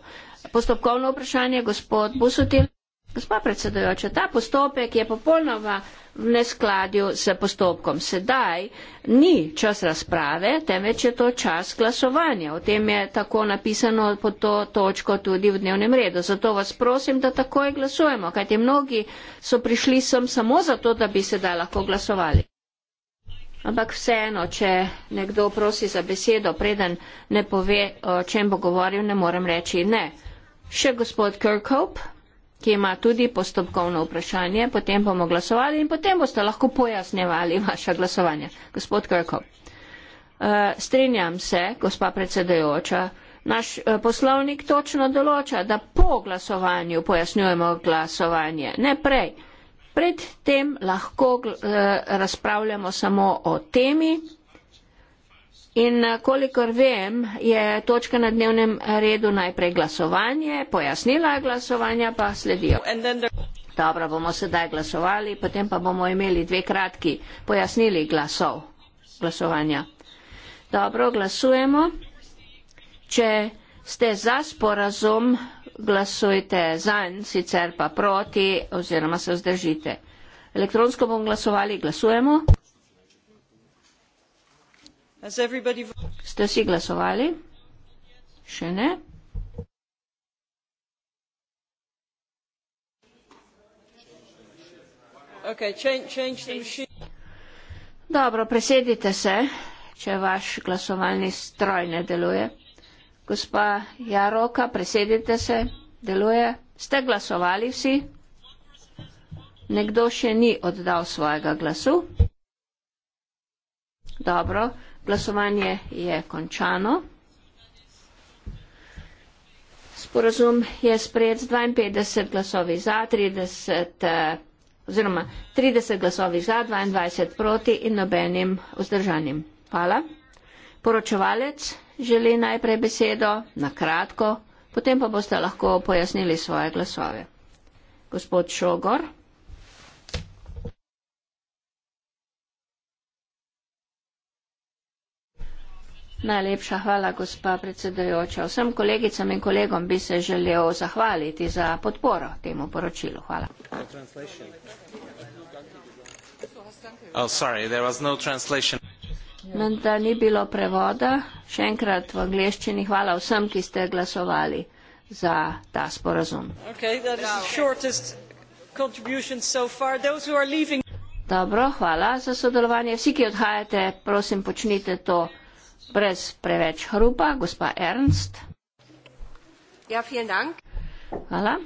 Postopkovno vprašanje, gospod Busutil. Gospa predsedujoča, ta postopek je popolnoma v neskladju s postopkom. Sedaj ni čas razprave, temveč je to čas glasovanja. O tem je tako napisano pod to točko tudi v dnevnem redu. Zato vas prosim, da takoj glasujemo, kajti mnogi so prišli sem samo zato, da bi sedaj lahko glasovali. Ampak vseeno, če nekdo prosi za besedo, preden ne pove, o čem bo govoril, ne morem reči ne. Še gospod Kirkhope ki ima tudi postopkovno vprašanje, potem bomo glasovali in potem boste lahko pojasnjevali vaše glasovanje. Gospod Krkov, eh, strinjam se, gospa predsedajoča, naš eh, poslovnik točno določa, da po glasovanju pojasnjujemo glasovanje, ne prej. Predtem lahko eh, razpravljamo samo o temi, In eh, kolikor vem, je točka na dnevnem redu najprej glasovanje, pojasnila glasovanja pa sledijo. Dobro, bomo sedaj glasovali, potem pa bomo imeli dve kratki pojasnili glasov glasovanja. Dobro, glasujemo. Če ste za sporazum, glasujte za, sicer pa proti oziroma se vzdržite. Elektronsko bom glasovali, glasujemo. Ste vsi glasovali? Še ne. Dobro, presedite se, če vaš glasovalni stroj ne deluje. Gospa Jaroka, presedite se, deluje. Ste glasovali vsi? Nekdo še ni oddal svojega glasu? Dobro, Glasovanje je končano. Sporazum je sprejet z 52 glasovi za, 30, eh, oziroma 30 glasovi za, 22 proti in nobenim vzdržanim. Hvala. Poročevalec želi najprej besedo, na kratko, potem pa boste lahko pojasnili svoje glasove. Gospod Šogor. Najlepša hvala, gospa predsedajoča. Vsem kolegicam in kolegom bi se želel zahvaliti za podporo temu poročilu. Hvala. Oh, no Menda ni bilo prevoda. Še enkrat v angliščini hvala vsem, ki ste glasovali za ta sporazum. Dobro, hvala za sodelovanje. Vsi, ki odhajate, prosim, počnite to brez preveč hrupa, gospa Ernst. Ja, vielen Dank. Hvala.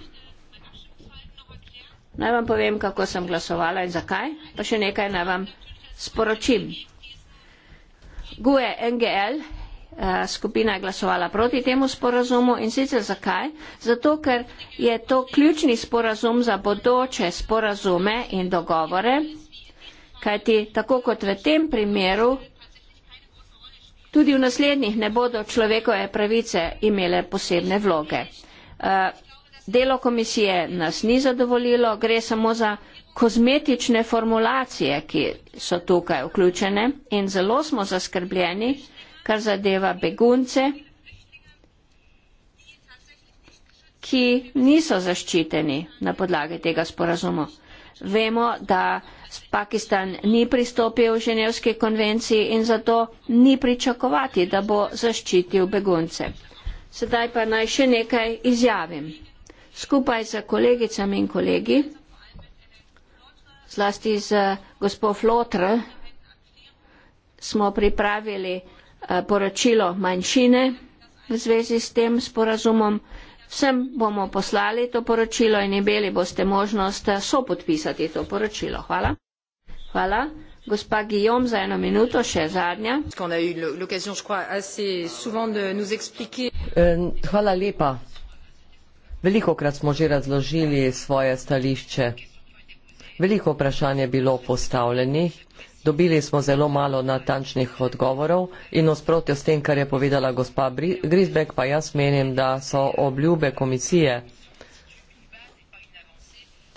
Naj vam povem, kako sem glasovala in zakaj, pa še nekaj naj vam sporočim. GUE NGL eh, skupina je glasovala proti temu sporazumu in sicer zakaj? Zato, ker je to ključni sporazum za bodoče sporazume in dogovore, kajti tako kot v tem primeru Tudi v naslednjih ne bodo človekove pravice imele posebne vloge. Eh, delo komisije nas ni zadovoljilo, gre samo za kozmetične formulacije, ki so tukaj vključene in zelo smo zaskrbljeni, kar zadeva begunce, ki niso zaščiteni na podlagi tega sporazumu vemo, da Pakistan ni pristopil v Ženevski konvenciji in zato ni pričakovati, da bo zaščitil begunce. Sedaj pa naj še nekaj izjavim. Skupaj z kolegicami in kolegi, zlasti z gospod Flotr, smo pripravili eh, poročilo manjšine v zvezi s tem sporazumom, Vsem bomo poslali to poročilo in imeli boste možnost eh, sopodpisati to poročilo. Hvala. Hvala. Gospa Guillaume, za eno minuto, še zadnja. Hvala lepa. Veliko krat smo že razložili svoje stališče. Veliko vprašanje je bilo postavljenih. Dobili smo zelo malo natančnih odgovorov in osprotjo s tem, kar je povedala gospa Grisbek, pa jaz menim, da so obljube komisije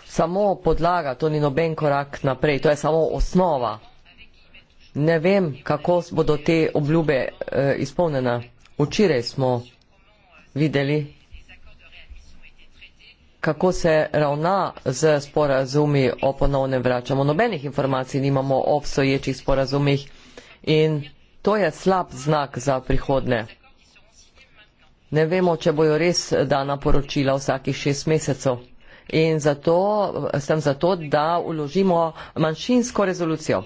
samo podlaga, to ni noben korak naprej, to je samo osnova. Ne vem, kako bodo te obljube e, izpolnjene. Včeraj smo videli kako se ravna z sporazumi o ponovnem vračanju. Nobenih informacij nimamo o obstoječih sporazumih in to je slab znak za prihodne. Ne vemo, če bojo res dana poročila vsakih šest mesecev in zato sem zato, da uložimo manjšinsko rezolucijo.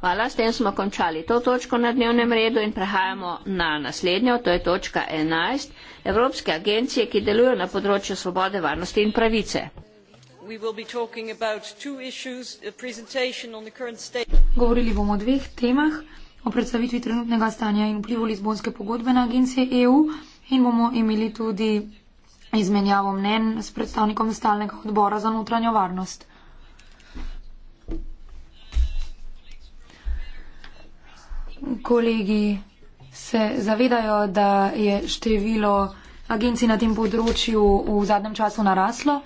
Hvala, s tem smo končali to točko na dnevnem redu in prehajamo na naslednjo, to je točka 11, Evropske agencije, ki delujejo na področju svobode, varnosti in pravice. Govorili bomo o dveh temah, o predstavitvi trenutnega stanja in vplivu Lizbonske pogodbe na agencije EU in bomo imeli tudi izmenjavo mnen s predstavnikom stalnega odbora za notranjo varnost. Kolegi se zavedajo, da je število agencij na tem področju v zadnjem času naraslo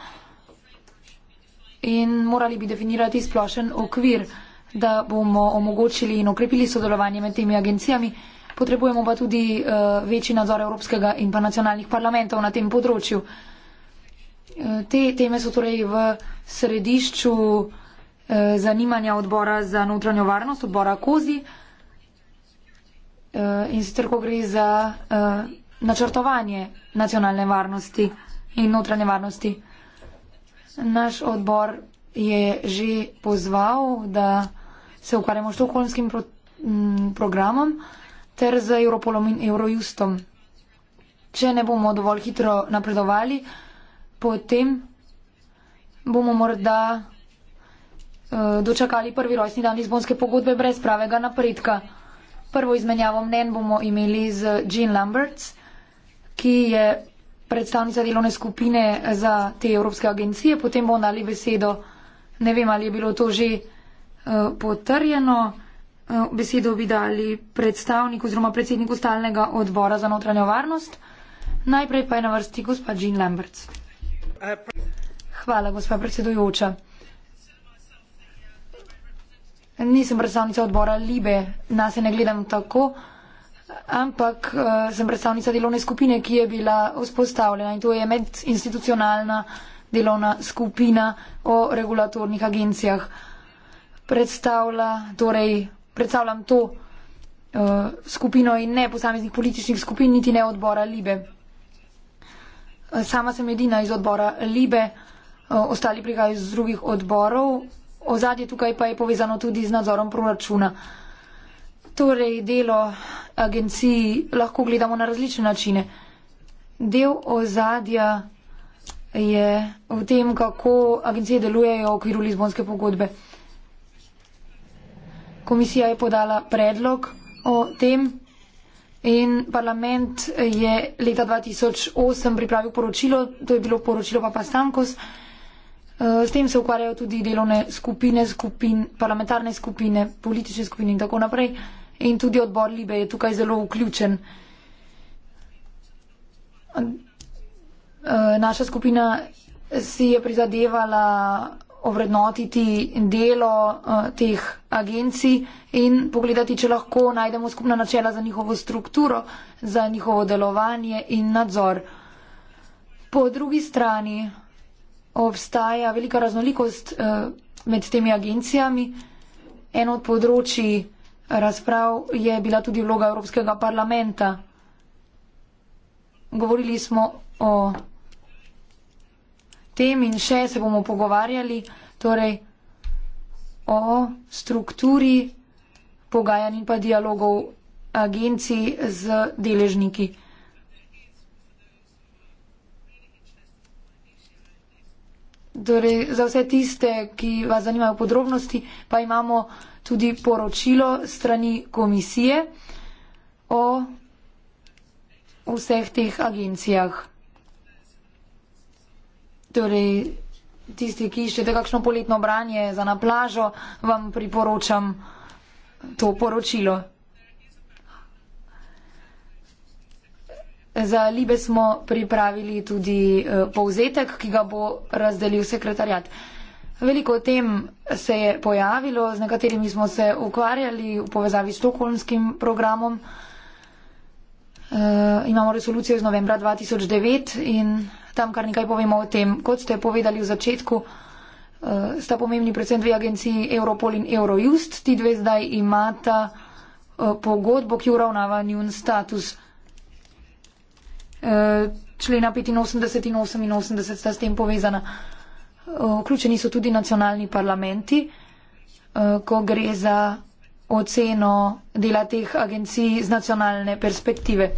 in morali bi definirati splošen okvir, da bomo omogočili in okrepili sodelovanje med temi agencijami potrebujemo pa tudi uh, večji nadzor evropskega in pa nacionalnih parlamentov na tem področju. Eh, te teme so torej v središču eh, zanimanja odbora za notranjo varnost, odbora Kozi eh, in sicer, ko gre za eh, načrtovanje nacionalne varnosti in notranje varnosti. Naš odbor je že pozval, da se ukvarjamo s tokolmskim pro, programom. Eh, ter z Europolom in Eurojustom. Če ne bomo dovolj hitro napredovali, potem bomo morda uh, dočakali prvi rojstni dan izbonske pogodbe brez pravega napredka. Prvo izmenjavo mnen bomo imeli z Jean Lamberts, ki je predstavnica delovne skupine za te evropske agencije. Potem bomo dali besedo, ne vem, ali je bilo to že uh, potrjeno. Eh, besedo bi dali predstavniku oziroma predsedniku stalnega odbora za notranjo varnost. Najprej pa je na vrsti gospa Jean Lambert. Hvala, gospa predsedujoča. Nisem predstavnica odbora Libe, na se ne gledam tako, ampak uh, sem predstavnica delovne skupine, ki je bila vzpostavljena in to je medinstitucionalna delovna skupina o regulatornih agencijah. Predstavlja torej predstavljam to uh, skupino in ne posameznih političnih skupin, niti ne odbora Libe. Eh, sama sem edina iz odbora Libe, uh, ostali prihajajo iz drugih odborov, ozadje tukaj pa je povezano tudi z nadzorom proračuna. Torej, delo agenciji lahko gledamo na različne načine. Del ozadja je v tem, kako agencije delujejo v okviru Lizbonske pogodbe komisija je podala predlog o tem in parlament je leta 2008 pripravil poročilo, to je bilo poročilo Papa Stankos. Eh, s tem se ukvarjajo tudi delovne skupine, skupin, parlamentarne skupine, politične skupine in tako naprej. In tudi odbor Libe je tukaj zelo vključen. Eh, naša skupina si je prizadevala ovrednotiti delo eh, teh agencij in pogledati, če lahko najdemo skupna načela za njihovo strukturo, za njihovo delovanje in nadzor. Po drugi strani obstaja velika raznolikost eh, med temi agencijami. Eno od področji razprav je bila tudi vloga Evropskega parlamenta. Govorili smo o tem in še se bomo pogovarjali torej, o strukturi pogajanj in pa dialogov agencij z deležniki. Torej, za vse tiste, ki vas zanimajo podrobnosti, pa imamo tudi poročilo strani komisije o vseh teh agencijah. Torej, tisti, ki iščete kakšno poletno branje za na plažo, vam priporočam to poročilo. Za Libe smo pripravili tudi eh, povzetek, ki ga bo razdelil sekretarjat. Veliko tem se je pojavilo, z nekaterimi smo se ukvarjali v povezavi s tokolmskim programom. E, imamo resolucijo iz novembra 2009 in tam kar nekaj povemo o tem. Kot ste povedali v začetku, eh, sta pomembni predvsem dve agenciji Europol in Eurojust. Ti dve zdaj imata eh, pogodbo, ki uravnava njun status. Eh, člena 85 in 88 sta s tem povezana. Vključeni so tudi nacionalni parlamenti, ko gre za oceno dela teh agencij z nacionalne perspektive.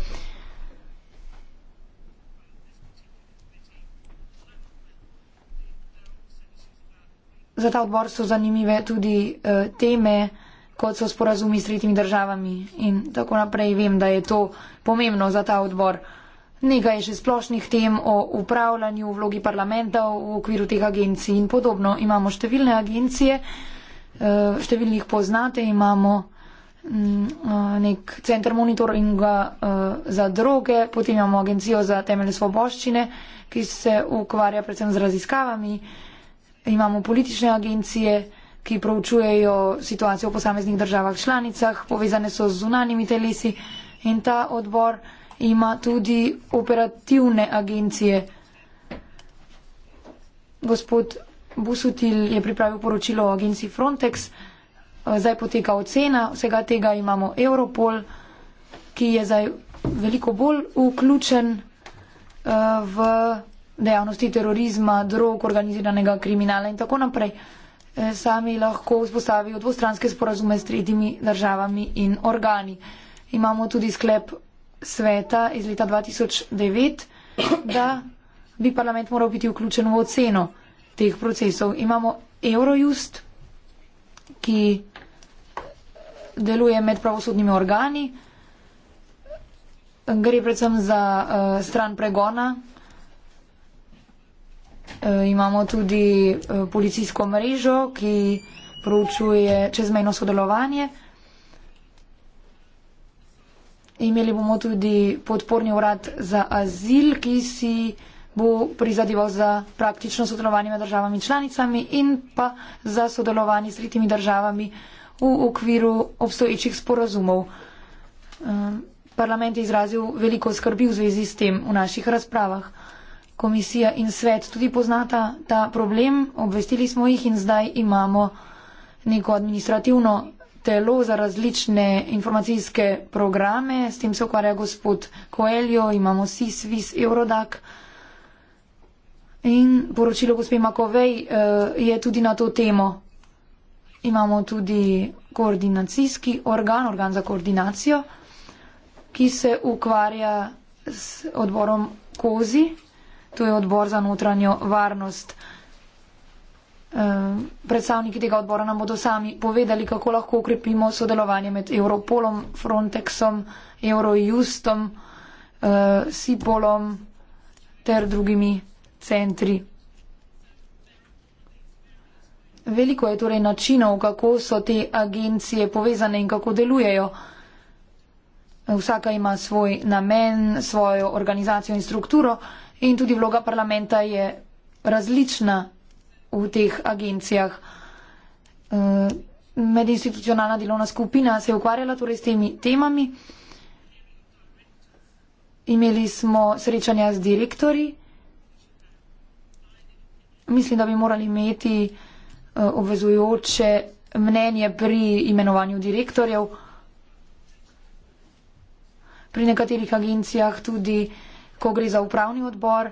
za ta odbor so zanimive tudi uh, teme, kot so sporazumi s tretjimi državami in tako naprej. Vem, da je to pomembno za ta odbor. Nekaj je še splošnih tem o upravljanju vlogi parlamentov v okviru teh agencij in podobno. Imamo številne agencije, eh, številnih poznate, imamo mm, eh, nek center monitoringa za droge, potem imamo agencijo za temeljne svoboščine, ki se ukvarja predvsem z raziskavami, imamo politične agencije, ki proučujejo situacijo v posameznih državah članicah, povezane so z zunanimi telesi in ta odbor ima tudi operativne agencije. Gospod Busutil je pripravil poročilo o agenciji Frontex, zdaj poteka ocena vsega tega, imamo Europol, ki je zdaj veliko bolj vključen eh, v dejavnosti terorizma, drog, organiziranega kriminala in tako naprej, eh, sami lahko vzpostavijo dvostranske sporazume s tretjimi državami in organi. Imamo tudi sklep sveta iz leta 2009, da bi parlament moral biti vključen v oceno teh procesov. Imamo Eurojust, ki deluje med pravosodnimi organi. Gre predvsem za uh, stran pregona Eh, imamo tudi eh, policijsko mrežo, ki proučuje čezmejno sodelovanje. Imeli bomo tudi podporni urad za azil, ki si bo prizadeval za praktično sodelovanje med državami članicami in pa za sodelovanje s tretjimi državami v okviru obstoječih sporazumov. Eh, parlament je izrazil veliko skrbi v zvezi s tem v naših razpravah komisija in svet tudi poznata ta problem, obvestili smo jih in zdaj imamo neko administrativno telo za različne informacijske programe, s tem se ukvarja gospod Koeljo, imamo SIS, VIS, Eurodak. In poročilo gospe Makovej eh, je tudi na to temo. Imamo tudi koordinacijski organ, organ za koordinacijo, ki se ukvarja s odborom Kozi to je odbor za notranjo varnost. Eh, predstavniki tega odbora nam bodo sami povedali, kako lahko ukrepimo sodelovanje med Europolom, Frontexom, Eurojustom, eh, Sipolom ter drugimi centri. Veliko je torej načinov, kako so te agencije povezane in kako delujejo. Vsaka ima svoj namen, svojo organizacijo in strukturo. In tudi vloga parlamenta je različna v teh agencijah. Eh, medinstitucionalna delovna skupina se je ukvarjala torej s temi temami. Imeli smo srečanja z direktori. Mislim, da bi morali imeti eh, obvezujoče mnenje pri imenovanju direktorjev. Pri nekaterih agencijah tudi uh, ko gre za upravni odbor,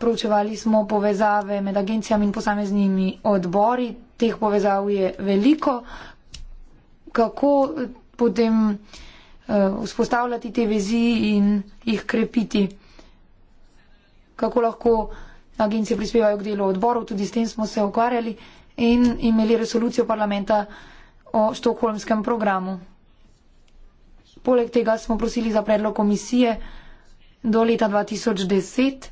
proučevali smo povezave med agencijami in posameznimi odbori, teh povezav je veliko, kako eh, potem eh, vzpostavljati te vezi in jih krepiti, kako lahko agencije prispevajo k delu odborov, tudi s tem smo se ukvarjali in imeli resolucijo parlamenta o štokholmskem programu. Poleg tega smo prosili za predlog komisije, do leta 2010.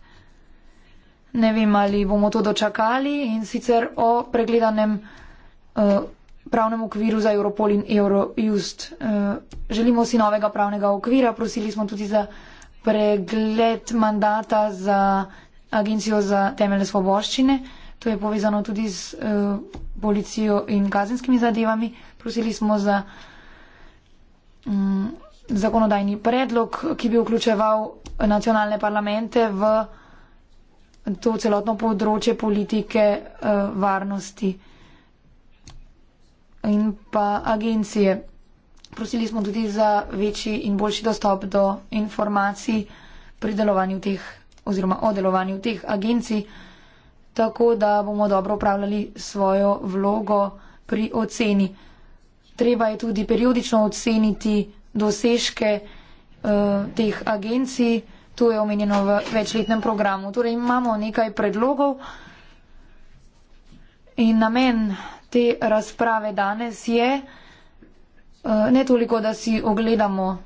Ne vem, ali bomo to dočakali in sicer o pregledanem uh, pravnem okviru za Europol in Eurojust. Uh, želimo si novega pravnega okvira, prosili smo tudi za pregled mandata za Agencijo za temeljne svoboščine. To je povezano tudi z uh, policijo in kazenskimi zadevami. Prosili smo za. Um, zakonodajni predlog, ki bi vključeval nacionalne parlamente v to celotno področje politike uh, varnosti in pa agencije. Prosili smo tudi za večji in boljši dostop do informacij pri delovanju teh oziroma o delovanju teh agencij, tako da bomo dobro upravljali svojo vlogo pri oceni. Treba je tudi periodično oceniti dosežke uh, teh agencij. To je omenjeno v večletnem programu. Torej imamo nekaj predlogov in namen te razprave danes je uh, ne toliko, da si ogledamo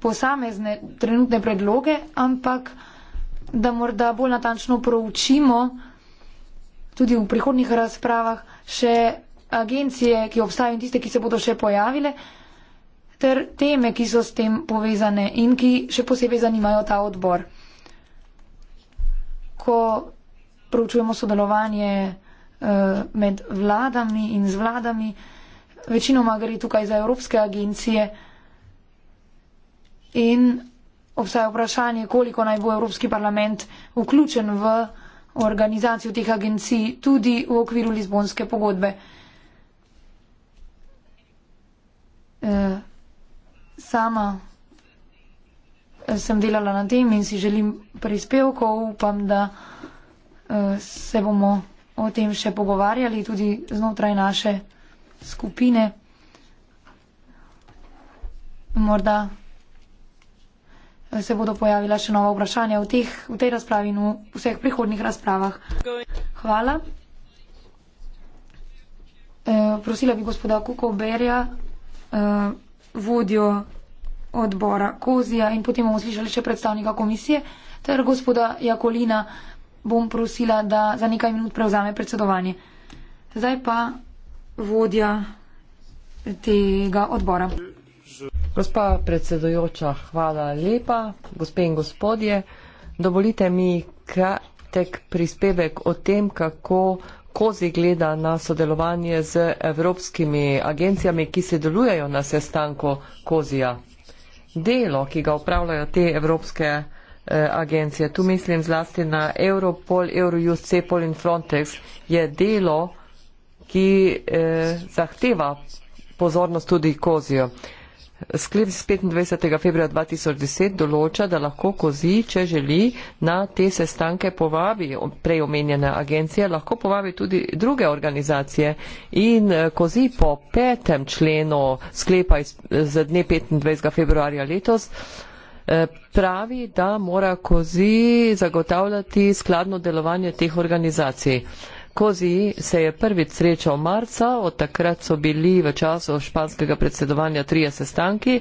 posamezne trenutne predloge, ampak da morda bolj natančno proučimo tudi v prihodnih razpravah še agencije, ki obstajajo in tiste, ki se bodo še pojavile, uh, ter teme, ki so s tem povezane in ki še posebej zanimajo ta odbor. Ko pravčujemo sodelovanje eh, med vladami in z vladami, večinoma gre tukaj za evropske agencije in obstaja vprašanje, koliko naj bo Evropski parlament vključen v organizacijo teh agencij tudi v okviru Lizbonske pogodbe. Eh, sama sem delala na tem in si želim prispevkov, upam, da eh, se bomo o tem še pogovarjali tudi znotraj naše skupine. Morda eh, se bodo pojavila še nova vprašanja v, teh, v tej razpravi in v vseh prihodnih razpravah. Hvala. E, prosila bi gospoda Kukoberja. E, vodjo odbora Kozija in potem bomo slišali še predstavnika komisije ter gospoda Jakolina bom prosila, da za nekaj minut prevzame predsedovanje. Zdaj pa vodja tega odbora. Gospa predsedojoča, hvala lepa. Gospe in gospodje, dovolite mi kratek prispevek o tem, kako Kozi gleda na sodelovanje z evropskimi agencijami, ki se delujejo na sestanku Kozija. Delo, ki ga upravljajo te evropske eh, agencije, tu mislim zlasti na Europol, Eurojust, Cepol in Frontex, je delo, ki eh, zahteva pozornost tudi Kozijo. Sklep z 25. februarja 2010 določa, da lahko kozi, če želi, na te sestanke povabi prejomenjene agencije, lahko povabi tudi druge organizacije in eh, kozi po petem členu sklepa iz, z dne 25. februarja letos eh, pravi, da mora kozi zagotavljati skladno delovanje teh organizacij. Sarkozy se je prvič srečal marca, od takrat so bili v času španskega predsedovanja trije sestanki.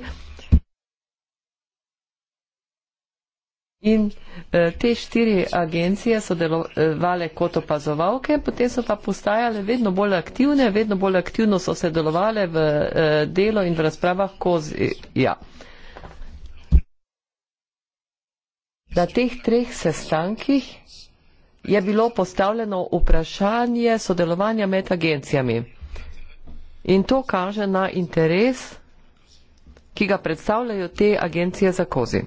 In eh, te štiri agencije so delovale kot opazovalke, potem so pa postajale vedno bolj aktivne, vedno bolj aktivno so se delovale v eh, delo in v razpravah kozi. Ja. Na teh treh sestankih je bilo postavljeno vprašanje sodelovanja med agencijami. In to kaže na interes, ki ga predstavljajo te agencije za kozi.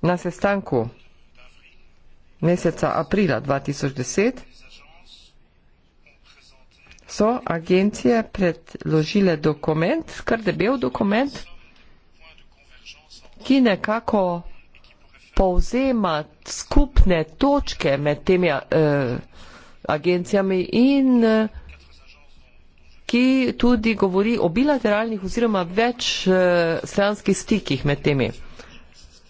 Na sestanku meseca aprila 2010 so agencije predložile dokument, skrde bel dokument, ki nekako povzema skupne točke med temi eh, agencijami in eh, ki tudi govori o bilateralnih oziroma več eh, stranskih stikih med temi.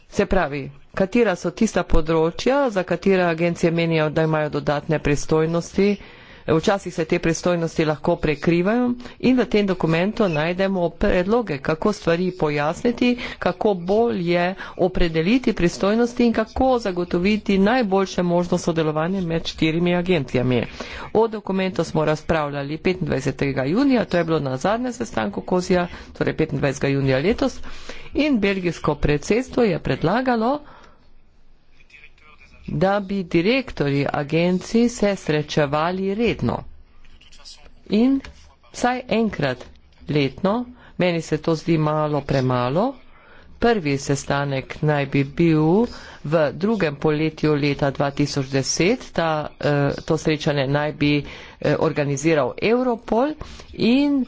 Se pravi, katera so tista področja, za katera agencije menijo, da imajo dodatne pristojnosti, eh, včasih se te pristojnosti lahko prekrivajo in v tem dokumentu najdemo predloge, kako stvari pojasniti, kako bolje opredeliti pristojnosti in kako zagotoviti najboljše možno sodelovanje med štirimi agencijami. O dokumentu smo razpravljali 25. junija, to je bilo na zadnjem sestanku Kozija, torej 25. junija letos in belgijsko predsedstvo je predlagalo, da bi direktori agencij se srečevali redno. In vsaj enkrat letno, meni se to zdi malo premalo, prvi sestanek naj bi bil v drugem poletju leta 2010, ta, eh, to srečanje naj bi eh, organiziral Europol in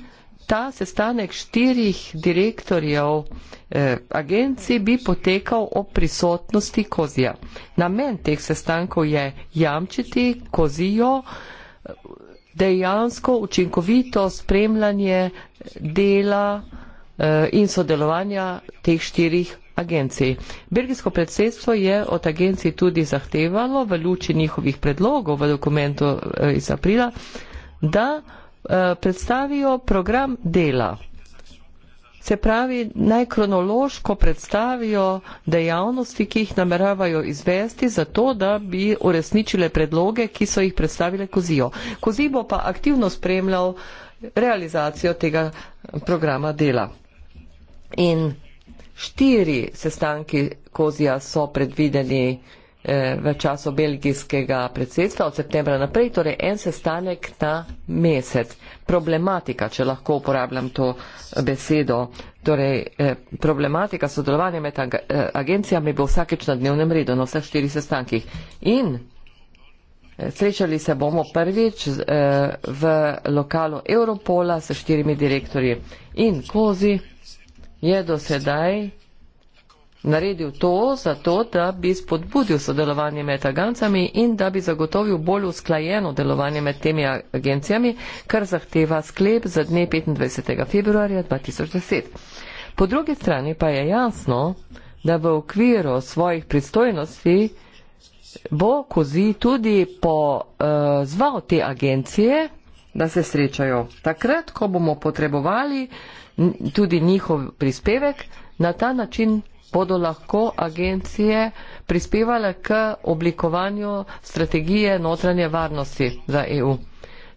ta sestanek štirih direktorjev eh, agencij bi potekal o prisotnosti Kozija. Namen teh sestankov je jamčiti Kozijo eh, dejansko učinkovito spremljanje dela eh, in sodelovanja teh štirih. Agenciji. Belgijsko predsedstvo je od agencij tudi zahtevalo v luči njihovih predlogov v dokumentu eh, iz aprila, da Eh, predstavijo program dela. Se pravi, naj kronološko predstavijo dejavnosti, ki jih nameravajo izvesti, zato da bi uresničile predloge, ki so jih predstavile Kozijo. Kozij bo pa aktivno spremljal realizacijo tega programa dela. In štiri sestanki Kozija so predvideni Eh, v času belgijskega predsedstva od septembra naprej, torej en sestanek na mesec. Problematika, če lahko uporabljam to eh, besedo, torej eh, problematika sodelovanja med agencijami bo vsakeč na dnevnem redu, na vseh štirih sestankih. In srečali se bomo prvič v lokalu Europola s štirimi direktorji. In Kozi je do sedaj naredil to, zato da bi spodbudil sodelovanje med agencami in da bi zagotovil bolj usklajeno delovanje med temi agencijami, kar zahteva sklep za dne 25. februarja 2010. Po drugi strani pa je jasno, da v okviru svojih pristojnosti bo Kozi tudi pozval eh, uh, te agencije, da se srečajo takrat, ko bomo potrebovali tudi njihov prispevek, na ta način bodo lahko agencije prispevale k oblikovanju strategije notranje varnosti za EU.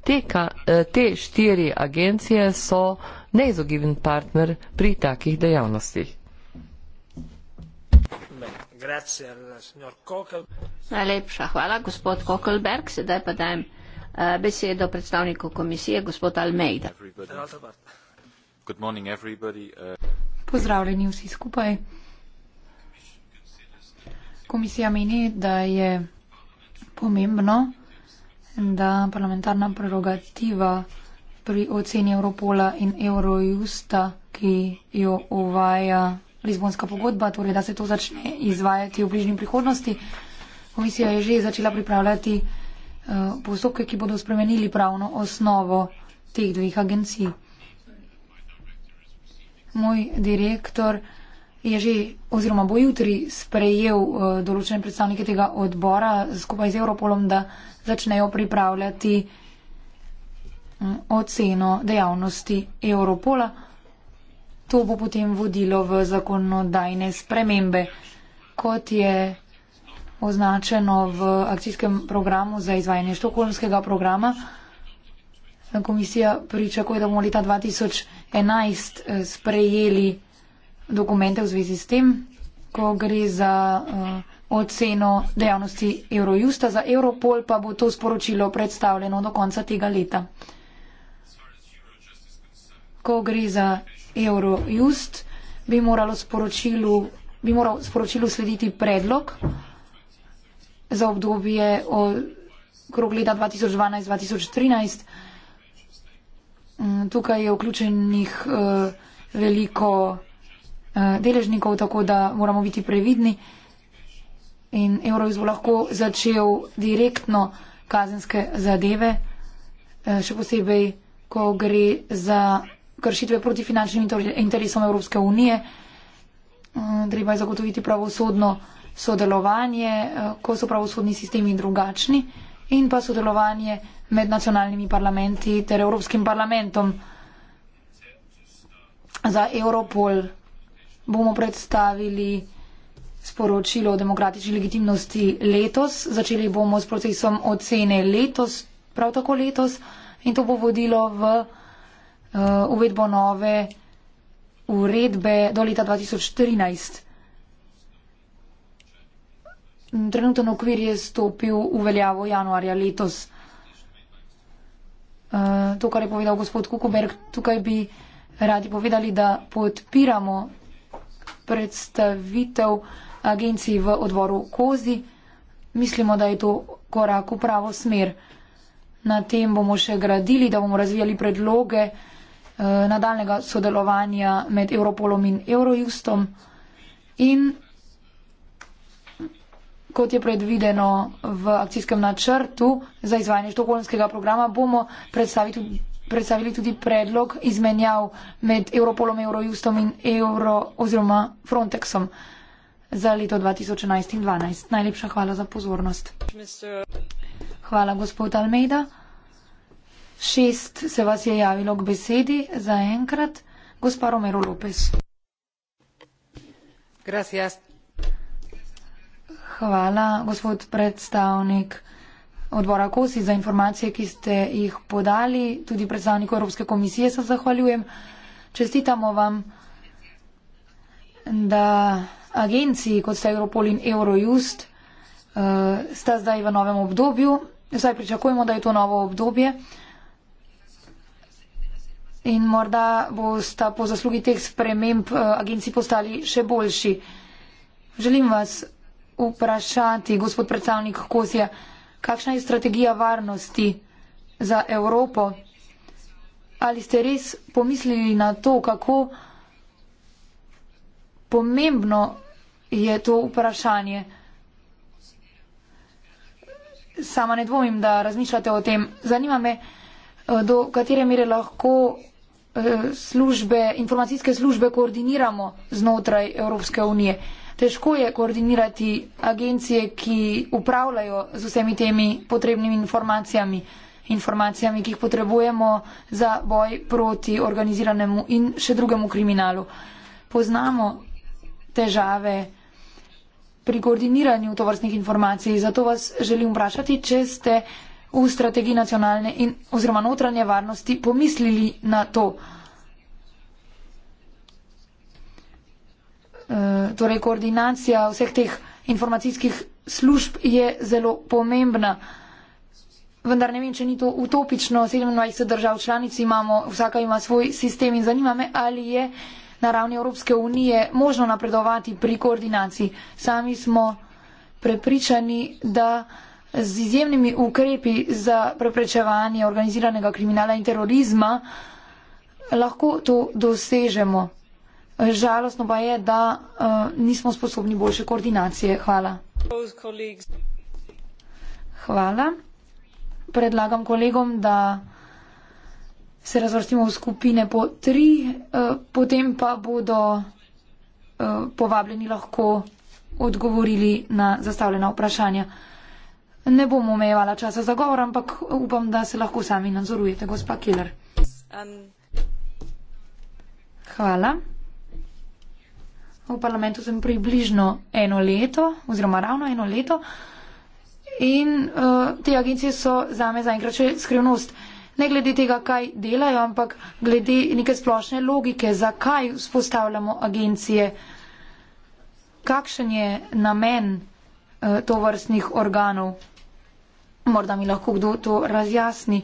Te, ka, eh, te štiri agencije so neizogiben partner pri takih dejavnostih. Najlepša hvala, gospod Kokelberg. Sedaj pa dajem uh, besedo predstavniku komisije, gospod Almeida. Eh, Pozdravljeni vsi skupaj. Komisija meni, da je pomembno, da parlamentarna prerogativa pri oceni Europola in Eurojusta, ki jo uvaja Lizbonska pogodba, torej da se to začne izvajati v bližnji prihodnosti. Komisija je že začela pripravljati uh, postopke, ki bodo spremenili pravno osnovo teh dveh agencij. Moj direktor uh, je že oziroma bo jutri sprejel eh, določene predstavnike tega odbora skupaj z Europolom, da začnejo pripravljati mm, oceno dejavnosti Europola. To bo potem vodilo v zakonodajne spremembe, kot je označeno v akcijskem programu za izvajanje štokholmskega programa. Komisija pričakuje, da bomo leta 2011 eh, sprejeli dokumente v zvezi s tem, ko gre za uh, oceno dejavnosti Eurojusta. Za Europol pa bo to sporočilo predstavljeno do konca tega leta. Ko gre za Eurojust, bi, sporočilu, bi moral sporočilu slediti predlog za obdobje okrog leta 2012-2013. Mm, tukaj je vključenih uh, veliko Eh, deležnikov, tako da moramo biti previdni. In Eurovis bo lahko začel direktno kazenske zadeve, eh, še posebej, ko gre za kršitve proti finančnim interesom Evropske unije. Eh, treba je zagotoviti pravosodno sodelovanje, ko so pravosodni sistemi drugačni in pa sodelovanje med nacionalnimi parlamenti ter Evropskim parlamentom. Za Europol bomo predstavili sporočilo o demokratični legitimnosti letos. Začeli bomo s procesom ocene letos, prav tako letos, in to bo vodilo v uh, uvedbo nove uredbe do leta 2014. Trenuten okvir je stopil v veljavo januarja letos. Uh, to, kar je povedal gospod Kukoberg, tukaj bi radi povedali, da podpiramo predstavitev agenciji v odvoru Kozi. Mislimo, da je to korak v pravo smer. Na tem bomo še gradili, da bomo razvijali predloge eh, nadaljnega sodelovanja med Europolom in Eurojustom. In kot je predvideno v akcijskem načrtu za izvajanje štokholmskega programa, bomo predstavili tudi predstavili tudi predlog izmenjav med Europolom, Eurojustom in Euro oziroma Frontexom za leto 2011 in 2012. Najlepša hvala za pozornost. Hvala, gospod Almeida. Šest se vas je javilo k besedi za enkrat. Gospa Romero Lopes. Gracias. Hvala, gospod predstavnik odbora Kosi za informacije, ki ste jih podali, tudi predstavniku Evropske komisije se zahvaljujem. Čestitamo vam, da agenciji, kot sta Europol in Eurojust, eh, sta zdaj v novem obdobju. Zdaj pričakujemo, da je to novo obdobje. In morda boste po zaslugi teh sprememb eh, agenciji postali še boljši. Želim vas vprašati, gospod predstavnik Kosija kakšna je strategija varnosti za Evropo? Ali ste res pomislili na to, kako pomembno je to vprašanje? Sama ne dvomim, da razmišljate o tem. Zanima me, eh, do katere mere lahko eh, službe, informacijske službe koordiniramo znotraj Evropske unije težko je koordinirati agencije, ki upravljajo z vsemi temi potrebnimi informacijami, informacijami, ki jih potrebujemo za boj proti organiziranemu in še drugemu kriminalu. Poznamo težave pri koordiniranju tovrstnih informacij, zato vas želim vprašati, če ste v strategiji nacionalne in, oziroma notranje varnosti pomislili na to. Eh, torej koordinacija vseh teh informacijskih služb je zelo pomembna. Vendar ne vem, če ni to utopično, 27 držav članic imamo, vsaka ima svoj sistem in zanima me, ali je na ravni Evropske unije možno napredovati pri koordinaciji. Sami smo prepričani, da z izjemnimi ukrepi za preprečevanje organiziranega kriminala in terorizma lahko to dosežemo. Žalostno pa je, da uh, nismo sposobni boljše koordinacije. Hvala. Hvala. Predlagam kolegom, da se razvrstimo v skupine po tri, uh, potem pa bodo uh, povabljeni lahko odgovorili na zastavljena vprašanja. Ne bom omejevala časa za govor, ampak upam, da se lahko sami nadzorujete, gospa Killer. Um, Hvala. V parlamentu sem približno eno leto, oziroma ravno eno leto, in uh, te agencije so za me zaenkrat še skrivnost. Ne glede tega, kaj delajo, ampak glede neke splošne logike, zakaj vzpostavljamo agencije, kakšen je namen uh, tovrstnih organov. Morda mi lahko kdo to razjasni,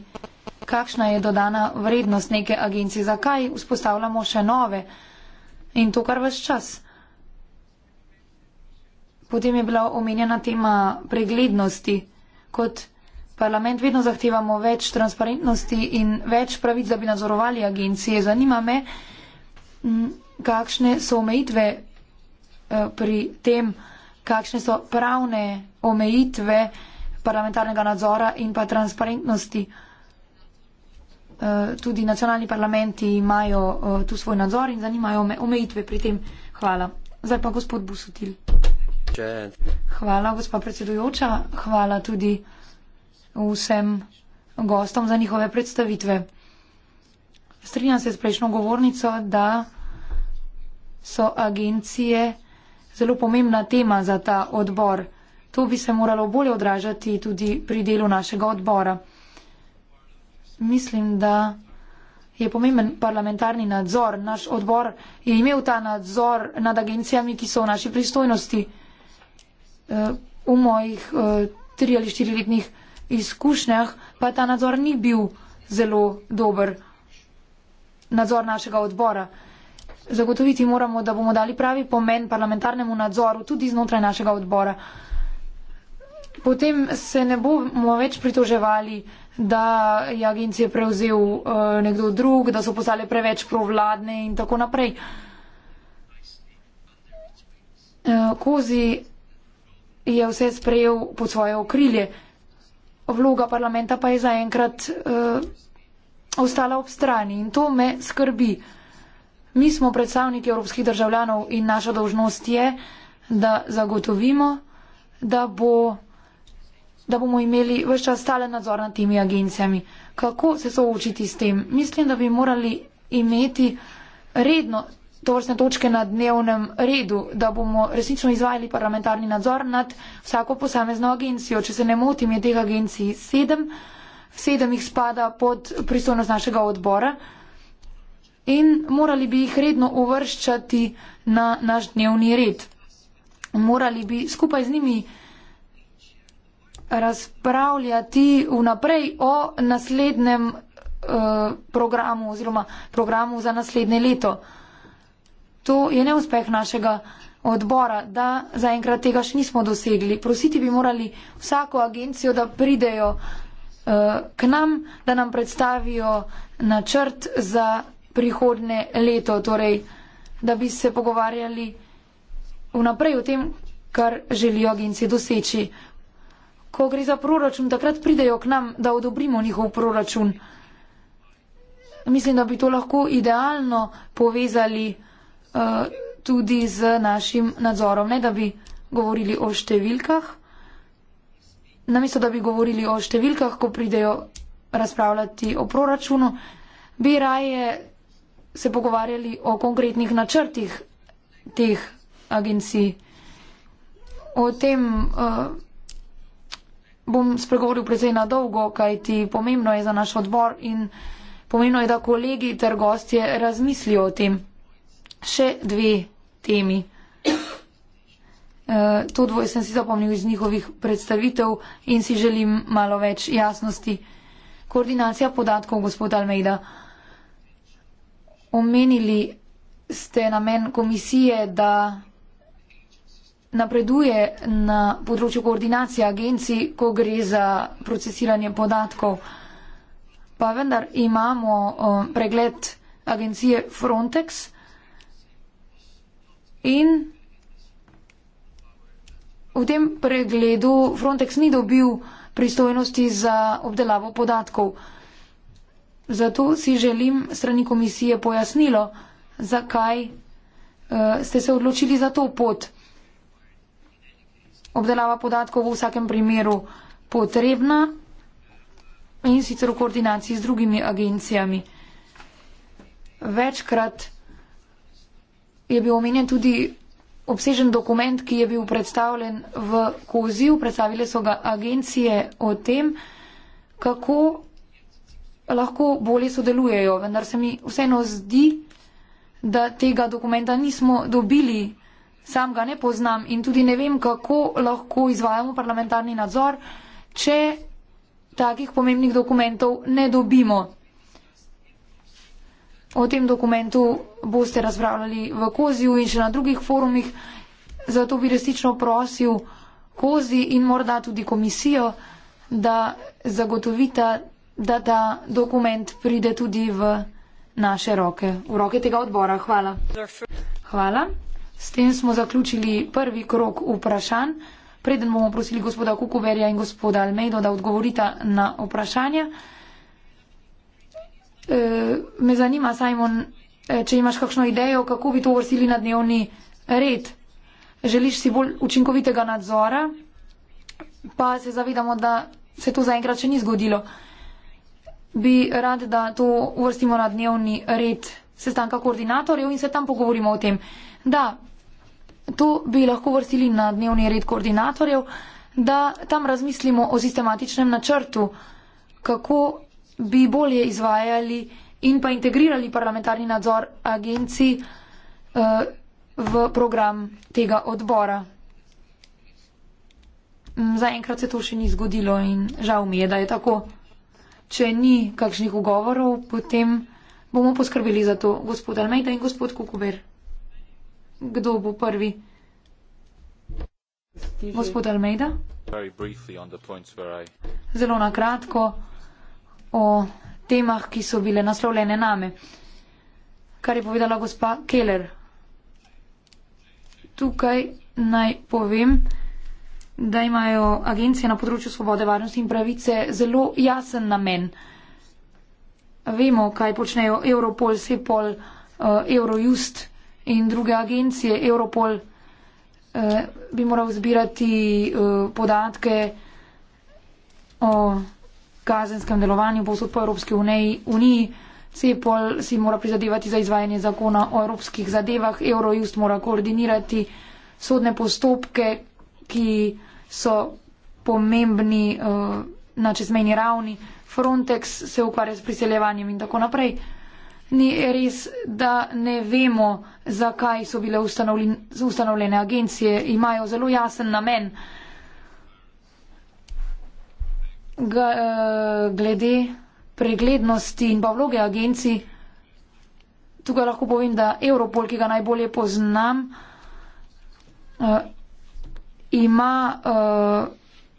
kakšna je dodana vrednost neke agencije, zakaj vzpostavljamo še nove in to kar vse čas. Potem je bila omenjena tema preglednosti. Kot parlament vedno zahtevamo več transparentnosti in več pravic, da bi nadzorovali agencije. Zanima me, kakšne so omejitve eh, pri tem, kakšne so pravne omejitve parlamentarnega nadzora in pa transparentnosti. Eh, tudi nacionalni parlamenti imajo eh, tu svoj nadzor in zanimajo me omejitve pri tem. Hvala. Zdaj pa gospod Busutil. Hvala, gospa predsedujoča. Hvala tudi vsem gostom za njihove predstavitve. Strinjam se s prejšnjo govornico, da so agencije zelo pomembna tema za ta odbor. To bi se moralo bolje odražati tudi pri delu našega odbora. Mislim, da je pomemben parlamentarni nadzor. Naš odbor je imel ta nadzor nad agencijami, ki so v naši pristojnosti v mojih eh, tri ali štiri letnih izkušnjah pa ta nadzor ni bil zelo dober nadzor našega odbora. Zagotoviti moramo, da bomo dali pravi pomen parlamentarnemu nadzoru tudi znotraj našega odbora. Potem se ne bomo več pritoževali, da je agencije prevzel uh, nekdo drug, da so postale preveč provladne in tako naprej. Uh, kozi je vse sprejel pod svoje okrilje. Vloga parlamenta pa je zaenkrat uh, ostala ob strani in to me skrbi. Mi smo predstavniki evropskih državljanov in naša dožnost je, da zagotovimo, da, bo, da bomo imeli vse čas stalen nadzor nad temi agencijami. Kako se soočiti s tem? Mislim, da bi morali imeti redno to vrstne točke na dnevnem redu, da bomo resnično izvajali parlamentarni nadzor nad vsako posamezno agencijo. Če se ne motim, je teh agencij sedem, sedem jih spada pod pristojnost našega odbora in morali bi jih redno uvrščati na naš dnevni red. Morali bi skupaj z njimi razpravljati vnaprej o naslednjem uh, programu oziroma programu za naslednje leto. Uh, to je neuspeh našega odbora, da zaenkrat tega še nismo dosegli. Prositi bi morali vsako agencijo, da pridejo uh, k nam, da nam predstavijo načrt za prihodne leto, torej, da bi se pogovarjali vnaprej o tem, kar želijo agencije doseči. Ko gre za proračun, takrat pridejo k nam, da odobrimo njihov proračun. Mislim, da bi to lahko idealno povezali. Eh, tudi z našim nadzorom, ne da bi govorili o številkah. Namesto, da bi govorili o številkah, ko pridejo razpravljati o proračunu, bi raje se pogovarjali o konkretnih načrtih teh agencij. O tem uh, bom spregovoril precej na dolgo, kajti pomembno je za naš odbor in pomembno je, da kolegi ter gostje razmislijo o tem še dve temi. Uh, to dvoje sem si zapomnil iz njihovih predstavitev in si želim malo več jasnosti. Koordinacija podatkov, gospod Almeida. Omenili ste namen komisije, da napreduje na področju koordinacije agencij, ko gre za procesiranje podatkov. Pa vendar imamo uh, pregled agencije Frontex. Uh, In v tem pregledu Frontex ni dobil pristojnosti za obdelavo podatkov. Zato si želim strani komisije pojasnilo, zakaj eh, ste se odločili za to pot. Obdelava podatkov v vsakem primeru potrebna in sicer v koordinaciji z drugimi agencijami. Večkrat je bil omenjen tudi obsežen dokument, ki je bil predstavljen v koziju. Predstavile so ga agencije o tem, kako lahko bolje sodelujejo, vendar se mi vseeno zdi, da tega dokumenta nismo dobili. Sam ga ne poznam in tudi ne vem, kako lahko izvajamo parlamentarni nadzor, če takih pomembnih dokumentov ne dobimo. O tem dokumentu boste razpravljali v Koziju in še na drugih forumih, zato bi resnično prosil Kozi in morda tudi komisijo, da zagotovita, da ta dokument pride tudi v naše roke, v roke tega odbora. Hvala. Hvala. S tem smo zaključili prvi krok vprašanj. Preden bomo prosili gospoda Kukuverja in gospoda Almejdo, da odgovorita na vprašanja. E, me zanima, Simon, e, če imaš kakšno idejo, kako bi to vrstili na dnevni red. Želiš si bolj učinkovitega nadzora, pa se zavedamo, da se to zaenkrat še ni zgodilo. Bi rad, da to uvrstimo na dnevni red sestanka koordinatorjev in se tam pogovorimo o tem. Da, to bi lahko vrstili na dnevni red koordinatorjev, da tam razmislimo o sistematičnem načrtu, kako bi bolje izvajali in pa integrirali parlamentarni nadzor agenci eh, v program tega odbora. Mm, zaenkrat se to še ni zgodilo in žal mi je, da je tako. Če ni kakšnih ugovorov, potem bomo poskrbeli za to, gospod Almeida in gospod Kukuber. Kdo bo prvi? Gospod Almeida? Zelo na kratko o temah, ki so bile naslovljene name, kar je povedala gospa Keller. Tukaj naj povem, da imajo agencije na področju svobode, varnosti in pravice zelo jasen namen. Vemo, kaj počnejo Europol, Sepol, eh, Eurojust in druge agencije. Europol eh, bi moral zbirati eh, podatke o kazenskem delovanju posod po Evropski uniji. uniji. Cepol si mora prizadevati za izvajanje zakona o evropskih zadevah, Eurojust mora koordinirati sodne postopke, ki so pomembni uh, na čezmejni ravni, Frontex se ukvarja s priseljevanjem in tako naprej. Ni res, da ne vemo, zakaj so bile ustanovljene agencije. Imajo zelo jasen namen, uh, Eh, glede preglednosti in pa vloge agencij. Tukaj lahko povem, da Europol, ki ga najbolje poznam, eh, ima eh,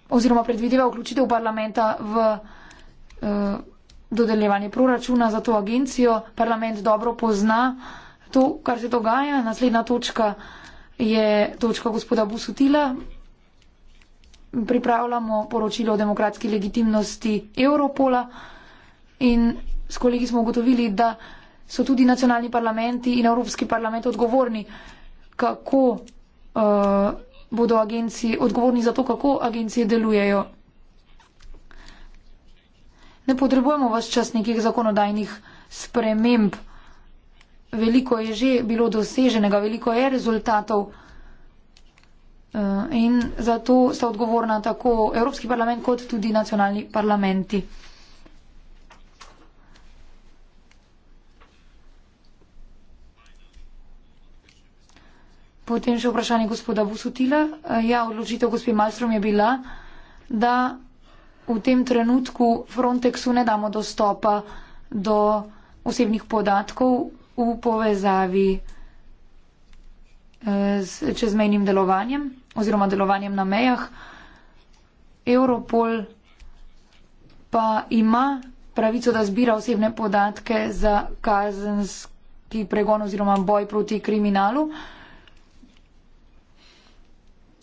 oziroma predvideva vključitev parlamenta v dodeljevanje proračuna za to agencijo. Parlament dobro pozna to, kar se dogaja. Naslednja točka je točka gospoda Busutila, pripravljamo poročilo o demokratski legitimnosti Europola in s kolegi smo ugotovili, da so tudi nacionalni parlamenti in Evropski parlament odgovorni, kako uh, bodo agencije odgovorni za to, kako agencije delujejo. Ne potrebujemo vas čas nekih zakonodajnih sprememb. Veliko je že bilo doseženega, veliko je rezultatov. Eh, in zato sta odgovorna tako Evropski parlament kot tudi nacionalni parlamenti. Potem še vprašanje gospoda Busutila. Eh, ja, odločitev gospe Malstrom je bila, da v tem trenutku Frontexu ne damo dostopa do osebnih podatkov v povezavi eh, s čezmejnim delovanjem oziroma delovanjem na mejah. Europol pa ima pravico, da zbira osebne podatke za kazenski pregon oziroma boj proti kriminalu.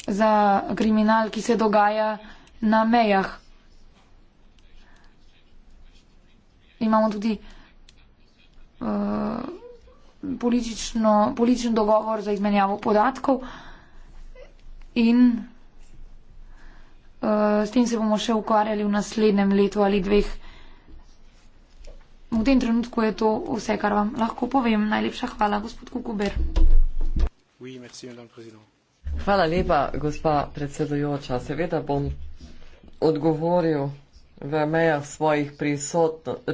Za kriminal, ki se dogaja na mejah. Imamo tudi uh, politično, političen dogovor za izmenjavo podatkov. Uh, in uh, s tem se bomo še ukvarjali v naslednjem letu ali dveh. V tem trenutku je to vse, kar vam lahko povem. Najlepša hvala, gospod Kukuber. Hvala lepa, gospa predsedujoča. Seveda bom odgovoril v mejah svojih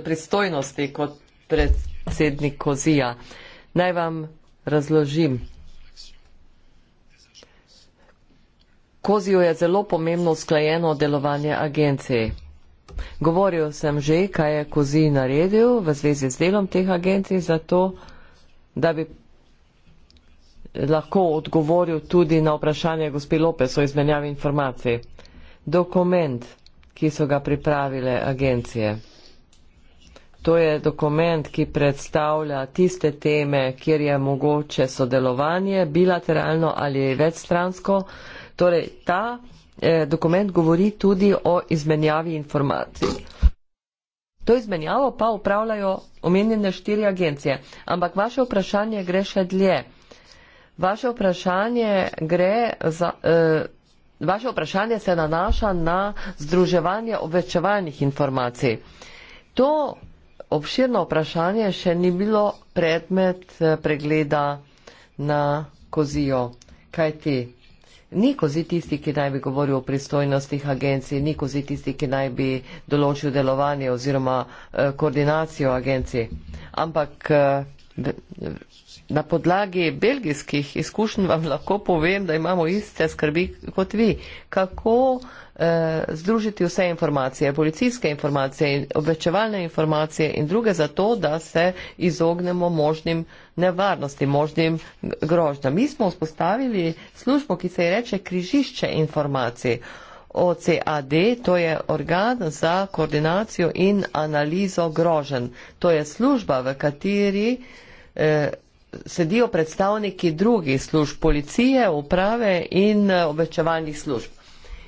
pristojnosti kot predsednik Kozija. Naj vam razložim. Kozijo je zelo pomembno usklajeno delovanje agencij. Govoril sem že, kaj je Kozi naredil v zvezi z delom teh agencij, zato da bi lahko odgovoril tudi na vprašanje gospe Lopes o izmenjavi informacij. Dokument, ki so ga pripravile agencije. To je dokument, ki predstavlja tiste teme, kjer je mogoče sodelovanje bilateralno ali večstransko, Torej, ta eh, dokument govori tudi o izmenjavi informacij. To izmenjavo pa upravljajo omenjene štiri agencije. Ampak vaše vprašanje gre še dlje. Vaše vprašanje, gre za, eh, vaše vprašanje se nanaša na združevanje obveščevalnih informacij. To obširno vprašanje še ni bilo predmet eh, pregleda na kozijo. Kaj ti? Niko zdi tisti, ki naj bi govoril o pristojnostih agencij, niko zdi tisti, ki naj bi določil delovanje oziroma eh, koordinacijo agencij. Ampak eh, na podlagi belgijskih izkušenj vam lahko povem, da imamo iste skrbi kot vi. Kako eh, združiti vse informacije, policijske informacije in obveščevalne informacije in druge za to, da se izognemo možnim eh, nevarnosti, možnim grožnjam. Mi smo vzpostavili službo, ki se je reče križišče informacij. OCAD, to je organ za koordinacijo in analizo grožen. To je služba, v kateri eh, sedijo predstavniki drugih služb, policije, uprave in eh, obveščevalnih služb.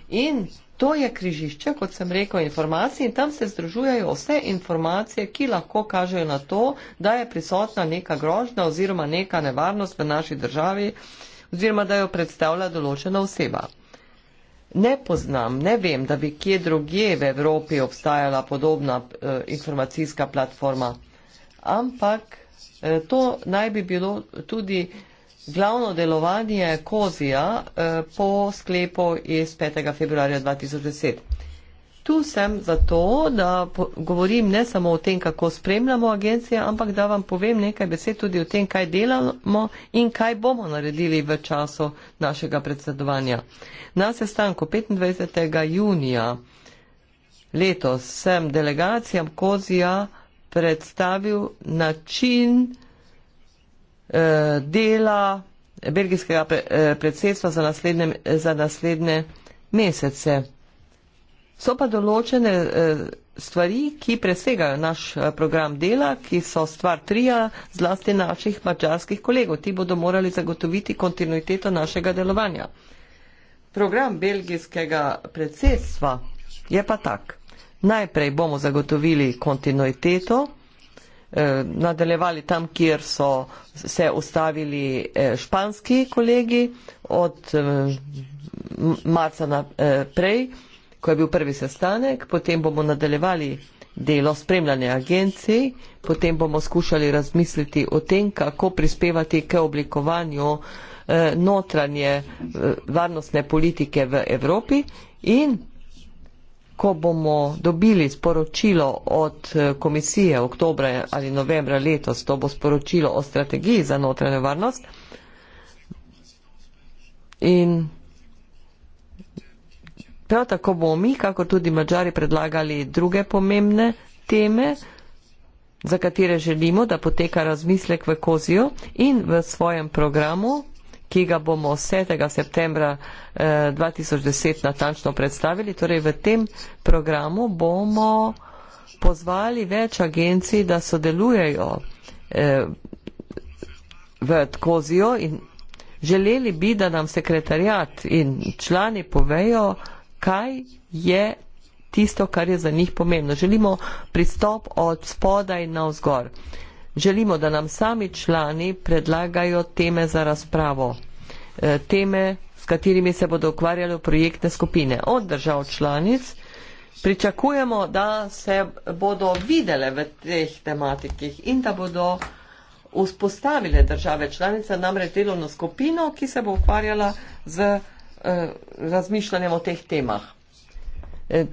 In To je križišče, kot sem rekel, informacij in tam se združujejo vse informacije, ki lahko kažejo na to, da je prisotna neka grožnja oziroma neka nevarnost v naši državi oziroma da jo predstavlja določena oseba. Ne poznam, ne vem, da bi kje drugje v Evropi obstajala podobna eh, informacijska platforma, ampak eh, to naj bi bilo tudi. Eh, Glavno delovanje kozija eh, po sklepu iz 5. februarja 2010. Tu sem zato, da govorim ne samo o tem, kako spremljamo agencije, ampak da vam povem nekaj besed tudi o tem, kaj delamo in kaj bomo naredili v času našega predsedovanja. Na sestanku 25. junija letos sem delegacijam kozija predstavil način, Eh, dela belgijskega eh, predsedstva za naslednje, za naslednje mesece. So pa določene eh, stvari, ki presegajo naš program dela, ki so stvar trija zlasti naših mačarskih kolegov. Ti bodo morali zagotoviti kontinuiteto našega delovanja. Program belgijskega predsedstva je pa tak. Najprej bomo zagotovili kontinuiteto Eh, nadaljevali tam, kjer so se ustavili eh, španski kolegi od eh, marca naprej, ko je bil prvi sestanek, potem bomo nadaljevali delo spremljanja agencij, potem bomo skušali razmisliti o tem, kako prispevati k oblikovanju notranje varnostne politike v Evropi in ko bomo dobili sporočilo od eh, komisije oktobra ali novembra letos, to bo sporočilo o strategiji za notranjo varnost in prav tako bomo mi, kako tudi mađari, predlagali druge pomembne teme, za katere želimo, da poteka razmislek v kozijo in v svojem programu ki ga bomo 7. septembra 2010 eh, natančno predstavili. Torej v tem programu bomo pozvali več agencij, da sodelujejo eh, v Tkozijo in želeli bi, da nam sekretarjat in člani povejo, kaj je tisto, kar je za njih pomembno. Želimo pristop od spodaj na vzgor. Želimo, da nam sami člani predlagajo teme za razpravo, e, teme, s katerimi se bodo ukvarjali projektne skupine od držav članic. Pričakujemo, da se bodo videle v teh tematikih in da bodo vzpostavile države članice namreč delovno skupino, ki se bo ukvarjala z eh, razmišljanjem o teh temah. Eh,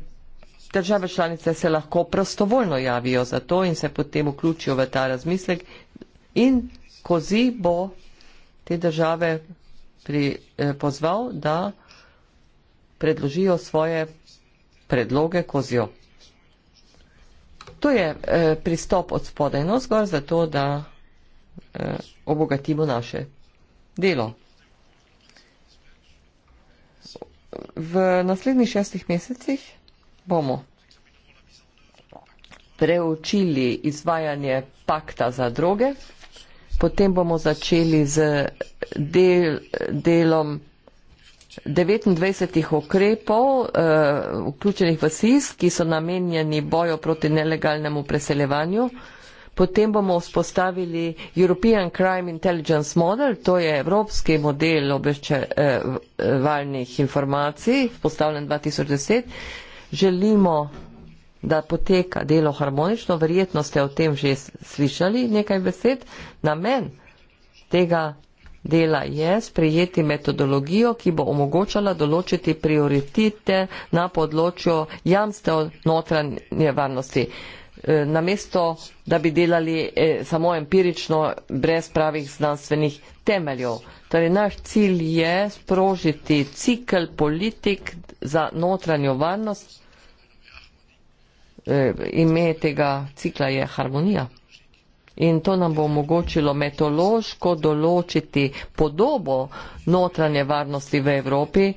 države članice se lahko prostovoljno javijo za to in se potem vključijo v ta razmislek in kozi bo te države pri, eh, pozval, da predložijo svoje predloge kozijo. To je eh, pristop od spodaj navzgor za to, da eh, obogatimo naše delo. V naslednjih šestih mesecih bomo preučili izvajanje pakta za droge, potem bomo začeli z del, delom 29 ukrepov, eh, vključenih v SIS, ki so namenjeni bojo proti nelegalnemu preseljevanju. Potem bomo vzpostavili European Crime Intelligence Model, to je evropski model obveščevalnih informacij, vzpostavljen 2010 želimo, da poteka delo harmonično, verjetno ste o tem že slišali nekaj besed, namen tega dela je sprejeti metodologijo, ki bo omogočala določiti prioritete na področju jamstev notranje varnosti. E, namesto, da bi delali e, samo empirično, brez pravih znanstvenih temeljev. Torej, naš cilj je sprožiti cikl politik za notranjo varnost 2021-2030. Eh, ime tega cikla je harmonija. In to nam bo omogočilo metološko določiti podobo notranje varnosti v Evropi,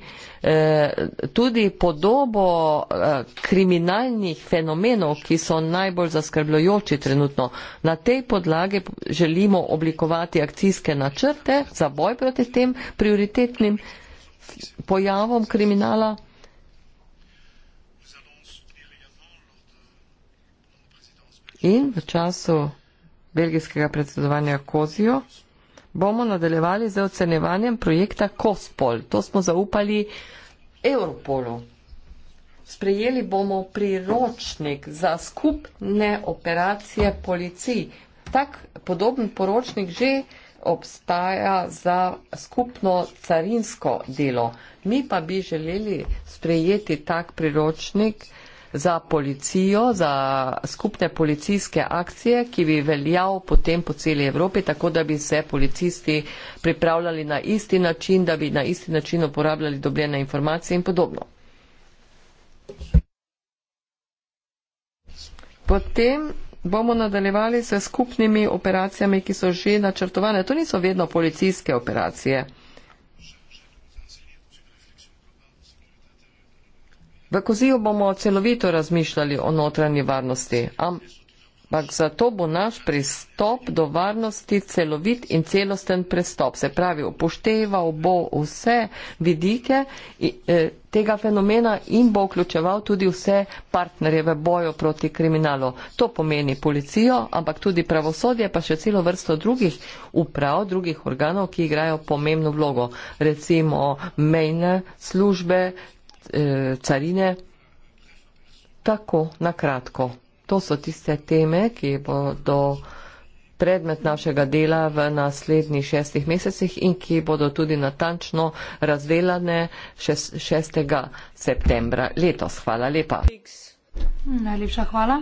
eh, tudi podobo eh, kriminalnih fenomenov, ki so najbolj zaskrbljujoči trenutno. Na tej podlagi želimo oblikovati akcijske načrte za boj proti tem prioritetnim pojavom kriminala in v času belgijskega predsedovanja Kozijo bomo nadaljevali z ocenjevanjem projekta Kospol. To smo zaupali Europolu. Sprejeli bomo priročnik za skupne operacije policij. Tak podoben poročnik že obstaja za skupno carinsko delo. Mi pa bi želeli sprejeti tak priročnik, za policijo, za skupne policijske akcije, ki bi veljal potem po celi Evropi, tako da bi se policisti pripravljali na isti način, da bi na isti način uporabljali dobljene informacije in podobno. Potem bomo nadaljevali se skupnimi operacijami, ki so že načrtovane. To niso vedno policijske operacije. V Koziju bomo celovito razmišljali o notranji varnosti, ampak zato bo naš pristop do varnosti celovit in celosten pristop. Se pravi, upošteval bo vse vidike e, tega fenomena in bo vključeval tudi vse partnerje v boju proti kriminalu. To pomeni policijo, ampak tudi pravosodje, pa še celo vrsto drugih uprav, drugih organov, ki igrajo pomembno vlogo. Recimo mejne službe, eh, carine. Tako, na kratko. To so tiste teme, ki bodo predmet našega dela v naslednjih šestih mesecih in ki bodo tudi natančno razdelane 6. septembra letos. Hvala lepa. Najlepša hvala.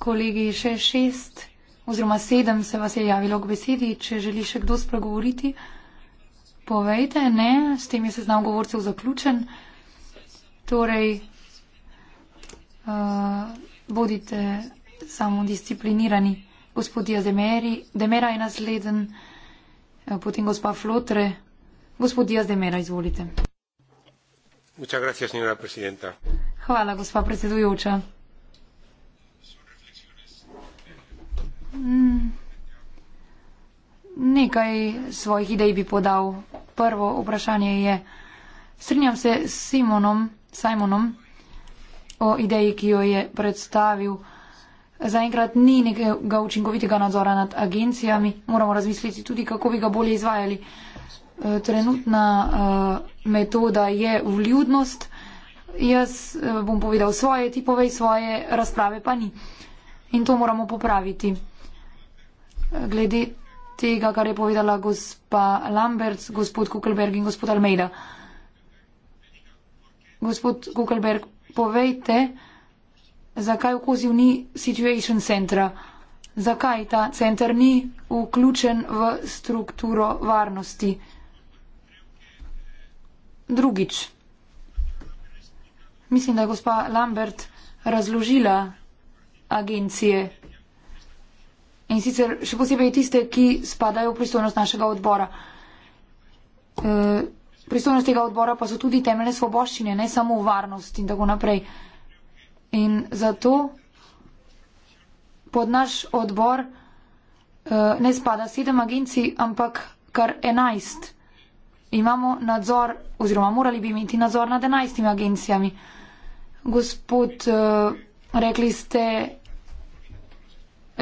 Kolegi, še šest oziroma sedem se vas je javilo k besedi, če želi še kdo spregovoriti povejte, ne, s tem je seznam govorcev zaključen. Torej, uh, bodite samo disciplinirani. Gospodija Demeri, Demera je nasleden, eh, potem gospa Flotre. Gospodija Demera, izvolite. Gracias, Hvala, gospa predsedujoča. Mm nekaj svojih idej bi podal. Prvo vprašanje je, strinjam se s Simonom, Simonom o ideji, ki jo je predstavil. Zaenkrat ni nekega učinkovitega nadzora nad agencijami. Moramo razmisliti tudi, kako bi ga bolje izvajali. Eh, trenutna eh, metoda je vljudnost. Jaz eh, bom povedal svoje, ti povej svoje, razprave pa ni. In to moramo popraviti. Glede tega, kar je povedala gospa Lamberts, gospod Kukelberg in gospod Almeida. Gospod Kukelberg, povejte, zakaj v koziv ni situation centra? Zakaj ta center ni vključen v strukturo varnosti? Drugič. Mislim, da je gospa Lambert razložila agencije in sicer še posebej tiste, ki spadajo v pristojnost našega odbora. E, pristojnost tega odbora pa so tudi temeljne svoboščine, ne samo varnost in tako naprej. In zato pod naš odbor e, ne spada sedem agencij, ampak kar enajst. Imamo nadzor oziroma morali bi imeti nadzor nad enajstimi agencijami. Gospod, e, rekli ste,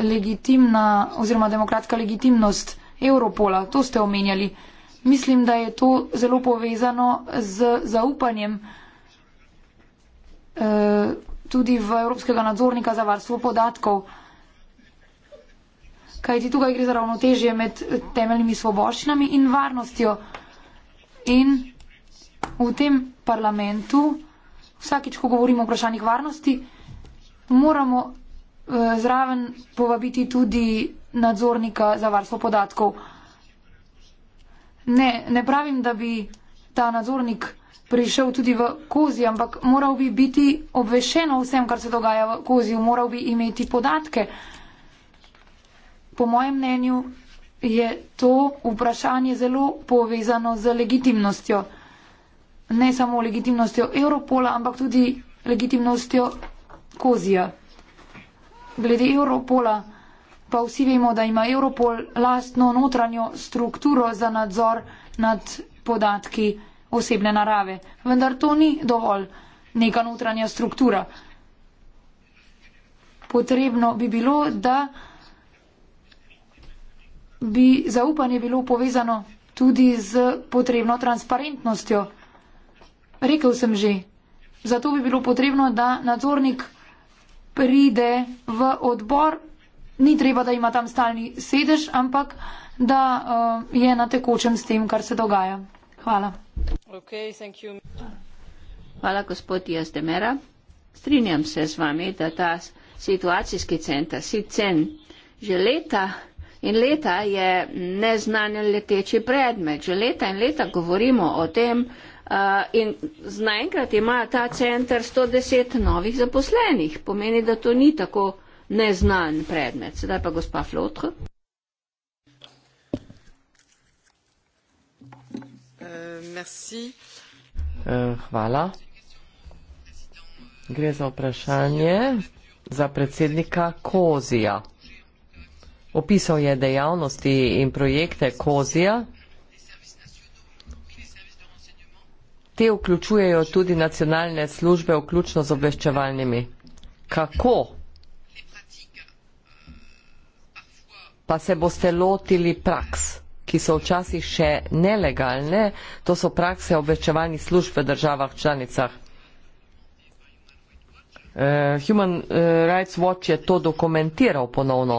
legitimna oziroma demokratska legitimnost Evropola. To ste omenjali. Mislim, da je to zelo povezano z zaupanjem eh, tudi v Evropskega nadzornika za varstvo podatkov. Kaj ti tukaj gre za ravnotežje med temeljnimi svoboščinami in varnostjo. In v tem parlamentu, vsakič, ko govorimo o vprašanjih varnosti, moramo Eh, zraven povabiti tudi nadzornika za varstvo podatkov. Ne, ne pravim, da bi ta nadzornik prišel tudi v kozi, ampak moral bi biti obvešen o vsem, kar se dogaja v kozi, moral bi imeti podatke. Po mojem mnenju je to vprašanje zelo povezano z legitimnostjo. Ne samo legitimnostjo Europola, ampak tudi legitimnostjo kozija glede Europola, pa vsi vemo, da ima Europol lastno notranjo strukturo za nadzor nad podatki osebne narave. Vendar to ni dovolj neka notranja struktura. Potrebno bi bilo, da bi zaupanje bilo povezano tudi z potrebno transparentnostjo. Rekel sem že, zato bi bilo potrebno, da nadzornik pride v odbor, ni treba, da ima tam stalni sedež, ampak da uh, je na tekočem s tem, kar se dogaja. Hvala. Okay, Hvala, gospod Jazdemera. Strinjam se z vami, da ta situacijski centar, SICEN, že leta in leta je neznanje leteči predmet. Že leta in leta govorimo o tem, Eh, in naenkrat ima ta center 110 novih zaposlenih. Pomeni, da to ni tako neznan predmet. Sedaj pa gospa Flotr. Eh, eh, hvala. Gre za vprašanje za predsednika Kozija. Opisal je dejavnosti in projekte Kozija, Te vključujejo tudi nacionalne službe, vključno z obveščevalnimi. Kako? Pa se boste lotili praks, ki so včasih še nelegalne, to so prakse obveščevalnih služb v državah članicah. Uh, Human eh, Rights Watch je to dokumentiral ponovno.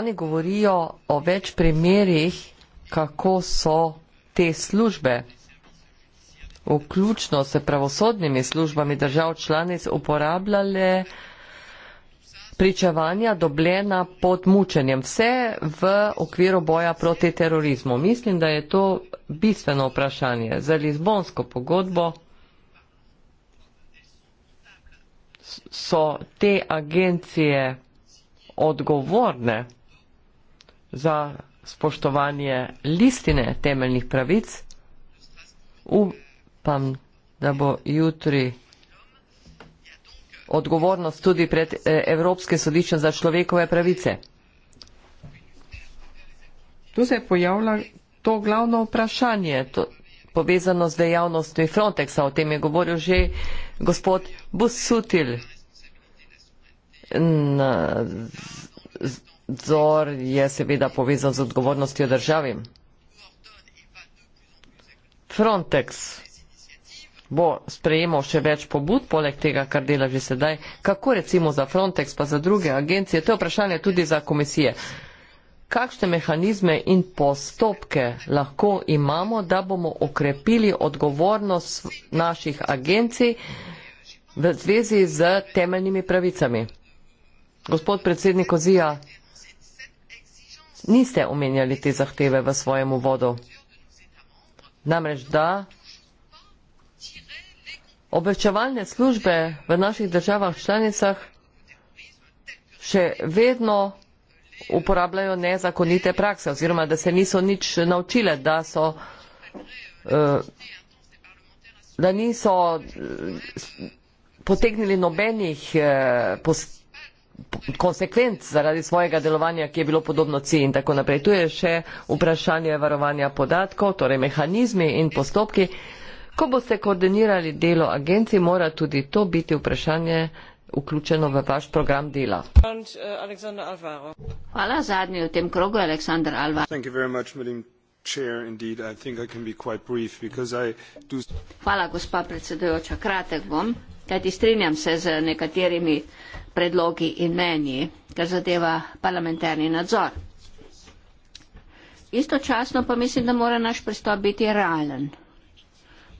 Oni govorijo o več primerih, kako so te službe, vključno s pravosodnimi službami držav članic, uporabljale pričevanja dobljena pod mučenjem. Vse v okviru boja proti terorizmu. Mislim, da je to bistveno vprašanje. Za Lizbonsko pogodbo so te agencije odgovorne za spoštovanje listine temeljnih pravic. Upam, da bo jutri odgovornost tudi pred eh, Evropske sodišče za človekove pravice. Tu se pojavlja to glavno vprašanje, to, povezano z dejavnostmi Frontexa, o tem je govoril že gospod Busutil. Na, z, z, nadzor je seveda povezan z odgovornostjo države. Frontex bo sprejemal še več pobud, poleg tega, kar dela že sedaj. Kako recimo za Frontex, pa za druge agencije? To je vprašanje tudi za komisije. Kakšne mehanizme in postopke lahko imamo, da bomo okrepili odgovornost naših agencij v zvezi z temeljnimi pravicami? Gospod predsednik Ozija, niste omenjali te zahteve v svojem uvodu. Namreč da, obveščevalne službe v naših državah članicah še vedno uporabljajo nezakonite prakse oziroma da se niso nič naučile, da so eh, da niso eh, potegnili nobenih eh, postavljanja konsekvenc zaradi svojega delovanja, ki je bilo podobno C in tako naprej. Tu je še vprašanje varovanja podatkov, torej mehanizmi in postopki. Ko boste koordinirali delo agencij, mora tudi to biti vprašanje vključeno v vaš program dela. Äh, Hvala zadnji v tem krogu, Aleksandr Alvaro. Hvala, gospa predsedujoča. Kratek bom, kajti strinjam se z nekaterimi predlogi in mnenji, kar zadeva parlamentarni nadzor. Istočasno pa mislim, da mora naš pristop biti realen.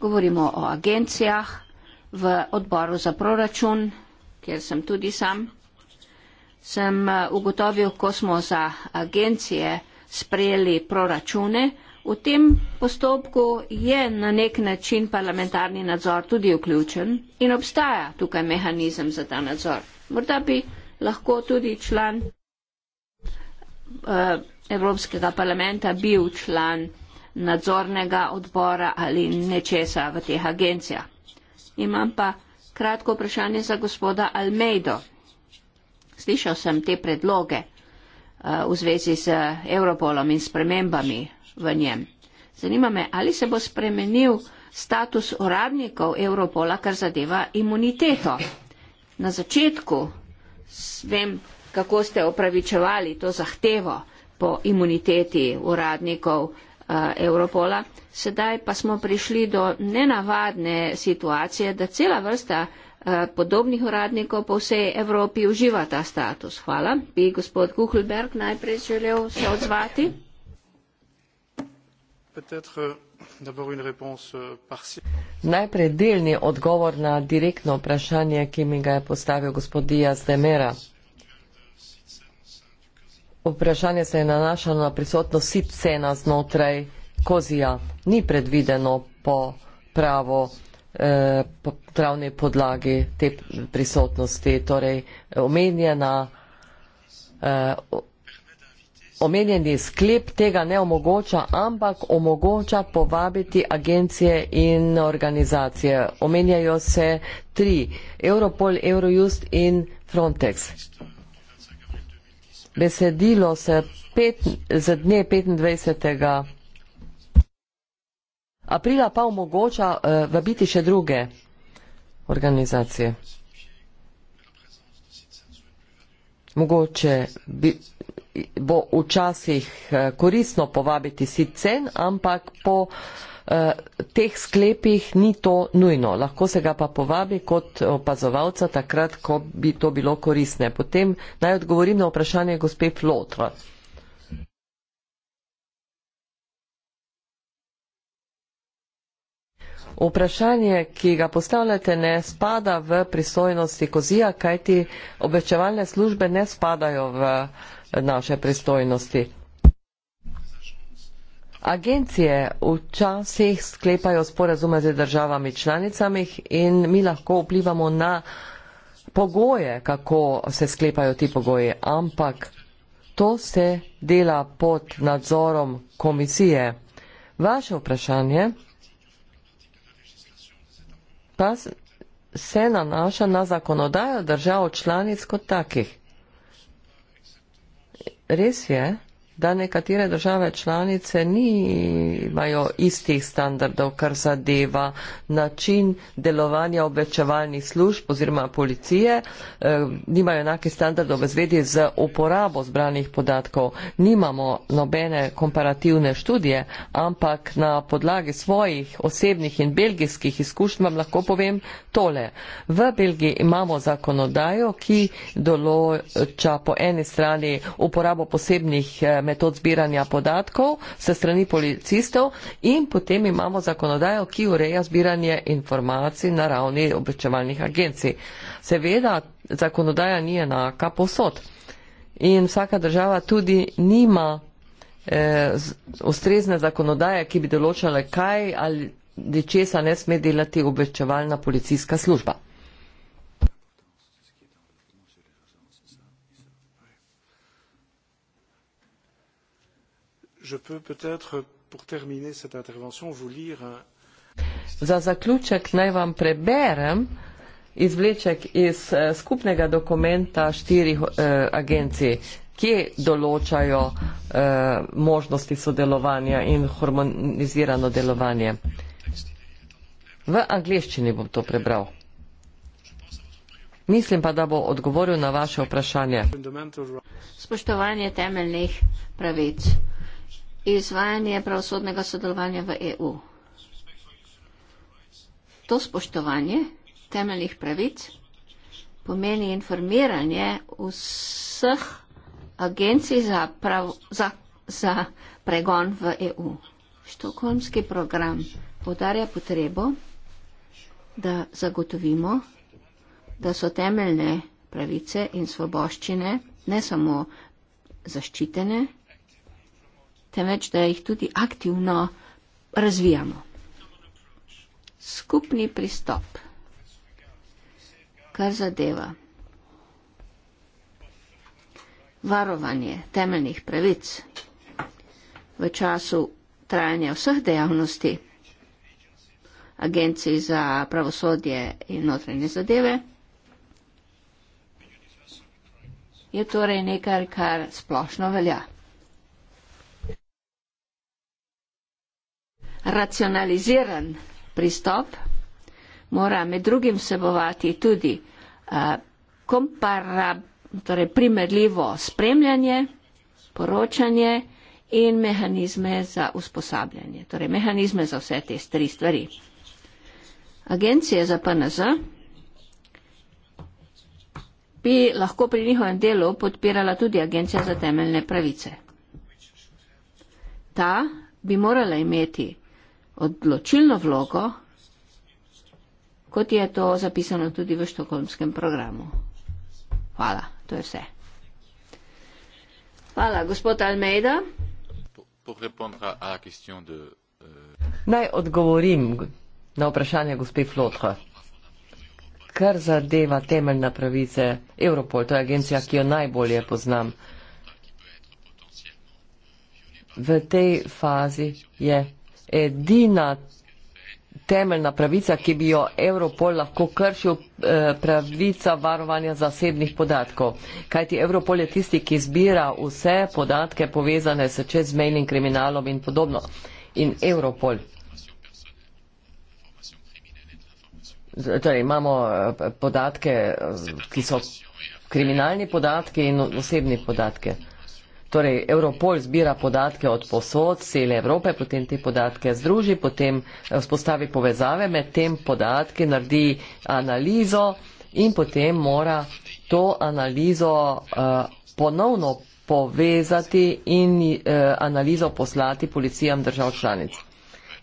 Govorimo o agencijah, v odboru za proračun, kjer sem tudi sam, sem eh, ugotovil, ko smo za agencije sprejeli proračune, v tem postopku je na nek način parlamentarni nadzor tudi vključen in obstaja tukaj mehanizem za ta nadzor. Morda bi lahko tudi član uh, Evropskega parlamenta bil član nadzornega odbora ali nečesa v teh agencijah. Imam pa kratko vprašanje za gospoda Almeido. Slišal sem te predloge uh, v zvezi z Europolom in spremembami v njem. Zanima me, ali se bo spremenil status uradnikov Europola, kar zadeva imuniteto. Na začetku vem, kako ste opravičevali to zahtevo po imuniteti uradnikov uh, Europola. Sedaj pa smo prišli do nenavadne situacije, da cela vrsta eh, podobnih uradnikov po vsej Evropi uživa ta status. Hvala. Bi gospod Kuhlberg najprej želel se odzvati? Euh, euh, Najprej delni odgovor na direktno vprašanje, ki mi ga je postavil gospod Dijas Demera. Vprašanje se je nanašalo na prisotnost sitcena znotraj kozija. Ni predvideno po pravo eh, po pravni podlagi te prisotnosti, torej omenjena eh, omenjeni sklep tega ne omogoča, ampak omogoča povabiti agencije in organizacije. Omenjajo se tri, Europol, Eurojust in Frontex. Besedilo se pet, za dne 25. aprila pa omogoča uh, vabiti še druge organizacije. Mogoče bi bo včasih eh, koristno povabiti si cen, ampak po eh, teh sklepih ni to nujno. Lahko se ga pa povabi kot opazovalca takrat, ko bi to bilo koristne. Potem naj odgovorim na vprašanje gospe Flotra. Vprašanje, ki ga postavljate, ne spada v pristojnosti kozija, kajti obveščevalne službe ne spadajo v uh, naše pristojnosti. Agencije včasih sklepajo sporazume z državami članicami in mi lahko vplivamo na pogoje, kako se sklepajo ti pogoji, ampak to se dela pod nadzorom komisije. Vaše vprašanje pa se nanaša na zakonodajo držav članic kot takih res je, da nekatere države članice nimajo istih standardov, kar zadeva način delovanja obvečevalnih služb oziroma policije, eh, nimajo enake standardov v zvedi z uporabo zbranih podatkov. Nimamo nobene komparativne študije, ampak na podlagi svojih osebnih in belgijskih izkušenj vam lahko povem tole. V Belgiji imamo zakonodajo, ki določa po eni strani uporabo posebnih eh, metod zbiranja podatkov se strani policistov in potem imamo zakonodajo, ki ureja zbiranje informacij na ravni obveščevalnih agencij. Seveda, zakonodaja ni enaka posod in vsaka država tudi nima eh, ustrezne zakonodaje, ki bi določale, kaj ali česa ne sme delati obveščevalna policijska služba. Za zaključek naj vam preberem izvleček iz eh, skupnega dokumenta štirih eh, agencij, ki določajo eh, možnosti sodelovanja in harmonizirano delovanje. V angleščini bom to prebral. Mislim pa, da bo odgovoril na vaše vprašanje. Spoštovanje temeljnih pravic izvajanje pravosodnega sodelovanja v EU. To spoštovanje temeljnih pravic pomeni informiranje vseh agencij za, prav, za, za pregon v EU. Štokholmski program podarja potrebo, da zagotovimo, da so temeljne pravice in svoboščine ne samo zaščitene, temveč da jih tudi aktivno razvijamo. Skupni pristop, kar zadeva varovanje temeljnih pravic v času trajanja vseh dejavnosti agencij za pravosodje in notranje zadeve, je torej nekaj, kar splošno velja. racionaliziran pristop mora med drugim vsebovati tudi eh, kompara, torej primerljivo spremljanje, poročanje in mehanizme za usposabljanje, torej mehanizme za vse te tri stvari. Agencije za PNZ bi lahko pri njihovem delu podpirala tudi Agencija za temeljne pravice. Ta bi morala imeti odločilno vlogo, kot je to zapisano tudi v štokholmskem programu. Hvala, to je vse. Hvala, gospod Almeida. Naj odgovorim na vprašanje gospe Flotha. Kar zadeva temeljna pravice Europol, to je agencija, ki jo najbolje poznam. V tej fazi je edina temeljna pravica, ki bi jo Europol lahko kršil, eh, pravica varovanja zasebnih podatkov. Kajti Europol je tisti, ki zbira vse podatke povezane s čezmejnim kriminalom in podobno. In Europol. Torej, imamo eh, podatke, eh, ki so kriminalni podatki in osebni podatke. Uh, Torej, Europol zbira podatke od posod cele Evrope, potem te podatke združi, potem eh, vzpostavi povezave med tem podatki, naredi analizo in potem mora to analizo uh, ponovno povezati in uh, analizo poslati policijam držav članic.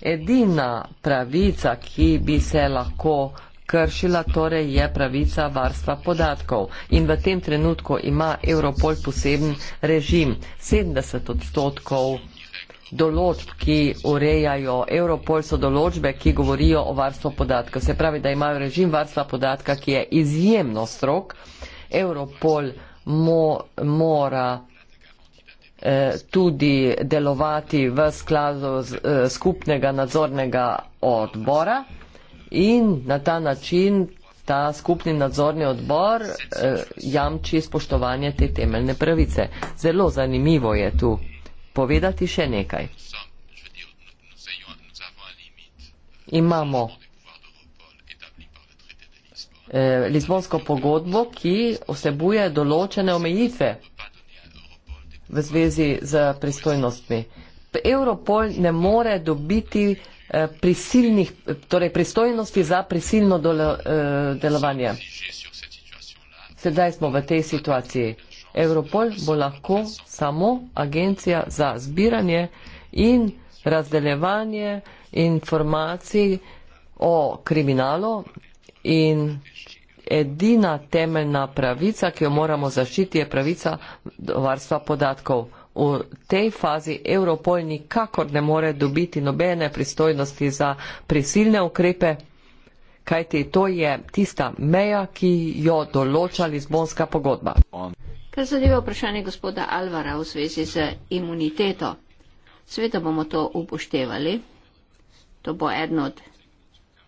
Edina pravica, ki bi se lahko uh, kršila torej je pravica varstva podatkov in v tem trenutku ima Europol poseben režim. 70 odstotkov določb, ki urejajo Europol, so določbe, ki govorijo o varstvu podatkov. Se pravi, da imajo režim varstva podatka, ki je izjemno strok. Europol mo, mora eh, tudi delovati v skladu eh, skupnega nadzornega odbora in na ta način ta skupni nadzorni odbor eh, jamči spoštovanje te temeljne pravice. Zelo zanimivo je tu povedati še nekaj. Imamo eh, Lizbonsko pogodbo, ki osebuje določene omejitve v zvezi z pristojnostmi. Europol ne more dobiti Eh, prisilnih, torej pristojnosti za prisilno dolo, uh, delovanje. Sedaj smo v tej situaciji. Europol bo lahko samo agencija za zbiranje in razdeljevanje informacij o kriminalu in edina temeljna pravica, ki jo moramo zaščiti, je pravica do varstva podatkov v tej fazi Evropol nikakor ne more dobiti nobene pristojnosti za prisilne ukrepe, kajti to je tista meja, ki jo določa Lizbonska pogodba. Kar zadeva vprašanje gospoda Alvara v zvezi z imuniteto, sveda bomo to upoštevali. To bo eden od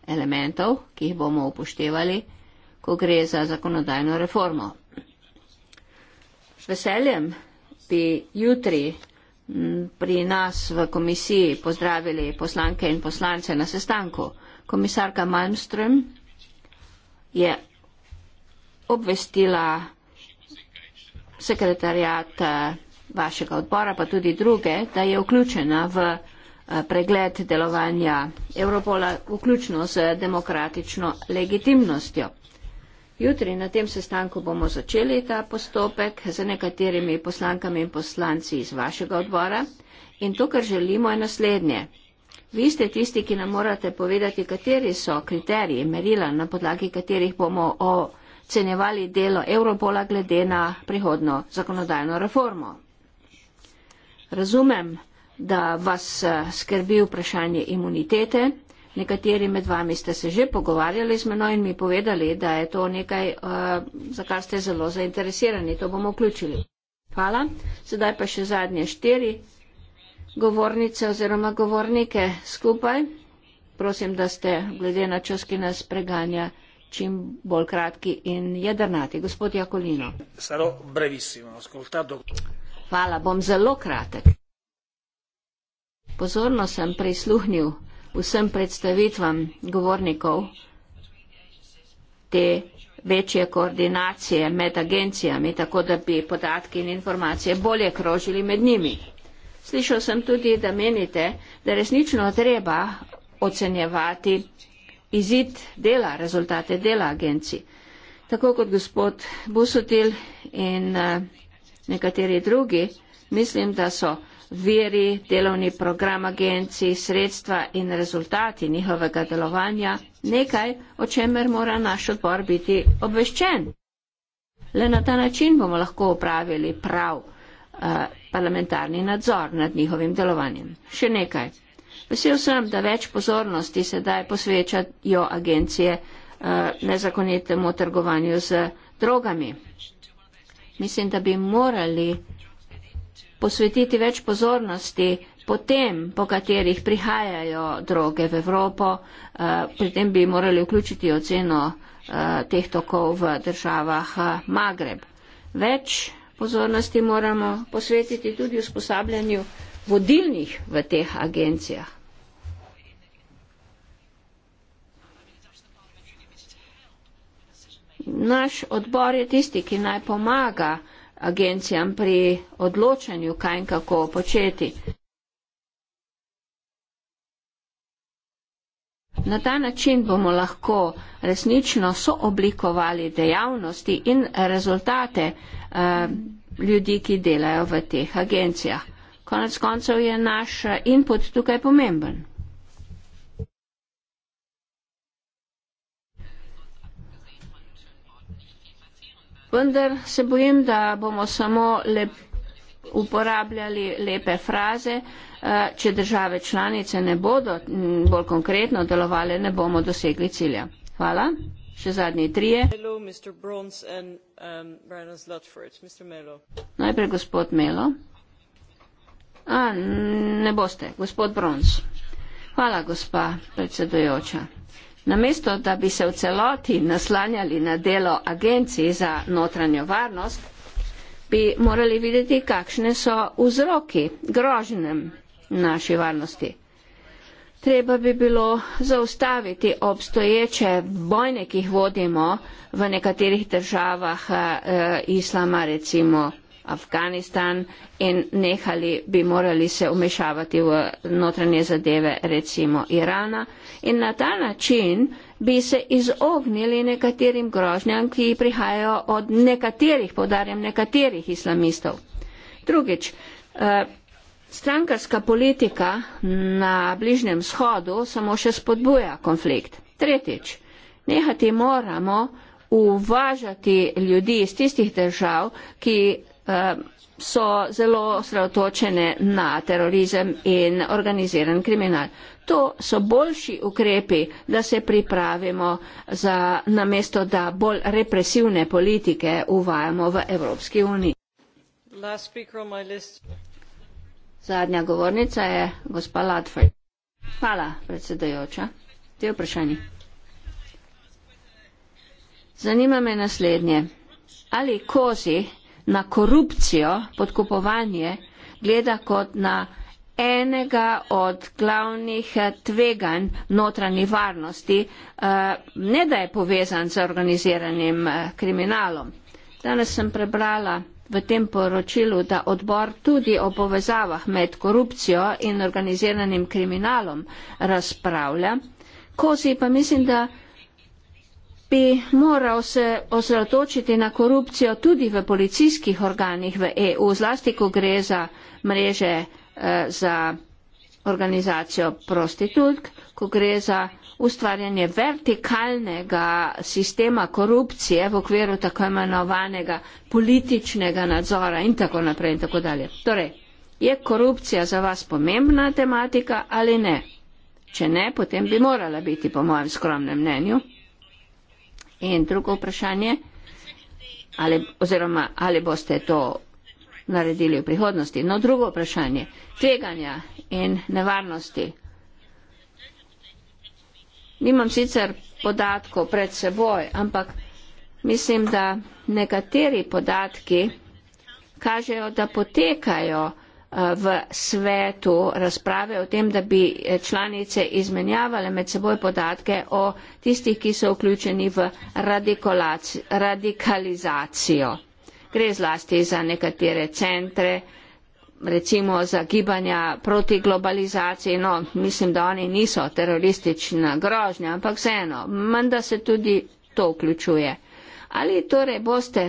elementov, ki jih bomo upoštevali, ko gre za zakonodajno reformo. S veseljem bi jutri pri nas v komisiji pozdravili poslanke in poslance na sestanku. Komisarka Malmström je obvestila sekretarjat eh, vašega odbora, pa tudi druge, da je vključena v eh, pregled delovanja Europola, vključno z demokratično legitimnostjo. Jutri na tem sestanku bomo začeli ta postopek z nekaterimi poslankami in poslanci iz vašega odbora in to, kar želimo, je naslednje. Vi ste tisti, ki nam morate povedati, kateri so kriteriji, merila, na podlagi katerih bomo ocenjevali delo Europola glede na prihodno zakonodajno reformo. Razumem, da vas eh, skrbi vprašanje imunitete. Nekateri med vami ste se že pogovarjali z menoj in mi povedali, da je to nekaj, eh, za kar ste zelo zainteresirani. To bomo vključili. Hvala. Sedaj pa še zadnje štiri govornice oziroma govornike skupaj. Prosim, da ste glede na čas, ki nas preganja, čim bolj kratki in jedrnati. Gospod Jakolino. Hvala, bom zelo kratek. Pozorno sem prisluhnil vsem predstavitvam govornikov te večje koordinacije med agencijami, tako da bi podatki in informacije bolje krožili med njimi. Slišal sem tudi, da menite, da resnično treba ocenjevati izid dela, rezultate dela agencij. Tako kot gospod Busutil in uh, nekateri drugi, mislim, da so viri, delovni program agencij, sredstva in rezultati njihovega delovanja nekaj, o čemer mora naš odbor biti obveščen. Le na ta način bomo lahko upravili prav uh, parlamentarni nadzor nad njihovim delovanjem. Še nekaj. Vesel sem, da več pozornosti sedaj posvečajo agencije uh, nezakonitemu trgovanju z drogami. Mislim, da bi morali posvetiti več pozornosti potem, po katerih prihajajo droge v Evropo, eh, pri tem bi morali vključiti oceno eh, teh tokov v državah eh, Magreb. Več pozornosti moramo posvetiti tudi usposabljanju vodilnih v teh agencijah. Naš odbor je tisti, ki naj pomaga agencijam pri odločanju, kaj in kako početi. Na ta način bomo lahko resnično sooblikovali dejavnosti in rezultate eh, ljudi, ki delajo v teh agencijah. Konec koncev je naš input tukaj pomemben. Vendar se bojim, da bomo samo lep, uporabljali lepe fraze, eh, če države članice ne bodo bolj konkretno delovali, ne bomo dosegli cilja. Hvala. Še zadnji trije. Hello, and, um, Najprej gospod Melo. A, ne boste, gospod Brons. Hvala, gospa predsedojoča. Namesto, da bi se v celoti naslanjali na delo agencij za notranjo varnost, bi morali videti, kakšne so vzroki groženem naši varnosti. Treba bi bilo zaustaviti obstoječe bojne, ki jih vodimo v nekaterih državah eh, islama, recimo Afganistan in nehali bi morali se umešavati v notranje zadeve recimo Irana in na ta način bi se izognili nekaterim grožnjam, ki prihajajo od nekaterih, podarjam nekaterih islamistov. Drugič, eh, strankarska politika na Bližnjem shodu samo še spodbuja konflikt. Tretjič, nehati moramo uvažati ljudi iz tistih držav, ki Ehm, so zelo osredotočene na terorizem in organiziran kriminal. To so boljši ukrepi, da se pripravimo za namesto, da bolj represivne politike uvajamo v Evropski uniji. Zadnja govornica je gospa Latfej. Hvala, predsedajoča. Te vprašanje. Zanima me naslednje. Ali kozi na korupcijo, podkupovanje, gleda kot na enega od glavnih eh, tveganj notranji varnosti, eh, ne da je povezan z organiziranim eh, kriminalom. Danes sem prebrala v tem poročilu, da odbor tudi o povezavah med korupcijo in organiziranim kriminalom razpravlja. Kozi pa mislim, da bi moral se osredotočiti na korupcijo tudi v policijskih organih v EU, zlasti ko gre za mreže eh, za organizacijo prostitutk, ko gre za ustvarjanje vertikalnega sistema korupcije v okviru tako imenovanega političnega nadzora in tako naprej in tako dalje. Torej, je korupcija za vas pomembna tematika ali ne? Če ne, potem bi morala biti, po mojem skromnem mnenju. In drugo vprašanje, ali, oziroma ali boste to naredili v prihodnosti. No, drugo vprašanje, tveganja in nevarnosti. Nimam sicer podatkov pred seboj, ampak mislim, da nekateri podatki kažejo, da potekajo Eh, v svetu razprave o tem, da bi eh, članice izmenjavale med seboj podatke o tistih, ki so vključeni v radikalizacijo. Gre zlasti za nekatere centre, recimo za gibanja proti globalizaciji. No, mislim, da oni niso teroristična grožnja, ampak vseeno, manj da se tudi to vključuje. Ali torej boste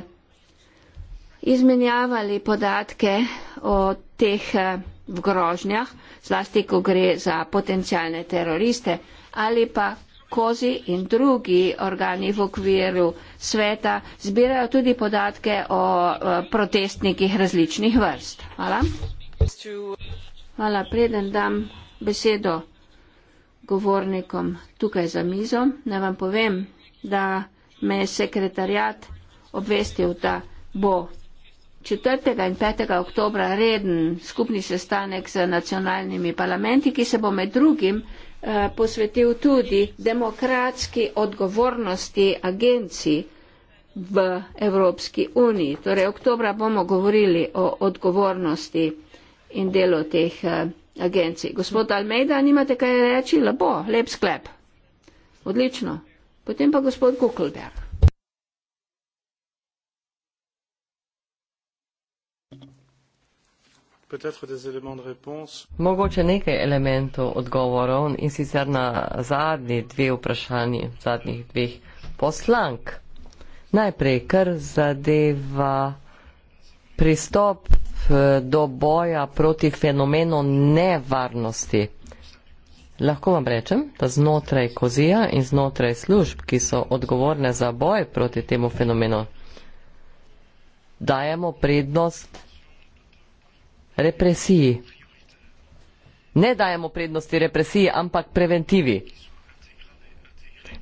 izmenjavali podatke o teh eh, v grožnjah, zlasti ko gre za potencijalne teroriste ali pa kozi in drugi organi v okviru sveta zbirajo tudi podatke o eh, protestnikih različnih vrst. Hvala. Hvala, preden dam besedo govornikom tukaj za mizo. Ne vam povem, da me je sekretarjat obvestil, da bo 4. in 5. oktobra reden skupni sestanek z nacionalnimi parlamenti, ki se bo med drugim eh, posvetil tudi demokratski odgovornosti agenciji v Evropski uniji. Torej, oktobra bomo govorili o odgovornosti in delu teh eh, agencij. Gospod Almeida, nimate kaj reči? Lepo, lep sklep. Odlično. Potem pa gospod Kukelberg. Mogoče nekaj elementov odgovorov in sicer na zadnji dve vprašanji, zadnjih dveh poslank. Najprej, kar zadeva pristop eh, do boja proti fenomenu nevarnosti. Lahko vam rečem, da znotraj kozija in znotraj služb, ki so odgovorne za boj proti temu fenomenu, dajemo prednost represiji. Ne dajemo prednosti represiji, ampak preventivi.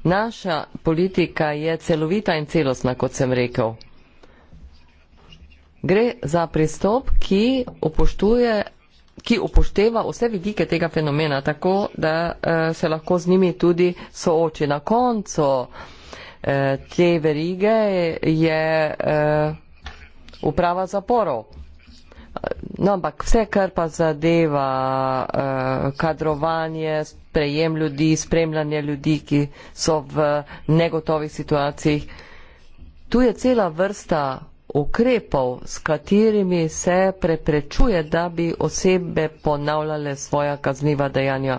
Naša politika je celovita in celostna, kot sem rekel. Gre za pristop, ki, upoštuje, ki upošteva vse vidike tega fenomena, tako da eh, se lahko z njimi tudi sooči. Na koncu eh, te verige je eh, uprava zaporov. No, ampak vse, kar pa zadeva uh, kadrovanje, sprejem ljudi, spremljanje ljudi, ki so v negotovih situacijah, tu je cela vrsta ukrepov, s katerimi se preprečuje, da bi osebe ponavljale svoja kazniva dejanja.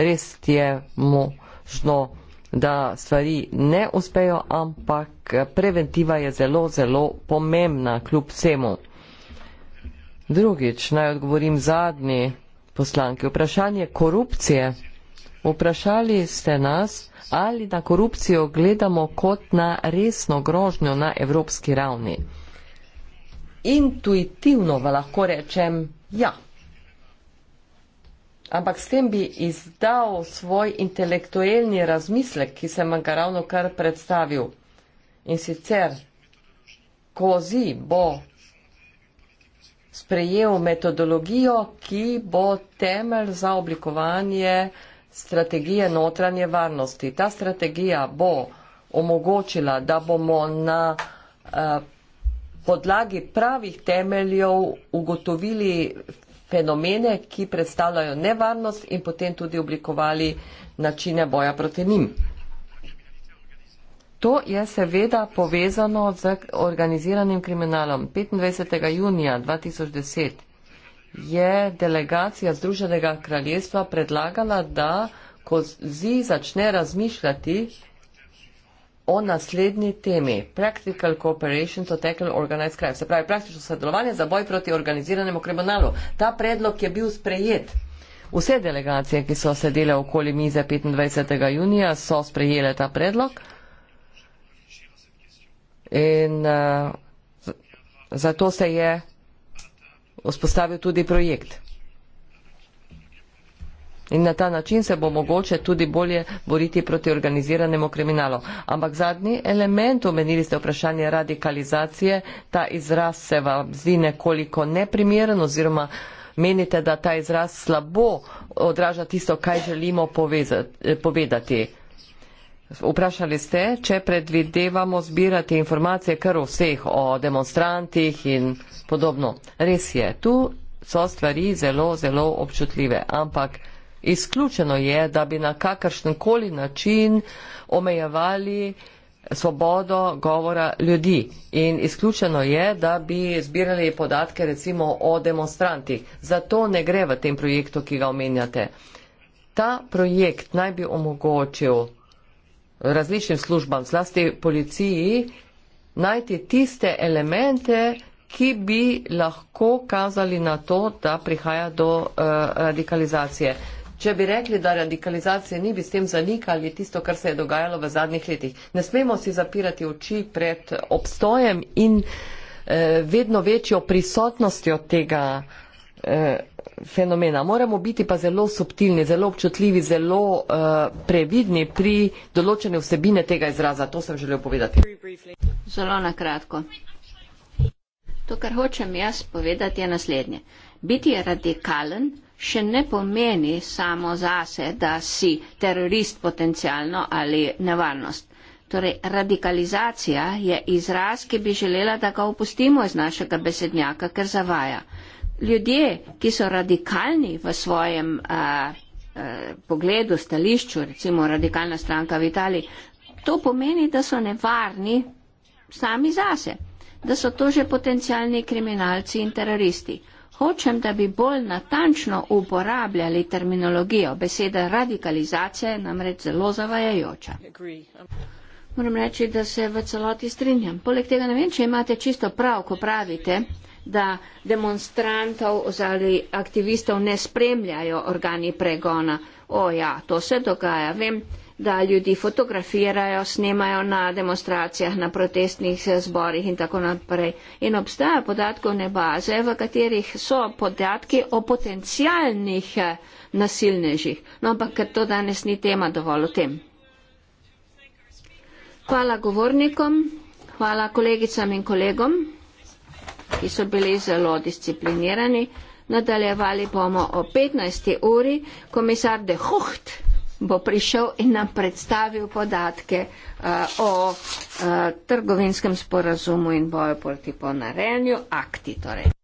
Res je možno, da stvari ne uspejo, ampak preventiva je zelo, zelo pomembna kljub vsemu. Drugič, naj odgovorim zadnji poslanki. Vprašanje korupcije. Vprašali ste nas, ali na korupcijo gledamo kot na resno grožnjo na evropski ravni. Intuitivno lahko rečem ja. Ampak s tem bi izdal svoj intelektuelni razmislek, ki sem ga ravno kar predstavil. In sicer, ko zi bo sprejel metodologijo, ki bo temelj za oblikovanje strategije notranje varnosti. Ta strategija bo omogočila, da bomo na eh, podlagi pravih temeljev ugotovili fenomene, ki predstavljajo nevarnost in potem tudi oblikovali načine boja proti njim. To je seveda povezano z organiziranim kriminalom. 25. junija 2010 je delegacija Združenega kraljestva predlagala, da Kozi začne razmišljati o naslednji temi. Practical cooperation to tackle organized crime. Se pravi, praktično sodelovanje za boj proti organiziranemu kriminalu. Ta predlog je bil sprejet. Vse delegacije, ki so sedele okoli mize 25. junija, so sprejele ta predlog. In uh, zato se je vzpostavil tudi projekt. In na ta način se bo mogoče tudi bolje boriti proti organiziranemu kriminalu. Ampak zadnji element, omenili ste vprašanje radikalizacije, ta izraz se vam zdi nekoliko neprimeren oziroma menite, da ta izraz slabo odraža tisto, kaj želimo povezati, eh, povedati. Vprašali ste, če predvidevamo zbirati informacije kar o vseh, o demonstrantih in podobno. Res je, tu so stvari zelo, zelo občutljive, ampak izključeno je, da bi na kakršen koli način omejevali svobodo govora ljudi. In izključeno je, da bi zbirali podatke recimo o demonstrantih. Zato ne gre v tem projektu, ki ga omenjate. Ta projekt naj bi omogočil različnim službam, zlasti policiji, najti tiste elemente, ki bi lahko kazali na to, da prihaja do uh, radikalizacije. Če bi rekli, da radikalizacije ni, bi s tem zanikali tisto, kar se je dogajalo v zadnjih letih. Ne smemo si zapirati oči pred obstojem in uh, vedno večjo prisotnostjo tega. Uh, fenomena. Moramo biti pa zelo subtilni, zelo občutljivi, zelo uh, previdni pri določene vsebine tega izraza. To sem želel povedati. Zelo na kratko. To, kar hočem jaz povedati, je naslednje. Biti radikalen še ne pomeni samo zase, da si terorist potencialno ali nevarnost. Torej, radikalizacija je izraz, ki bi želela, da ga opustimo iz našega besednjaka, ker zavaja ljudje, ki so radikalni v svojem a, eh, a, eh, pogledu, stališču, recimo radikalna stranka v Italiji, to pomeni, da so nevarni sami zase, da so to že potencijalni kriminalci in teroristi. Hočem, da bi bolj natančno uporabljali terminologijo. Beseda radikalizacija je namreč zelo zavajajoča. Moram reči, da se v celoti strinjam. Poleg tega ne vem, če imate čisto prav, ko pravite, da demonstrantov ali aktivistov ne spremljajo organi pregona. O ja, to se dogaja. Vem, da ljudi fotografirajo, snemajo na demonstracijah, na protestnih zborih in tako naprej. In obstaja podatkovne baze, v katerih so podatki o potencijalnih eh, nasilnežih. No, ampak ker to danes ni tema dovolj o tem. Hvala govornikom, hvala kolegicam in kolegom ki so bili zelo disciplinirani. Nadaljevali bomo o 15. uri. Komisar De Hucht bo prišel in nam predstavil podatke uh, o uh, trgovinskem sporazumu in boju proti ponarenju, akti torej.